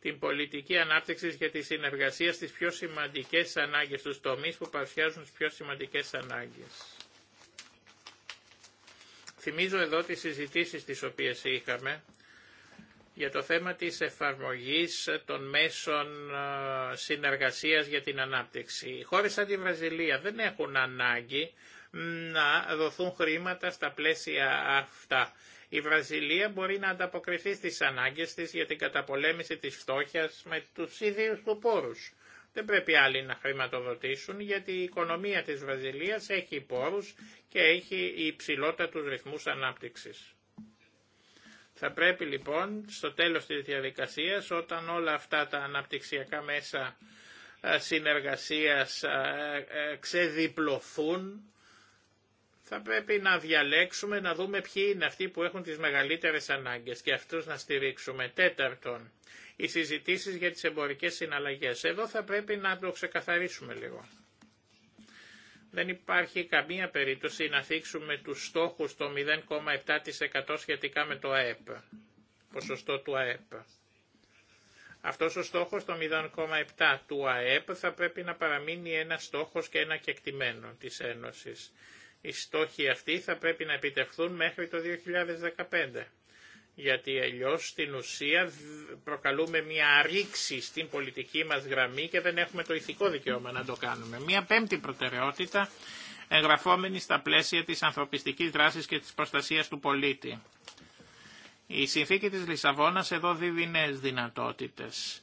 την πολιτική ανάπτυξη για τη συνεργασία στις πιο σημαντικές ανάγκες, στους τομείς που παρουσιάζουν τις πιο σημαντικές ανάγκες. Θυμίζω εδώ τις συζητήσεις τις οποίες είχαμε για το θέμα της εφαρμογής των μέσων ε, συνεργασίας για την ανάπτυξη. Οι χώρες σαν τη Βραζιλία δεν έχουν ανάγκη να δοθούν χρήματα στα πλαίσια αυτά. Η Βραζιλία μπορεί να ανταποκριθεί στις ανάγκες της για την καταπολέμηση της φτώχειας με τους ίδιους του πόρους. Δεν πρέπει άλλοι να χρηματοδοτήσουν γιατί η οικονομία της Βραζιλίας έχει πόρους και έχει υψηλότατους ρυθμούς ανάπτυξης. Θα πρέπει λοιπόν στο τέλος της διαδικασίας όταν όλα αυτά τα αναπτυξιακά μέσα ε, συνεργασίας ε, ε, ξεδιπλωθούν θα πρέπει να διαλέξουμε να δούμε ποιοι είναι αυτοί που έχουν τις μεγαλύτερες ανάγκες και αυτούς να στηρίξουμε. Τέταρτον, οι συζητήσεις για τις εμπορικές συναλλαγές. Εδώ θα πρέπει να το ξεκαθαρίσουμε λίγο. Δεν υπάρχει καμία περίπτωση να θίξουμε τους στόχους το 0,7% σχετικά με το ΑΕΠ, ποσοστό του ΑΕΠ. Αυτός ο στόχος το 0,7 του ΑΕΠ θα πρέπει να παραμείνει ένα στόχος και ένα κεκτημένο της Ένωσης. Οι στόχοι αυτοί θα πρέπει να επιτευχθούν μέχρι το 2015 γιατί αλλιώς στην ουσία προκαλούμε μια ρήξη στην πολιτική μας γραμμή και δεν έχουμε το ηθικό δικαίωμα να το κάνουμε. Μια πέμπτη προτεραιότητα εγγραφόμενη στα πλαίσια της ανθρωπιστικής δράσης και της προστασίας του πολίτη. Η συνθήκη της Λισαβόνας εδώ δίδει νέες δυνατότητες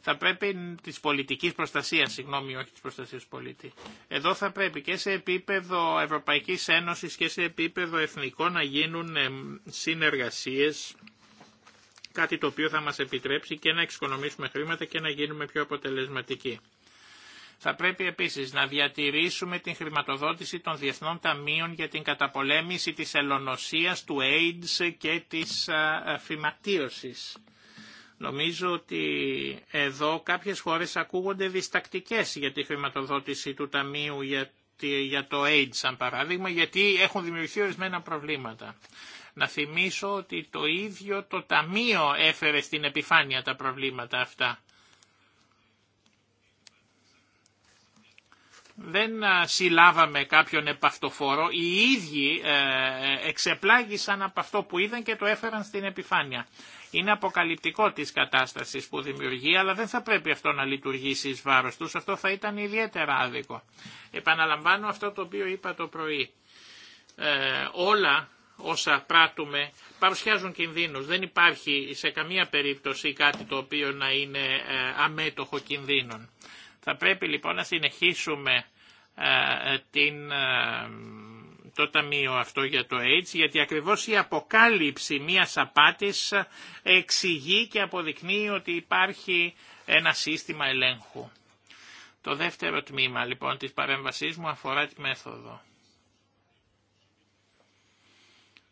θα πρέπει της πολιτικής προστασίας, συγγνώμη όχι της προστασίας πολίτη. Εδώ θα πρέπει και σε επίπεδο Ευρωπαϊκής Ένωσης και σε επίπεδο εθνικό να γίνουν συνεργασίες, κάτι το οποίο θα μας επιτρέψει και να εξοικονομήσουμε χρήματα και να γίνουμε πιο αποτελεσματικοί. Θα πρέπει επίσης να διατηρήσουμε την χρηματοδότηση των διεθνών ταμείων για την καταπολέμηση της ελονοσίας, του AIDS και της φυματίωσης. Νομίζω ότι εδώ κάποιες φορές ακούγονται διστακτικές για τη χρηματοδότηση του Ταμείου για το AIDS, σαν παράδειγμα, γιατί έχουν δημιουργηθεί ορισμένα προβλήματα. Να θυμίσω ότι το ίδιο το Ταμείο έφερε στην επιφάνεια τα προβλήματα αυτά. δεν συλλάβαμε κάποιον επαυτοφόρο, οι ίδιοι ε, ε, εξεπλάγησαν από αυτό που είδαν και το έφεραν στην επιφάνεια. Είναι αποκαλυπτικό της κατάστασης που δημιουργεί, αλλά δεν θα πρέπει αυτό να λειτουργήσει εις βάρος τους. Αυτό θα ήταν ιδιαίτερα άδικο. Επαναλαμβάνω αυτό το οποίο είπα το πρωί. Ε, όλα όσα πράττουμε παρουσιάζουν κινδύνους. Δεν υπάρχει σε καμία περίπτωση κάτι το οποίο να είναι ε, αμέτωχο κινδύνων. Θα πρέπει λοιπόν να συνεχίσουμε ε, την το ταμείο αυτό για το AIDS, γιατί ακριβώς η αποκάλυψη μιας απάτης εξηγεί και αποδεικνύει ότι υπάρχει ένα σύστημα ελέγχου. Το δεύτερο τμήμα λοιπόν της παρέμβασής μου αφορά τη μέθοδο.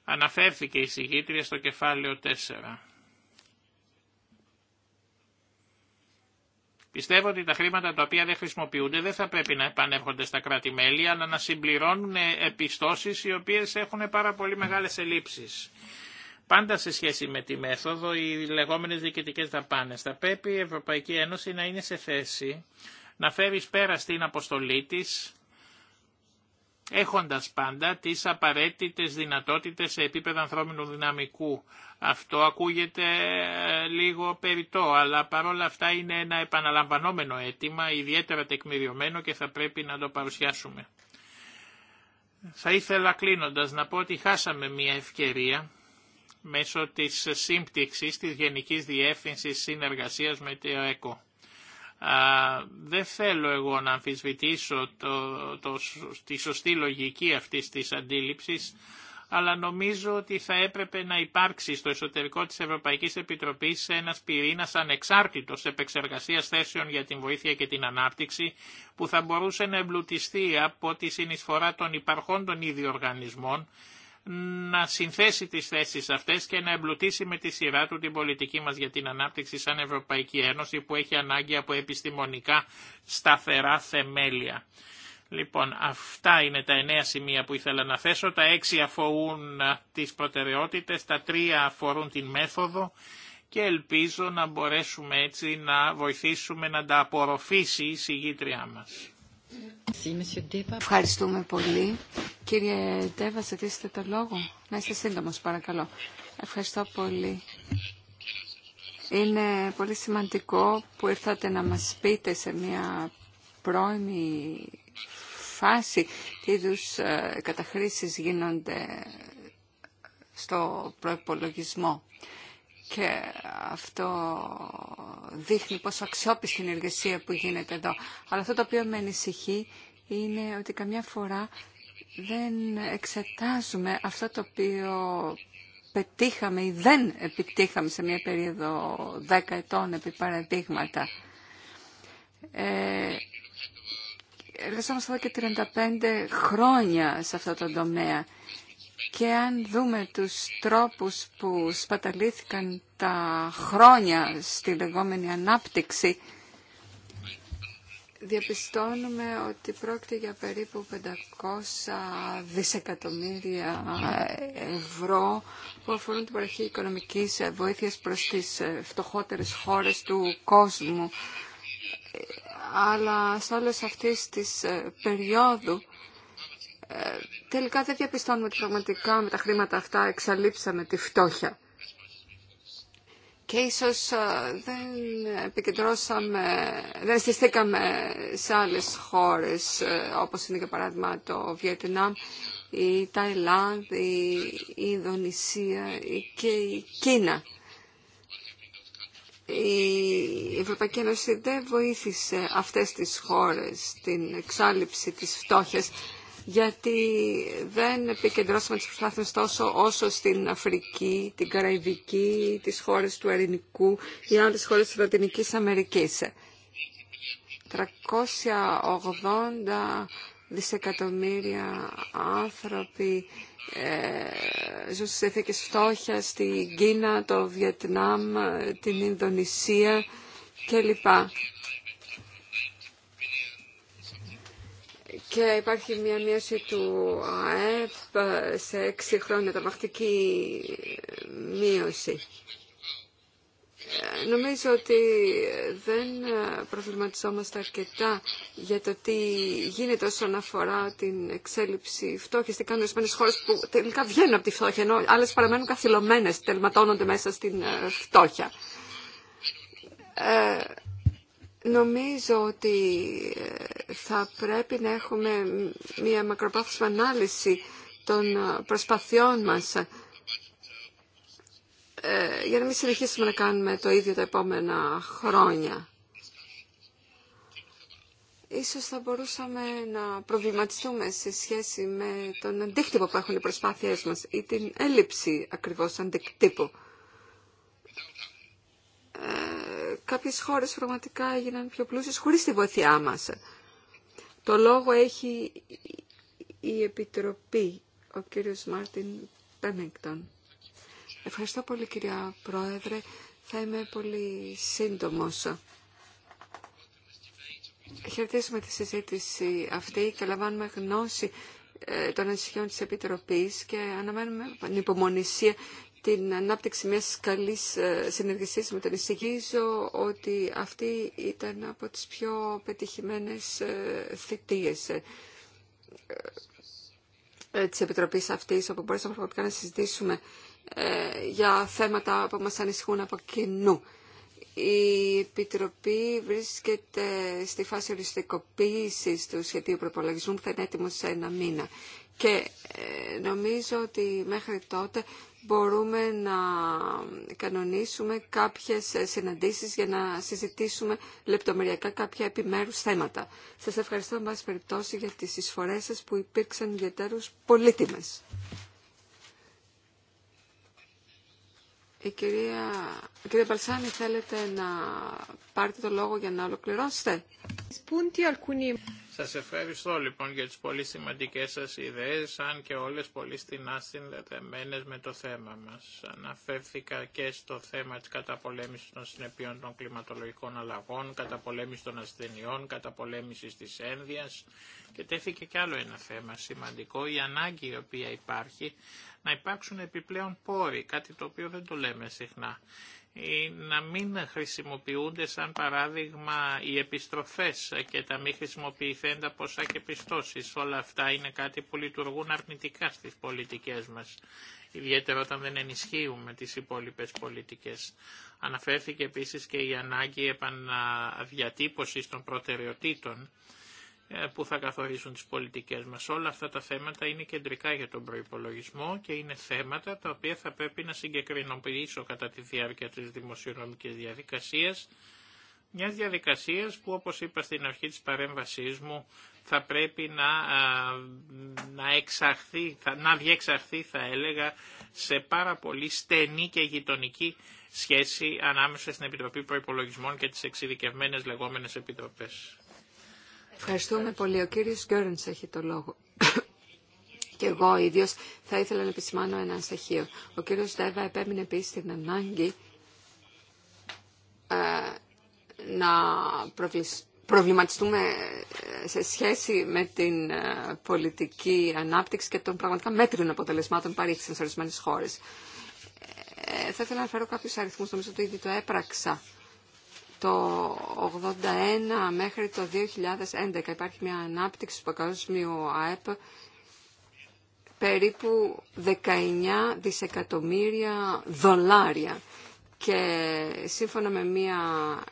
Αναφέρθηκε η συγγήτρια στο κεφάλαιο 4. Πιστεύω ότι τα χρήματα τα οποία δεν χρησιμοποιούνται δεν θα πρέπει να επανέρχονται στα κράτη-μέλη, αλλά να συμπληρώνουν επιστώσει, οι οποίες έχουν πάρα πολύ μεγάλες ελλείψεις. Πάντα σε σχέση με τη μέθοδο, οι λεγόμενες διοικητικέ δαπάνε. Θα πρέπει η Ευρωπαϊκή Ένωση να είναι σε θέση να φέρει πέρα στην αποστολή τη, έχοντας πάντα τις απαραίτητες δυνατότητες σε επίπεδο ανθρώπινου δυναμικού αυτό ακούγεται ε, λίγο περιττό, αλλά παρόλα αυτά είναι ένα επαναλαμβανόμενο αίτημα, ιδιαίτερα τεκμηριωμένο και θα πρέπει να το παρουσιάσουμε. Θα ήθελα κλείνοντας να πω ότι χάσαμε μια ευκαιρία μέσω της σύμπτυξης της Γενικής Διεύθυνσης Συνεργασίας με το ΕΚΟ. δεν θέλω εγώ να αμφισβητήσω το, το, τη σωστή λογική αυτής της αντίληψης, αλλά νομίζω ότι θα έπρεπε να υπάρξει στο εσωτερικό της Ευρωπαϊκής Επιτροπής ένας πυρήνας ανεξάρτητος επεξεργασίας θέσεων για την βοήθεια και την ανάπτυξη που θα μπορούσε να εμπλουτιστεί από τη συνεισφορά των υπαρχόντων ίδιων οργανισμών να συνθέσει τις θέσεις αυτές και να εμπλουτίσει με τη σειρά του την πολιτική μας για την ανάπτυξη σαν Ευρωπαϊκή Ένωση που έχει ανάγκη από επιστημονικά σταθερά θεμέλια. Λοιπόν, αυτά είναι τα εννέα σημεία που ήθελα να θέσω. Τα έξι αφορούν ε, τις προτεραιότητες, τα τρία αφορούν την μέθοδο και ελπίζω να μπορέσουμε έτσι να βοηθήσουμε να τα απορροφήσει η συγγήτριά μας. Ευχαριστούμε πολύ. Κύριε Ντέβα, ζητήσετε το λόγο. Να είστε σύντομος, παρακαλώ. Ευχαριστώ πολύ. Είναι πολύ σημαντικό που ήρθατε να μας πείτε σε μια πρώιμη φάση, τι είδου ε, καταχρήσεις γίνονται στο προπολογισμό. Και αυτό δείχνει πόσο αξιόπιστη είναι η εργασία που γίνεται εδώ. Αλλά αυτό το οποίο με ανησυχεί είναι ότι καμιά φορά δεν εξετάζουμε αυτό το οποίο πετύχαμε ή δεν επιτύχαμε σε μια περίοδο 10 ετών επί παραδείγματα. Ε, εργαζόμαστε εδώ και 35 χρόνια σε αυτό το τομέα. Και αν δούμε τους τρόπους που σπαταλήθηκαν τα χρόνια στη λεγόμενη ανάπτυξη, διαπιστώνουμε ότι πρόκειται για περίπου 500 δισεκατομμύρια ευρώ που αφορούν την παροχή οικονομικής βοήθειας προς τις φτωχότερες χώρες του κόσμου αλλά σε όλες αυτής της ε, περίοδου ε, τελικά δεν διαπιστώνουμε ότι πραγματικά με τα χρήματα αυτά εξαλείψαμε τη φτώχεια. Και ίσως ε, δεν επικεντρώσαμε, δεν συστήκαμε σε άλλες χώρες, όπως είναι για παράδειγμα το Βιετνάμ, η Ταϊλάνδη, η Ινδονησία και η Κίνα η Ευρωπαϊκή Ένωση δεν βοήθησε αυτές τις χώρες την εξάλληψη της φτώχειας γιατί δεν επικεντρώσαμε τις προσπάθειες τόσο όσο στην Αφρική, την Καραϊβική, τις χώρες του Ελληνικού ή άλλες χώρες της Λατινικής Αμερικής. 380 δισεκατομμύρια άνθρωποι ε, ζουν στις φτώχεια στην Κίνα, το Βιετνάμ, την Ινδονησία κλπ. Και υπάρχει μια μείωση του ΑΕΠ σε έξι χρόνια, μαχτική μείωση. Νομίζω ότι δεν ε, προβληματιζόμαστε αρκετά για το τι γίνεται όσον αφορά την εξέλιξη φτώχεια. Τι κάνουν ορισμένε χώρε που τελικά βγαίνουν από τη φτώχεια, ενώ άλλε παραμένουν καθυλωμένε, τελματώνονται μέσα στην ε, φτώχεια. Ε, νομίζω ότι ε, θα πρέπει να έχουμε μια μακροπρόθεσμη ανάλυση των προσπαθειών μας ε, για να μην συνεχίσουμε να κάνουμε το ίδιο τα επόμενα χρόνια. Ίσως θα μπορούσαμε να προβληματιστούμε σε σχέση με τον αντίκτυπο που έχουν οι προσπάθειές μας ή την έλλειψη ακριβώς αντικτύπου. Ε, κάποιες χώρες πραγματικά έγιναν πιο πλούσιες χωρίς τη βοήθειά μας. Το λόγο έχει η Επιτροπή, ο κύριος Μάρτιν Πέμιγκτον. Ευχαριστώ πολύ κυρία Πρόεδρε. Θα είμαι πολύ σύντομος. Χαιρετίζουμε τη συζήτηση αυτή και λαμβάνουμε γνώση ε, των ανησυχιών της Επιτροπής και αναμένουμε ανυπομονησία την ανάπτυξη μιας καλής ε, συνεργασίας με τον εισηγήζο ότι αυτή ήταν από τις πιο πετυχημένες ε, θητείες της Επιτροπής αυτής όπου μπορέσαμε πραγματικά να συζητήσουμε ε, για θέματα που μας ανησυχούν από κοινού. Η Επιτροπή βρίσκεται στη φάση οριστικοποίησης του σχεδίου προπολογισμού που θα είναι έτοιμο σε ένα μήνα. Και ε, νομίζω ότι μέχρι τότε μπορούμε να κανονίσουμε κάποιες συναντήσεις για να συζητήσουμε λεπτομεριακά κάποια επιμέρους θέματα. Σας ευχαριστώ, εν πάση περιπτώσει, για τις εισφορές σας που υπήρξαν ιδιαίτερους πολύτιμες. Η κυρία, η θέλετε να πάρετε το λόγο για να ολοκληρώσετε. Σας ευχαριστώ λοιπόν για τις πολύ σημαντικές σας ιδέες, αν και όλες πολύ στενά συνδεδεμένες με το θέμα μας. Αναφέρθηκα και στο θέμα της καταπολέμησης των συνεπειών των κλιματολογικών αλλαγών, καταπολέμησης των ασθενειών, καταπολέμησης της ένδυας και τέθηκε κι άλλο ένα θέμα σημαντικό, η ανάγκη η οποία υπάρχει να υπάρξουν επιπλέον πόροι, κάτι το οποίο δεν το λέμε συχνά ή να μην χρησιμοποιούνται σαν παράδειγμα οι επιστροφές και τα μη χρησιμοποιηθέντα ποσά και πιστώσεις. Όλα αυτά είναι κάτι που λειτουργούν αρνητικά στις πολιτικές μας, ιδιαίτερα όταν δεν ενισχύουμε τις υπόλοιπες πολιτικές. Αναφέρθηκε επίσης και η ανάγκη επαναδιατύπωσης των προτεραιοτήτων ε, που θα καθορίσουν τις πολιτικές μας. Όλα αυτά τα θέματα είναι κεντρικά για τον προϋπολογισμό και είναι θέματα τα οποία θα πρέπει να συγκεκρινοποιήσω κατά τη διάρκεια της δημοσιονομικής διαδικασίας, Μια διαδικασία που όπως είπα στην αρχή της παρέμβασής μου θα πρέπει να, να, εξαχθεί, να διεξαχθεί θα έλεγα σε πάρα πολύ στενή και γειτονική σχέση ανάμεσα στην Επιτροπή Προϋπολογισμών και τις εξειδικευμένες λεγόμενες επιτροπές. Ευχαριστούμε πολύ. Ο κύριος Γκέρνς έχει το λόγο. Και εγώ ίδιο θα ήθελα να επισημάνω ένα στοιχείο. Ο κύριος Ντέβα επέμεινε επίση την ανάγκη ε, να προβληματιστούμε ε, σε σχέση με την ε, πολιτική ανάπτυξη και των πραγματικά μέτρων αποτελεσμάτων παρήχθησαν σε ορισμένε χώρε. θα ήθελα να φέρω κάποιου αριθμού, νομίζω ότι ήδη το έπραξα το 81 μέχρι το 2011 υπάρχει μια ανάπτυξη του παγκόσμιου ΑΕΠ περίπου 19 δισεκατομμύρια δολάρια και σύμφωνα με μια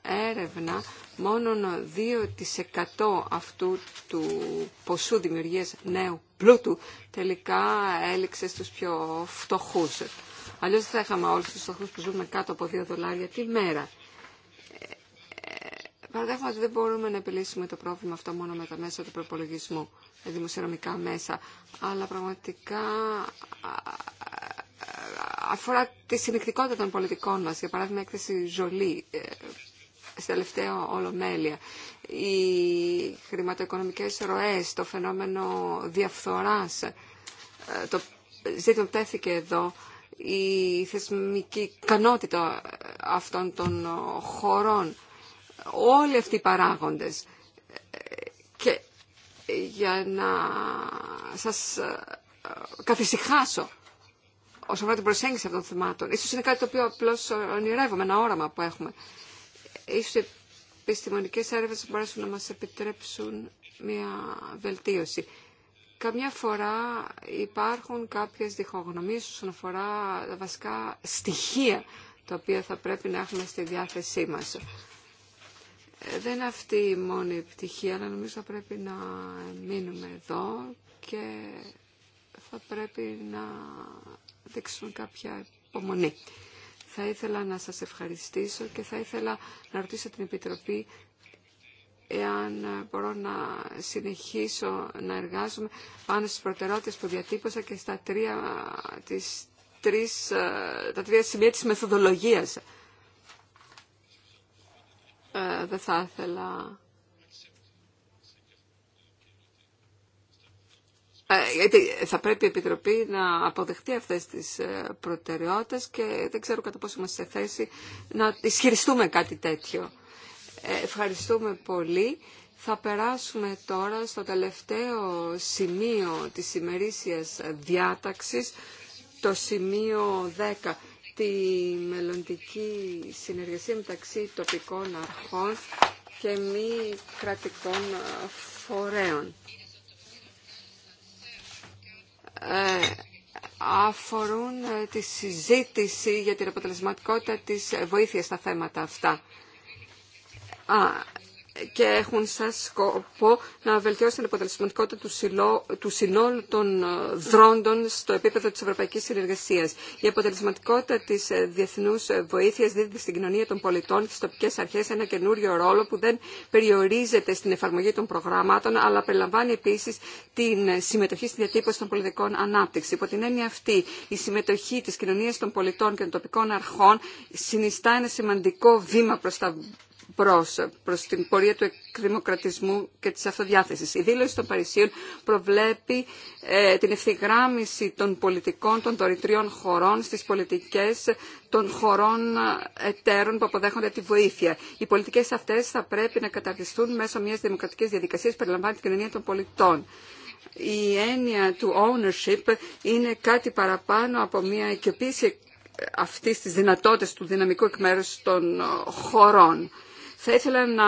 έρευνα μόνο 2% αυτού του ποσού δημιουργίας νέου πλούτου τελικά έληξε στους πιο φτωχούς. Αλλιώς δεν θα είχαμε όλους τους φτωχούς που ζούμε κάτω από 2 δολάρια τη μέρα. Παραδέχομαι ότι δεν μπορούμε να επιλύσουμε το πρόβλημα αυτό μόνο με τα μέσα του προπολογισμού, με δημοσιονομικά μέσα, αλλά πραγματικά αφορά τη συνεκτικότητα των πολιτικών μας. Για παράδειγμα, έκθεση Ζολή, ε, στα τελευταία ολομέλεια. Οι χρηματοοικονομικές ροές, το φαινόμενο διαφθοράς, ε, το ζήτημα που τέθηκε εδώ, η θεσμική ικανότητα αυτών των χωρών όλοι αυτοί οι παράγοντες. Και για να σας ε, καθησυχάσω όσον αφορά την προσέγγιση αυτών των θεμάτων. Ίσως είναι κάτι το οποίο απλώς ονειρεύουμε, ένα όραμα που έχουμε. Ίσως οι επιστημονικές έρευνες μπορέσουν να μας επιτρέψουν μια βελτίωση. Καμιά φορά υπάρχουν κάποιες διχογνωμίες όσον αφορά τα βασικά στοιχεία τα οποία θα πρέπει να έχουμε στη διάθεσή μας δεν είναι αυτή η μόνη επιτυχία, αλλά νομίζω θα πρέπει να μείνουμε εδώ και θα πρέπει να δείξουμε κάποια υπομονή. Θα ήθελα να σας ευχαριστήσω και θα ήθελα να ρωτήσω την Επιτροπή εάν μπορώ να συνεχίσω να εργάζομαι πάνω στις προτεραιότητες που διατύπωσα και στα τρία, τις, τρεις, ε, τα τρία σημεία της μεθοδολογίας ε, δεν θα ήθελα... Ε, θα πρέπει η Επιτροπή να αποδεχτεί αυτές τις ε, προτεραιότητες και δεν ξέρω κατά πόσο είμαστε σε θέση να ισχυριστούμε κάτι τέτοιο. Ε, ευχαριστούμε πολύ. Θα περάσουμε τώρα στο τελευταίο σημείο της ημερήσιας διάταξης, το σημείο 10 τη μελλοντική συνεργασία μεταξύ τοπικών αρχών και μη κρατικών φορέων. Ε, αφορούν ε, τη συζήτηση για την αποτελεσματικότητα της βοήθειας στα θέματα αυτά. Α, και έχουν σαν σκοπό να βελτιώσουν την αποτελεσματικότητα του, του συνόλου των ε, δρόντων στο επίπεδο της Ευρωπαϊκής Συνεργασίας. Η αποτελεσματικότητα της ε, διεθνούς ε, βοήθειας δίδεται στην κοινωνία των πολιτών και στις τοπικές αρχές ένα καινούριο ρόλο που δεν περιορίζεται στην εφαρμογή των προγραμμάτων αλλά περιλαμβάνει επίσης την συμμετοχή στη διατύπωση των πολιτικών ανάπτυξη. Υπό την έννοια αυτή η συμμετοχή της κοινωνίας των πολιτών και των τοπικών αρχών συνιστά ένα σημαντικό βήμα προς τα Προ προς την πορεία του εκδημοκρατισμού και της αυτοδιάθεσης. Η δήλωση των Παρισίων προβλέπει ε, την ευθυγράμμιση των πολιτικών των δωρητριών χωρών στις πολιτικές των χωρών ε, εταίρων που αποδέχονται τη βοήθεια. Οι πολιτικές αυτές θα πρέπει να καταρτιστούν μέσω μιας δημοκρατικής διαδικασίας που περιλαμβάνει την κοινωνία των πολιτών η έννοια του ownership είναι κάτι παραπάνω από μια οικειοποίηση αυτή της δυνατότητας του δυναμικού εκ μέρους των ε, χωρών. Θα ήθελα να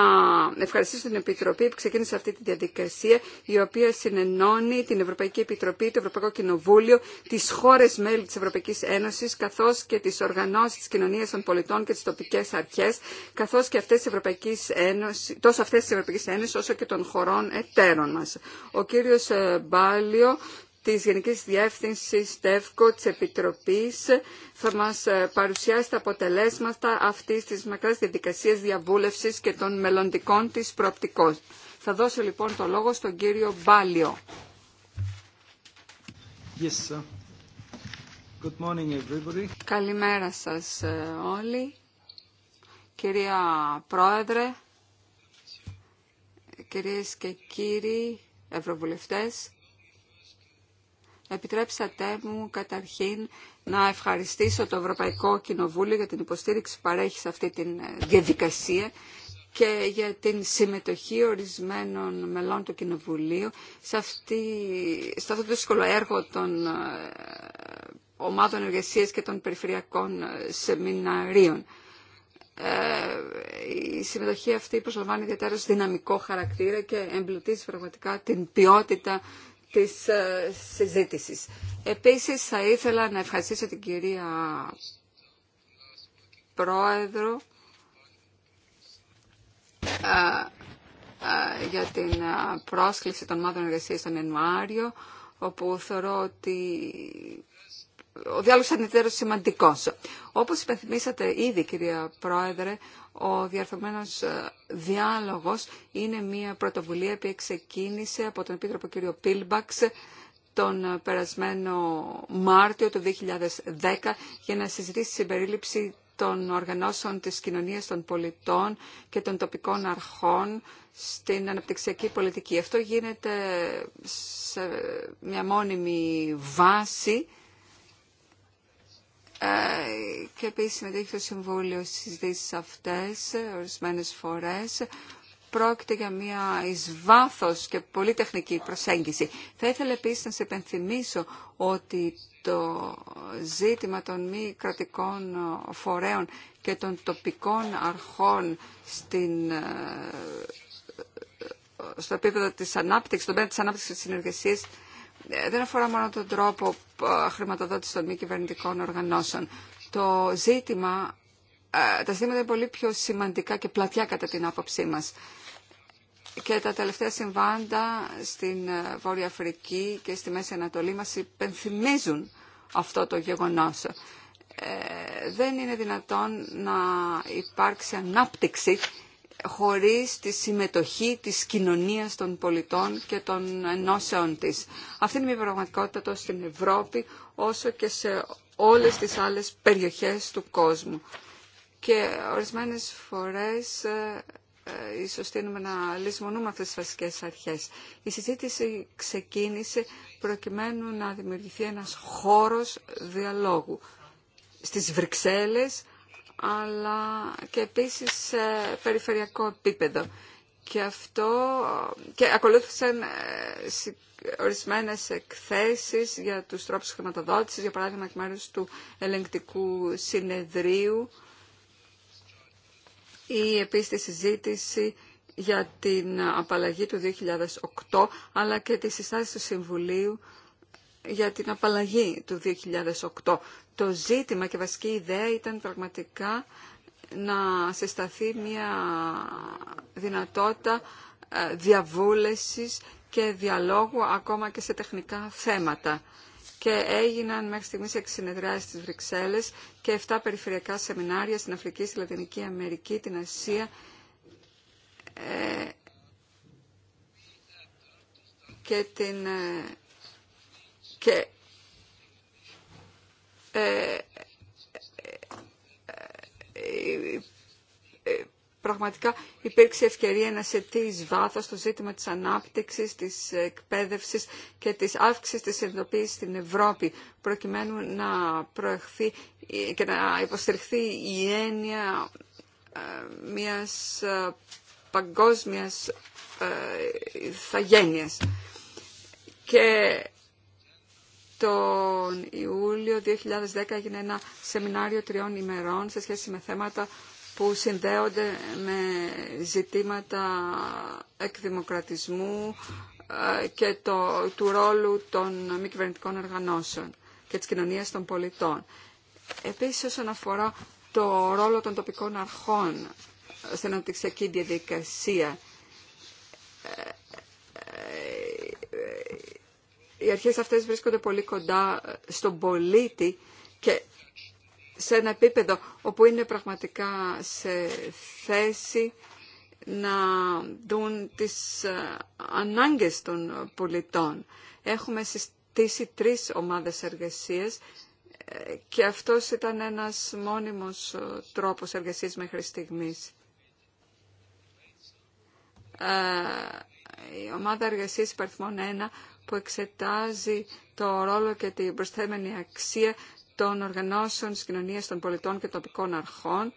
ευχαριστήσω την Επιτροπή που ξεκίνησε αυτή τη διαδικασία, η οποία συνενώνει την Ευρωπαϊκή Επιτροπή, το Ευρωπαϊκό Κοινοβούλιο, τι χώρε μέλη τη Ευρωπαϊκή Ένωση, καθώ και τι οργανώσει τη κοινωνία των πολιτών και τι τοπικέ αρχέ, καθώ και αυτέ τη Ευρωπαϊκή Ένωση, τόσο αυτέ τη Ευρωπαϊκή Ένωση όσο και των χωρών εταίρων μα. Ο κύριο ε, Μπάλιο της Γενικής Διεύθυνσης ΤΕΦΚΟ της Επιτροπής θα μας ε, παρουσιάσει τα αποτελέσματα αυτής της μακράς διαδικασίας διαβούλευσης και των μελλοντικών της προοπτικών. Θα δώσω λοιπόν το λόγο στον κύριο Μπάλιο. Yes, Καλημέρα σας ε, όλοι. Κυρία Πρόεδρε, κυρίες και κύριοι Ευρωβουλευτές, Επιτρέψατε μου καταρχήν να ευχαριστήσω το Ευρωπαϊκό Κοινοβούλιο για την υποστήριξη που παρέχει σε αυτή τη ε, διαδικασία και για την συμμετοχή ορισμένων μελών του Κοινοβουλίου σε, αυτή, σε αυτό το δύσκολο έργο των ε, ομάδων εργασίας και των περιφερειακών ε, σεμιναρίων. η συμμετοχή αυτή προσλαμβάνει ιδιαίτερα δυναμικό χαρακτήρα και εμπλουτίζει πραγματικά την ποιότητα της ε, συζήτησης. Επίσης θα ήθελα να ευχαριστήσω την κυρία Πρόεδρο ε, ε, για την πρόσκληση των μάδων εργασίας τον Ιανουάριο, όπου θεωρώ ότι ο διάλογος ήταν ιδιαίτερα σημαντικός. Όπως υπενθυμίσατε ήδη, κυρία Πρόεδρε, ο διαρθωμένος ε, διάλογος είναι μια πρωτοβουλία που ξεκίνησε από τον Επίτροπο κύριο Πίλμπαξ τον ε, περασμένο Μάρτιο του 2010 για να συζητήσει συμπερίληψη των οργανώσεων της κοινωνίας των πολιτών και των τοπικών αρχών στην αναπτυξιακή πολιτική. Αυτό γίνεται σε μια μόνιμη βάση και επίση συμμετέχει το Συμβούλιο στι συζητήσεις αυτέ ορισμένε φορέ, Πρόκειται για μια εις βάθος και πολύ τεχνική προσέγγιση. Θα ήθελα επίσης να σε επενθυμίσω ότι το ζήτημα των μη κρατικών φορέων και των τοπικών αρχών στην ε, στο επίπεδο της ανάπτυξης, στον πέρα της ανάπτυξης της συνεργασίας δεν αφορά μόνο τον τρόπο χρηματοδότηση των μη κυβερνητικών οργανώσεων. Το ζήτημα, τα ζητήματα είναι πολύ πιο σημαντικά και πλατιά κατά την άποψή μας. Και τα τελευταία συμβάντα στην Βόρεια Αφρική και στη Μέση Ανατολή μας υπενθυμίζουν αυτό το γεγονός. Ε, δεν είναι δυνατόν να υπάρξει ανάπτυξη χωρίς τη συμμετοχή της κοινωνίας των πολιτών και των ενώσεων της. Αυτή είναι μια πραγματικότητα τόσο στην Ευρώπη όσο και σε όλες τις άλλες περιοχές του κόσμου. Και ορισμένες φορές ε, ε, ίσως να λησμονούμε αυτές τις βασικές αρχές. Η συζήτηση ξεκίνησε προκειμένου να δημιουργηθεί ένας χώρος διαλόγου. Στις Βρυξέλλες αλλά και επίσης σε περιφερειακό επίπεδο. Και αυτό και ακολούθησαν ε, ορισμένες εκθέσεις για τους τρόπους χρηματοδότησης, για παράδειγμα εκ μέρους του ελεγκτικού συνεδρίου ή επίσης τη συζήτηση για την απαλλαγή του 2008, αλλά και τη συστάσεις του Συμβουλίου για την απαλλαγή του 2008. Το ζήτημα και βασική ιδέα ήταν πραγματικά να συσταθεί μια δυνατότητα ε, διαβούλεσης και διαλόγου ακόμα και σε τεχνικά θέματα. Και έγιναν μέχρι στιγμής 6 συνεδράσεις στις Βρυξέλλες και 7 περιφερειακά σεμινάρια στην Αφρική, στη Λατινική Αμερική, την Ασία ε, και την ε, και ε, ε, ε, ε, πραγματικά υπήρξε ευκαιρία να σε τι βάθος το ζήτημα της ανάπτυξης, της εκπαίδευσης και της αύξησης της ειδοποίησης στην Ευρώπη, προκειμένου να προεχθεί και να υποστηριχθεί η έννοια μιας παγκόσμιας θαγένειας. Και τον Ιούλιο 2010 έγινε ένα σεμινάριο τριών ημερών σε σχέση με θέματα που συνδέονται με ζητήματα εκδημοκρατισμού ε, και το, του ρόλου των μη κυβερνητικών οργανώσεων και της κοινωνίας των πολιτών. Επίσης όσον αφορά το ρόλο των τοπικών αρχών στην αναπτυξιακή διαδικασία ε, ε, οι αρχές αυτές βρίσκονται πολύ κοντά ε, στον πολίτη και σε ένα επίπεδο όπου είναι πραγματικά σε θέση να δουν τις ε, ανάγκες των πολιτών. Έχουμε συστήσει τρεις ομάδες εργασίας ε, και αυτός ήταν ένας μόνιμος τρόπος εργασίας μέχρι στιγμής. Η ομάδα εργασίας υπαριθμών 1 που εξετάζει το ρόλο και την προσθέμενη αξία των οργανώσεων της κοινωνίας των πολιτών και τοπικών αρχών,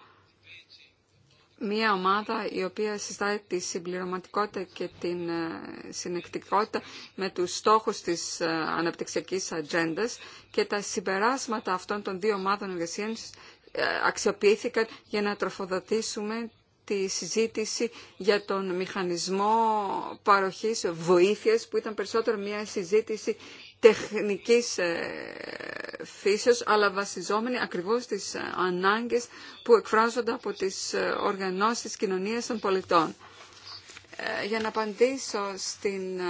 μια ομάδα η οποία συστάει τη συμπληρωματικότητα και την ε, συνεκτικότητα με τους στόχους της ε, αναπτυξιακής ατζέντα και τα συμπεράσματα αυτών των δύο ομάδων εργασίας ε, αξιοποιήθηκαν για να τροφοδοτήσουμε τη συζήτηση για τον μηχανισμό παροχής βοήθειας που ήταν περισσότερο μια συζήτηση τεχνικής ε, φύσεως αλλά βασιζόμενη ακριβώς στις ε, ανάγκες που εκφράζονται από τις ε, οργανώσεις κοινωνίας των πολιτών. Για να απαντήσω στην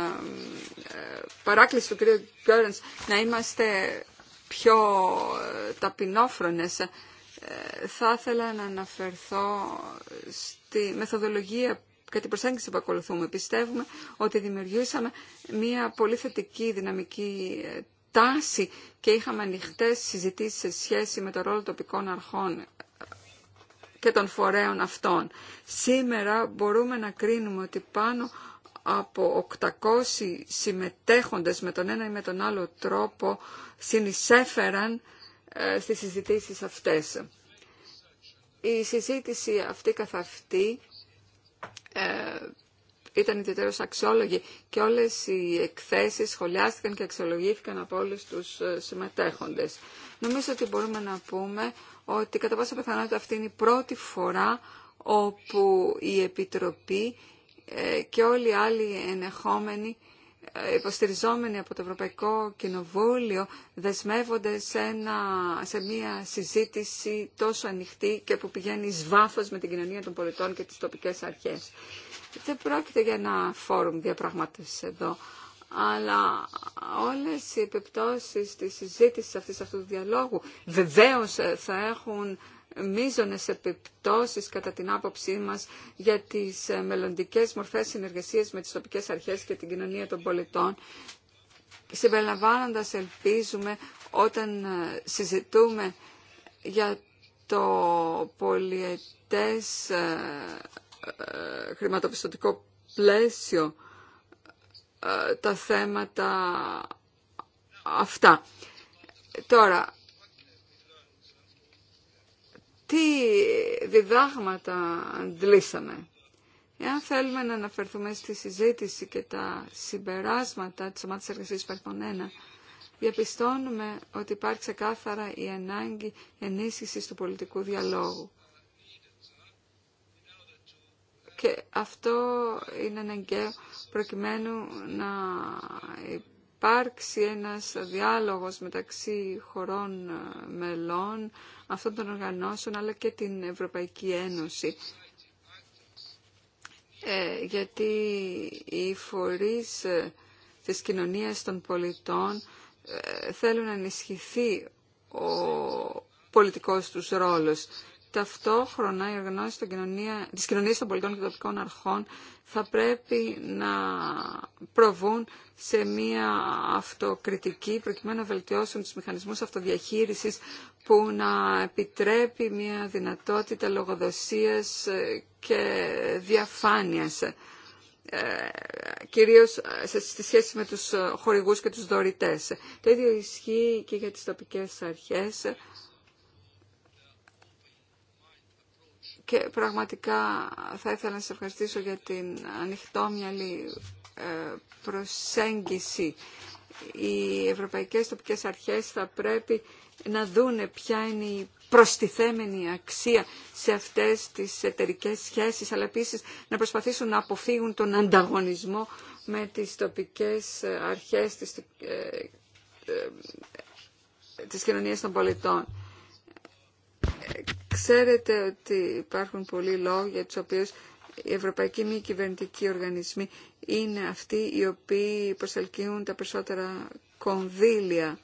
παράκληση του κ. Γκέρνς να είμαστε πιο ταπεινόφρονες ε, θα ήθελα να αναφερθώ στη μεθοδολογία και την προσέγγιση που ακολουθούμε. Πιστεύουμε ότι δημιουργήσαμε μια πολύ θετική δυναμική ε, τάση και είχαμε ανοιχτέ συζητήσεις σε σχέση με το ρόλο τοπικών αρχών ε, και των φορέων αυτών. Σήμερα μπορούμε να κρίνουμε ότι πάνω από 800 συμμετέχοντες με τον ένα ή με τον άλλο τρόπο συνεισέφεραν ε, στις συζητήσεις αυτές. Η συζήτηση αυτή καθ' αυτή ε, ήταν ιδιαίτερως αξιόλογη και όλες οι εκθέσεις σχολιάστηκαν και αξιολογήθηκαν από όλους τους ε, συμμετέχοντες. Νομίζω ότι μπορούμε να πούμε ότι κατά πάσα πιθανότητα αυτή είναι η πρώτη φορά όπου η Επιτροπή και όλοι οι άλλοι ενεχόμενοι υποστηριζόμενοι από το Ευρωπαϊκό Κοινοβούλιο δεσμεύονται σε, ένα, σε μια συζήτηση τόσο ανοιχτή και που πηγαίνει εις με την κοινωνία των πολιτών και τις τοπικές αρχές. Δεν πρόκειται για ένα φόρουμ διαπραγμάτευσης εδώ, αλλά όλες οι επιπτώσεις της συζήτησης αυτής αυτού του διαλόγου βεβαίως θα έχουν μείζονες επιπτώσεις κατά την άποψή μας για τις ε, μελλοντικές μορφές συνεργασίας με τις τοπικές αρχές και την κοινωνία των πολιτών συμπεριλαμβάνοντας ελπίζουμε όταν ε, συζητούμε για το πολιετές ε, χρηματοπιστωτικό πλαίσιο τα θέματα αυτά. Τώρα, τι διδάγματα αντλήσαμε. Εάν θέλουμε να αναφερθούμε στη συζήτηση και τα συμπεράσματα της ομάδας εργασίας υπαρχών 1, διαπιστώνουμε ότι υπάρχει ξεκάθαρα η ανάγκη ενίσχυσης του πολιτικού διαλόγου. Και αυτό είναι αναγκαίο προκειμένου να υπάρξει ένας διάλογος μεταξύ χωρών ε, μελών αυτών των οργανώσεων αλλά και την Ευρωπαϊκή Ένωση. Ε, γιατί οι φορείς ε, της κοινωνίας των πολιτών θέλουν να ενισχυθεί ο πολιτικός τους ρόλος Ταυτόχρονα η οργανώση των κοινωνία, της κοινωνίας των πολιτών και των τοπικών αρχών θα πρέπει να προβούν σε μία αυτοκριτική προκειμένου να βελτιώσουν τους μηχανισμούς αυτοδιαχείρισης που να επιτρέπει μία δυνατότητα λογοδοσίας ε, και διαφάνειας ε, κυρίως ε, στη σχέση με τους χορηγούς και τους δωρητές. Το ίδιο ισχύει και για τις τοπικές αρχές Και πραγματικά θα ήθελα να σας ευχαριστήσω για την ανοιχτόμυαλη ε, προσέγγιση. Οι ευρωπαϊκές τοπικές αρχές θα πρέπει να δούνε ποια είναι η προστιθέμενη αξία σε αυτές τις εταιρικές σχέσεις, αλλά επίσης να προσπαθήσουν να αποφύγουν τον ανταγωνισμό με τις τοπικές αρχές της, ε, ε, της κοινωνίας των πολιτών Ξέρετε ότι υπάρχουν πολλοί λόγοι για τους οποίους οι ευρωπαϊκοί μη κυβερνητικοί οργανισμοί είναι αυτοί οι οποίοι προσελκύουν τα περισσότερα κονδύλια.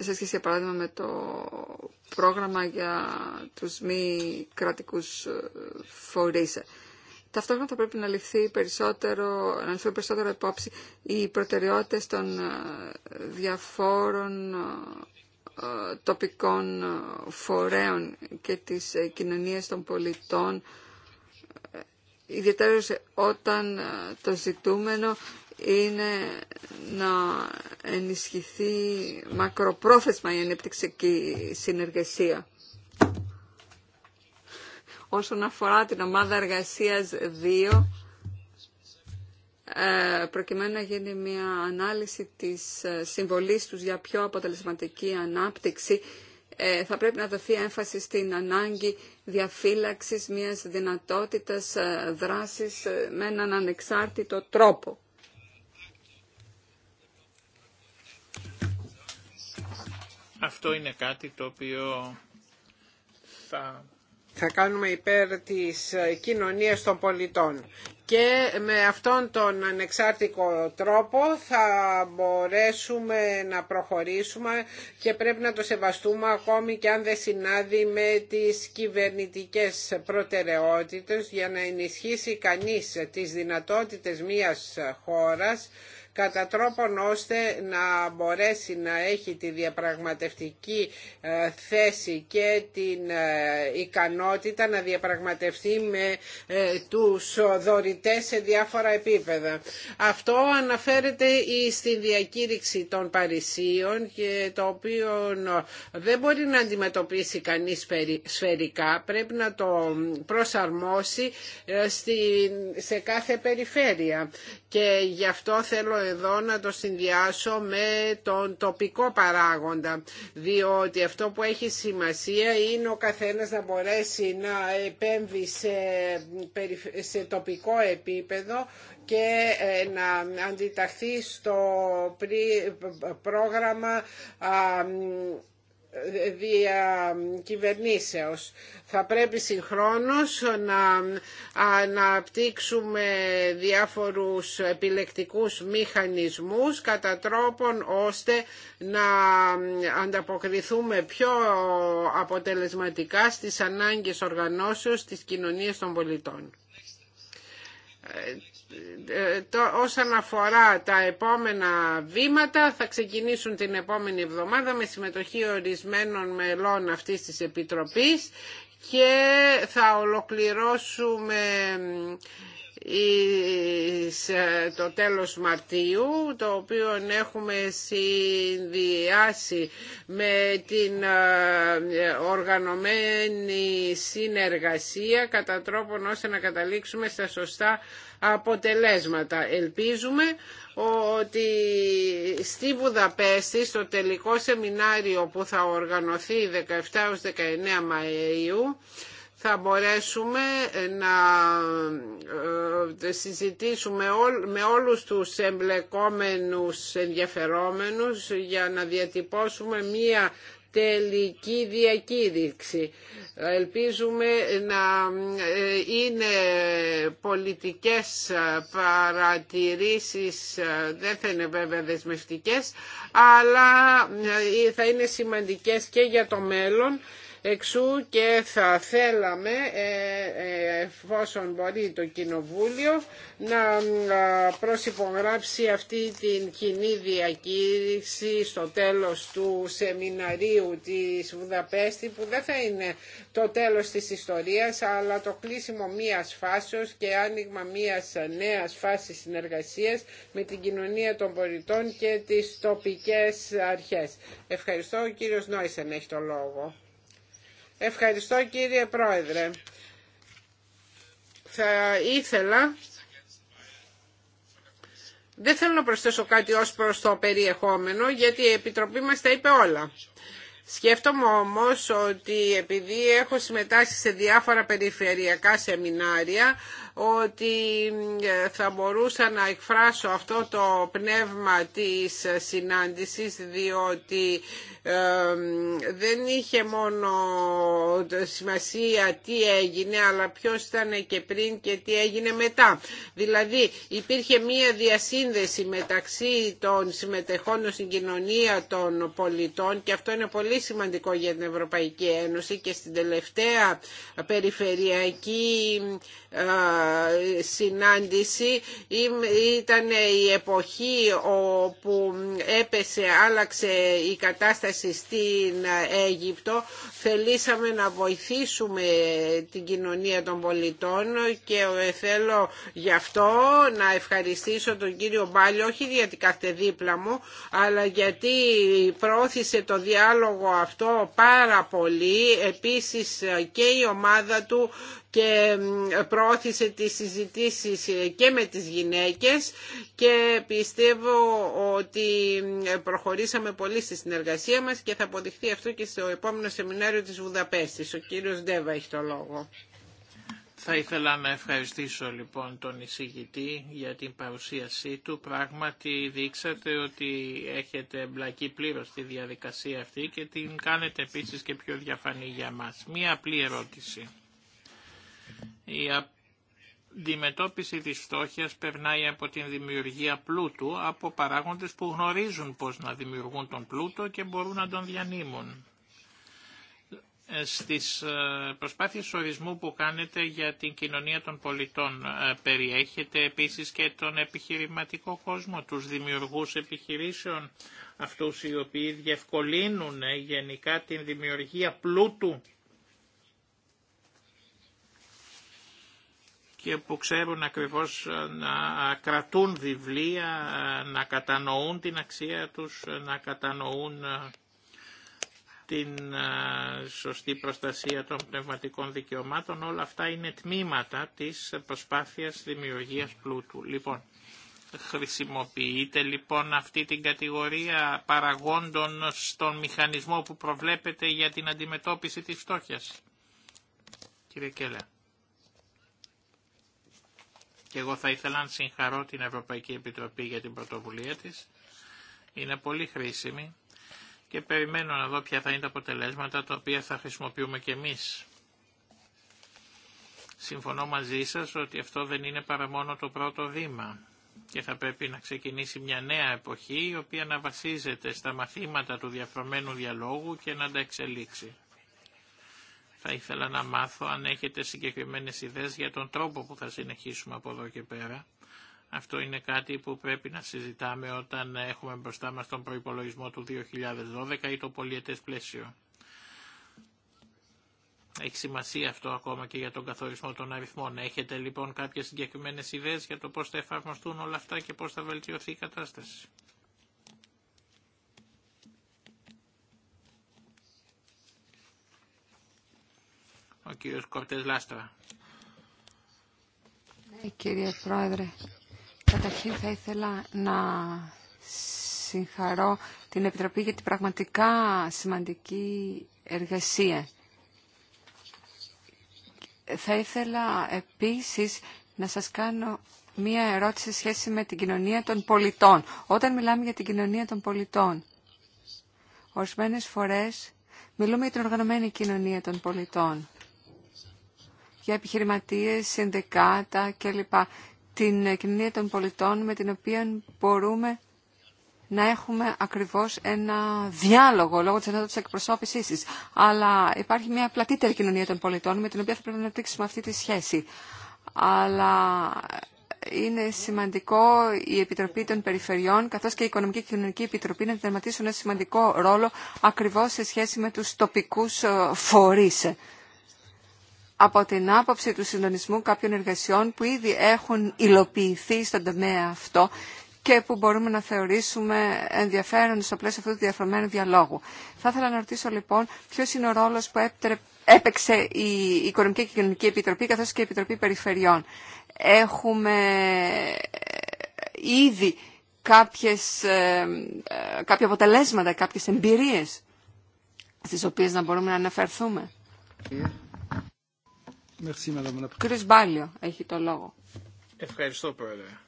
σε σχέση για παράδειγμα με το πρόγραμμα για τους μη κρατικούς ε, φορείς. Ταυτόχρονα θα πρέπει να ληφθεί περισσότερο, να ληφθεί περισσότερο υπόψη οι προτεραιότητες των ε, διαφόρων ε, τοπικών ε, φορέων και της κοινωνίας των πολιτών ιδιαίτερα όταν το ζητούμενο είναι να ενισχυθεί μακροπρόθεσμα η η συνεργασία όσον αφορά την ομάδα εργασίας 2 ε, προκειμένου να γίνει μια ανάλυση της ε, συμβολής τους για πιο αποτελεσματική ανάπτυξη ε, θα πρέπει να δοθεί έμφαση στην ανάγκη διαφύλαξης μιας δυνατότητας δράσης με έναν ανεξάρτητο τρόπο. Αυτό είναι κάτι το οποίο θα θα κάνουμε υπέρ της ε, κοινωνίας των πολιτών. Και με αυτόν τον ανεξάρτητο τρόπο θα μπορέσουμε να προχωρήσουμε και πρέπει να το σεβαστούμε ακόμη και αν δεν συνάδει με τις κυβερνητικές προτεραιότητες για να ενισχύσει κανείς τις δυνατότητες μιας χώρας κατά τρόπον ώστε να μπορέσει να έχει τη διαπραγματευτική ε, θέση και την ε, ικανότητα να διαπραγματευτεί με ε, τους δωρητές σε διάφορα επίπεδα. Αυτό αναφέρεται στην διακήρυξη των Παρισίων και το οποίο δεν μπορεί να αντιμετωπίσει κανείς σφαιρικά, πρέπει να το προσαρμόσει σε κάθε περιφέρεια. Και γι' αυτό θέλω εδώ να το συνδυάσω με τον τοπικό παράγοντα διότι αυτό που έχει σημασία είναι ο καθένας να μπορέσει να επέμβει σε τοπικό επίπεδο και ε, να αντιταχθεί στο πρόγραμμα διακυβερνήσεως. Θα πρέπει συγχρόνως να αναπτύξουμε διάφορους επιλεκτικούς μηχανισμούς κατά τρόπον ώστε να ανταποκριθούμε πιο αποτελεσματικά στις ανάγκες οργανώσεως της κοινωνίας των πολιτών ε, όσον αφορά τα επόμενα βήματα θα ξεκινήσουν την επόμενη εβδομάδα με συμμετοχή ορισμένων μελών αυτής της Επιτροπής και θα ολοκληρώσουμε ε, το τέλος Μαρτίου το οποίο έχουμε συνδυάσει με την ε, οργανωμένη συνεργασία κατά τρόπον ώστε να καταλήξουμε στα σωστά αποτελέσματα. Ελπίζουμε ότι στη Βουδαπέστη, στο τελικό σεμινάριο που θα οργανωθεί 17-19 Μαΐου, θα μπορέσουμε να ε, συζητήσουμε με όλους τους εμπλεκόμενους ενδιαφερόμενους για να διατυπώσουμε μία τελική διακήρυξη. Ελπίζουμε να ε, είναι πολιτικές ε, παρατηρήσεις, ε, δεν θα είναι βέβαια δεσμευτικές, αλλά θα είναι σημαντικές και για το μέλλον Εξού και θα θέλαμε, ε, ε, εφόσον μπορεί το Κοινοβούλιο, να προσυπογράψει αυτή την κοινή διακήρυξη στο τέλος του σεμιναρίου της Βουδαπέστη, που δεν θα είναι το τέλος της ιστορίας, αλλά το κλείσιμο μίας φάσεως και άνοιγμα μίας νέας φάσης συνεργασίας με την κοινωνία των πολιτών και τις τοπικές αρχές. Ευχαριστώ. Ο κύριος Νόησεν έχει το λόγο. Ευχαριστώ κύριε Πρόεδρε. Θα ήθελα... Δεν θέλω να προσθέσω κάτι ως προς το περιεχόμενο, γιατί η Επιτροπή μας τα είπε όλα. Σκέφτομαι όμως ότι επειδή έχω συμμετάσχει σε διάφορα περιφερειακά σεμινάρια, ότι ε, θα μπορούσα να εκφράσω αυτό το πνεύμα της συνάντησης διότι ε, δεν είχε μόνο σημασία τι έγινε αλλά ποιος ήταν και πριν και τι έγινε μετά. Δηλαδή υπήρχε μία διασύνδεση μεταξύ των συμμετεχόντων στην κοινωνία των πολιτών και αυτό είναι πολύ σημαντικό για την Ευρωπαϊκή Ένωση και στην τελευταία περιφερειακή ε, συνάντηση ήταν η εποχή όπου έπεσε, άλλαξε η κατάσταση στην Αίγυπτο. Θελήσαμε να βοηθήσουμε την κοινωνία των πολιτών και θέλω γι' αυτό να ευχαριστήσω τον κύριο Μπάλιο, όχι γιατί κάθε δίπλα μου, αλλά γιατί πρόθυσε το διάλογο αυτό πάρα πολύ. Επίσης και η ομάδα του και προώθησε τις συζητήσεις ε, και με τις γυναίκες και πιστεύω ότι προχωρήσαμε πολύ στη συνεργασία μας και θα αποδειχθεί αυτό και στο επόμενο σεμινάριο της Βουδαπέστης. Ο κύριος Ντέβα έχει το λόγο. Θα ήθελα να ευχαριστήσω λοιπόν τον εισηγητή για την παρουσίασή του. Πράγματι δείξατε ότι έχετε μπλακεί πλήρω τη διαδικασία αυτή και την κάνετε επίσης και πιο διαφανή για μας. Μία απλή ερώτηση. Η αντιμετώπιση της φτώχειας περνάει από την δημιουργία πλούτου από παράγοντες που γνωρίζουν πώς να δημιουργούν τον πλούτο και μπορούν να τον διανύμουν. Ε, στις ε, προσπάθειες ορισμού που κάνετε για την κοινωνία των πολιτών ε, περιέχετε επίσης και τον επιχειρηματικό κόσμο, τους δημιουργούς επιχειρήσεων, αυτούς οι οποίοι διευκολύνουν γενικά την δημιουργία πλούτου και που ξέρουν ακριβώς ε, να κρατούν βιβλία, ε, να κατανοούν την αξία τους, ε, να κατανοούν την σωστή προστασία των πνευματικών δικαιωμάτων. Όλα αυτά είναι τμήματα της προσπάθειας δημιουργίας πλούτου. Λοιπόν, χρησιμοποιείτε λοιπόν αυτή την κατηγορία παραγόντων στον μηχανισμό που προβλέπεται για την αντιμετώπιση της φτώχειας. Κύριε Κέλλα. Και εγώ θα ήθελα να συγχαρώ την Ευρωπαϊκή Επιτροπή για την πρωτοβουλία της. Είναι πολύ χρήσιμη και περιμένω να δω ποια θα είναι τα αποτελέσματα τα οποία θα χρησιμοποιούμε και εμείς. Συμφωνώ μαζί σας ότι αυτό δεν είναι παρά μόνο το πρώτο βήμα και θα πρέπει να ξεκινήσει μια νέα εποχή η οποία να βασίζεται στα μαθήματα του διαφρομένου διαλόγου και να τα εξελίξει. Θα ήθελα να μάθω αν έχετε συγκεκριμένες ιδέες για τον τρόπο που θα συνεχίσουμε από εδώ και πέρα. Αυτό είναι κάτι που πρέπει να συζητάμε όταν έχουμε μπροστά μας τον προϋπολογισμό του 2012 ή το πολιετές πλαίσιο. Έχει σημασία αυτό ακόμα και για τον καθορισμό των αριθμών. Έχετε λοιπόν κάποιες συγκεκριμένες ιδέες για το πώς θα εφαρμοστούν όλα αυτά και πώς θα βελτιωθεί η κατάσταση. Ο κύριος Λάστρα. Ε, κύριε Πρόεδρε, καταρχήν θα ήθελα να συγχαρώ την Επιτροπή για την πραγματικά σημαντική εργασία. Θα ήθελα επίσης να σας κάνω μία ερώτηση σε σχέση με την κοινωνία των πολιτών. Όταν μιλάμε για την κοινωνία των πολιτών, ορισμένες φορές μιλούμε για την οργανωμένη κοινωνία των πολιτών για επιχειρηματίες, συνδεκάτα κλπ. Την κοινωνία των πολιτών με την οποία μπορούμε να έχουμε ακριβώς ένα διάλογο λόγω της ενότητας εκπροσώπησής της. Αλλά υπάρχει μια πλατύτερη κοινωνία των πολιτών με την οποία θα πρέπει να αναπτύξουμε αυτή τη σχέση. Αλλά είναι σημαντικό η Επιτροπή των Περιφερειών καθώς και η Οικονομική και Κοινωνική Επιτροπή να δραματίσουν ένα σημαντικό ρόλο ακριβώς σε σχέση με τους τοπικούς ε, φορείς από την άποψη του συντονισμού κάποιων εργασιών που ήδη έχουν υλοποιηθεί στον τομέα αυτό και που μπορούμε να θεωρήσουμε ενδιαφέρον στο πλαίσιο αυτού του διαφορεμένου διαλόγου. Θα ήθελα να ρωτήσω λοιπόν ποιο είναι ο ρόλο που έπαιξε η Οικονομική και Κοινωνική Επιτροπή καθώ και η Επιτροπή Περιφερειών. Έχουμε ε, ήδη κάποιες, ε, ε, κάποια αποτελέσματα, κάποιες εμπειρίες στις οποίες να μπορούμε να αναφερθούμε έχει το λόγο. Ευχαριστώ πρόεδρε.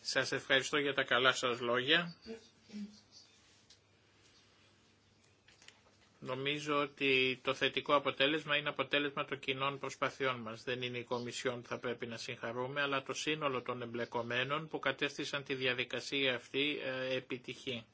Σας ευχαριστώ για τα καλά σας λόγια. Νομίζω ότι το θετικό αποτέλεσμα είναι αποτέλεσμα των κοινών προσπαθειών μας. Δεν είναι η Κομισιόν που θα πρέπει να συγχαρούμε, αλλά το σύνολο των εμπλεκομένων που κατέστησαν τη διαδικασία αυτή ε, επιτυχή.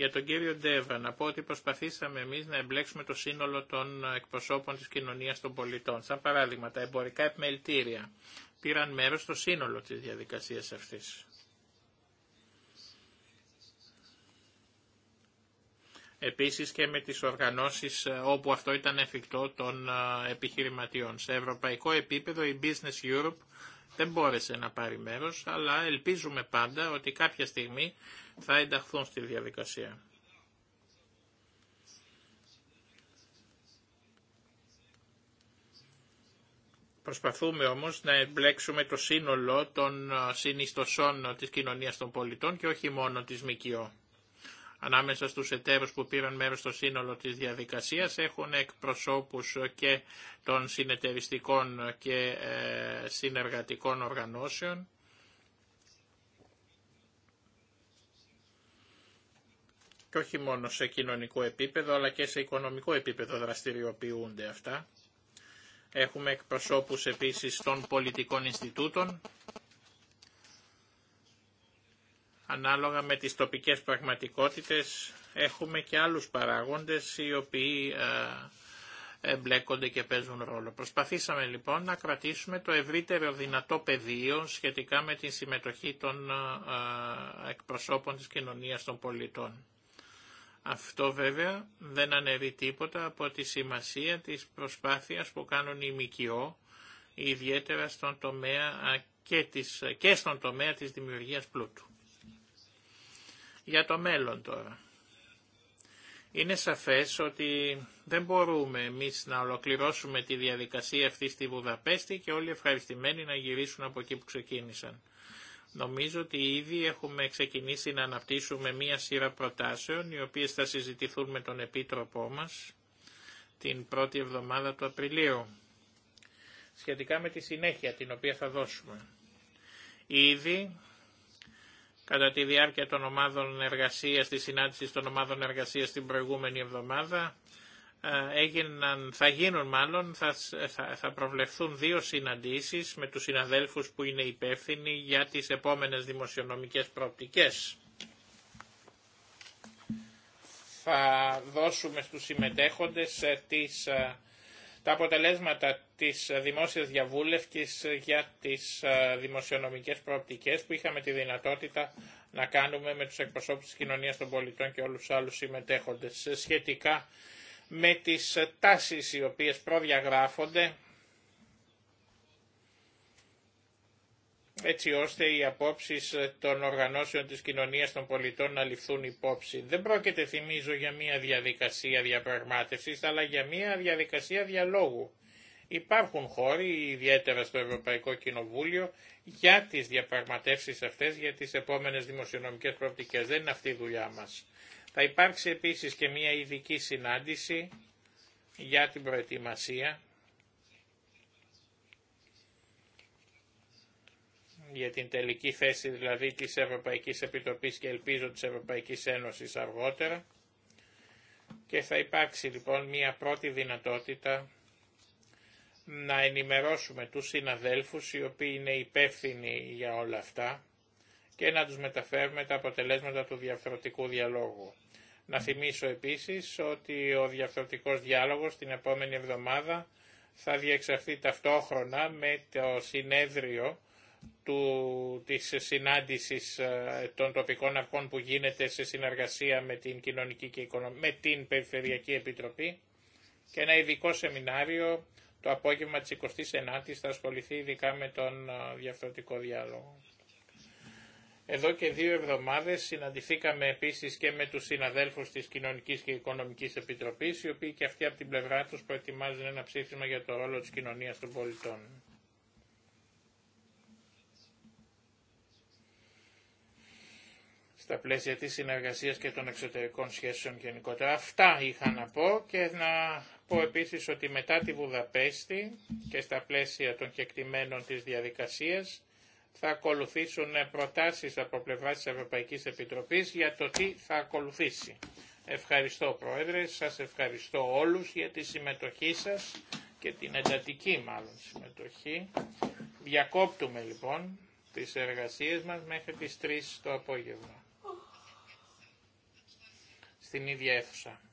Για τον κύριο Ντέβα, να πω ότι προσπαθήσαμε εμείς να εμπλέξουμε το σύνολο των εκπροσώπων της κοινωνίας των πολιτών. Σαν παράδειγμα, τα εμπορικά επιμελητήρια πήραν μέρος στο σύνολο της διαδικασίας αυτής. Επίσης και με τις οργανώσεις όπου αυτό ήταν εφικτό των ε, επιχειρηματιών. Σε ευρωπαϊκό επίπεδο η Business Europe δεν μπόρεσε να πάρει μέρος, αλλά ελπίζουμε πάντα ότι κάποια στιγμή θα ενταχθούν στη διαδικασία. Προσπαθούμε όμως να εμπλέξουμε το σύνολο των συνιστοσών της κοινωνίας των πολιτών και όχι μόνο της ΜΚΟ ανάμεσα στους εταίρους που πήραν μέρος στο σύνολο της διαδικασίας έχουν εκπροσώπους και των συνεταιριστικών και ε, συνεργατικών οργανώσεων. Και όχι μόνο σε κοινωνικό επίπεδο αλλά και σε οικονομικό επίπεδο δραστηριοποιούνται αυτά. Έχουμε εκπροσώπους επίσης των πολιτικών Ινστιτούτων Ανάλογα με τις τοπικές πραγματικότητες έχουμε και άλλους παράγοντες οι οποίοι ε, εμπλέκονται και παίζουν ρόλο. Προσπαθήσαμε λοιπόν να κρατήσουμε το ευρύτερο δυνατό πεδίο σχετικά με τη συμμετοχή των ε, ε, εκπροσώπων της κοινωνίας των πολιτών. Αυτό βέβαια δεν ανέβει τίποτα από τη σημασία της προσπάθειας που κάνουν οι ΜΚΟ, ιδιαίτερα και, και στον τομέα της δημιουργίας πλούτου. Για το μέλλον τώρα. Είναι σαφές ότι δεν μπορούμε εμείς να ολοκληρώσουμε τη διαδικασία αυτή στη Βουδαπέστη και όλοι ευχαριστημένοι να γυρίσουν από εκεί που ξεκίνησαν. Νομίζω ότι ήδη έχουμε ξεκινήσει να αναπτύσσουμε μία σειρά προτάσεων, οι οποίες θα συζητηθούν με τον Επίτροπό μας την πρώτη εβδομάδα του Απριλίου, σχετικά με τη συνέχεια την οποία θα δώσουμε. Ήδη κατά τη διάρκεια των ομάδων εργασίας, της συνάντησης των ομάδων εργασίας την προηγούμενη εβδομάδα, ε, έγιναν, θα γίνουν μάλλον, θα, θα, θα προβλεφθούν δύο συναντήσεις με τους συναδέλφους που είναι υπεύθυνοι για τις επόμενες δημοσιονομικές προοπτικές. Θα δώσουμε στους συμμετέχοντες ε, τις ε, τα αποτελέσματα της δημόσιας διαβούλευσης για τις ε, δημοσιονομικές προοπτικές που είχαμε τη δυνατότητα να κάνουμε με τους εκπροσώπους της κοινωνίας των πολιτών και όλους τους άλλους συμμετέχοντες σχετικά με τις τάσεις οι οποίες προδιαγράφονται έτσι ώστε οι απόψεις ε, των οργανώσεων της κοινωνίας των πολιτών να ληφθούν υπόψη. Δεν πρόκειται, θυμίζω, για μια διαδικασία διαπραγμάτευσης, αλλά για μια διαδικασία διαλόγου. Υπάρχουν χώροι, ιδιαίτερα στο Ευρωπαϊκό Κοινοβούλιο, για τις διαπραγματεύσεις αυτές, για τις επόμενες δημοσιονομικές προοπτικές. Δεν είναι αυτή η δουλειά μας. Θα υπάρξει επίσης και μια ειδική συνάντηση για την προετοιμασία για την τελική θέση δηλαδή της Ευρωπαϊκής Επιτροπής και ελπίζω της Ευρωπαϊκής Ένωσης αργότερα και θα υπάρξει λοιπόν μια πρώτη δυνατότητα να ενημερώσουμε τους συναδέλφους οι οποίοι είναι υπεύθυνοι για όλα αυτά και να τους μεταφέρουμε τα αποτελέσματα του διαφορετικού διαλόγου. Να θυμίσω επίσης ότι ο διαφορετικός διάλογος την επόμενη εβδομάδα θα διεξαχθεί ταυτόχρονα με το συνέδριο του, της συνάντησης ε, των τοπικών αρχών που γίνεται σε συνεργασία με την, Κοινωνική και Οικονομική, με την Περιφερειακή Επιτροπή και ένα ειδικό σεμινάριο το απόγευμα της 29ης θα ασχοληθεί ειδικά με τον ε, διαφορετικό διάλογο. Εδώ και δύο εβδομάδες συναντηθήκαμε επίσης και με τους συναδέλφους της Κοινωνικής και Οικονομικής Επιτροπής, οι οποίοι και αυτοί από την πλευρά τους προετοιμάζουν ένα ψήφισμα για το ρόλο της κοινωνίας των πολιτών. στα πλαίσια της συνεργασίας και των εξωτερικών σχέσεων γενικότερα. Αυτά είχα να πω και να πω επίσης ότι μετά τη Βουδαπέστη και στα πλαίσια των κεκτημένων της διαδικασίας θα ακολουθήσουν προτάσεις από πλευρά της Ευρωπαϊκής Επιτροπής για το τι θα ακολουθήσει. Ευχαριστώ Πρόεδρε, σας ευχαριστώ όλους για τη συμμετοχή σας και την εντατική μάλλον συμμετοχή. Διακόπτουμε λοιπόν τις εργασίες μας μέχρι τις 3 το απόγευμα στην ίδια αίθουσα.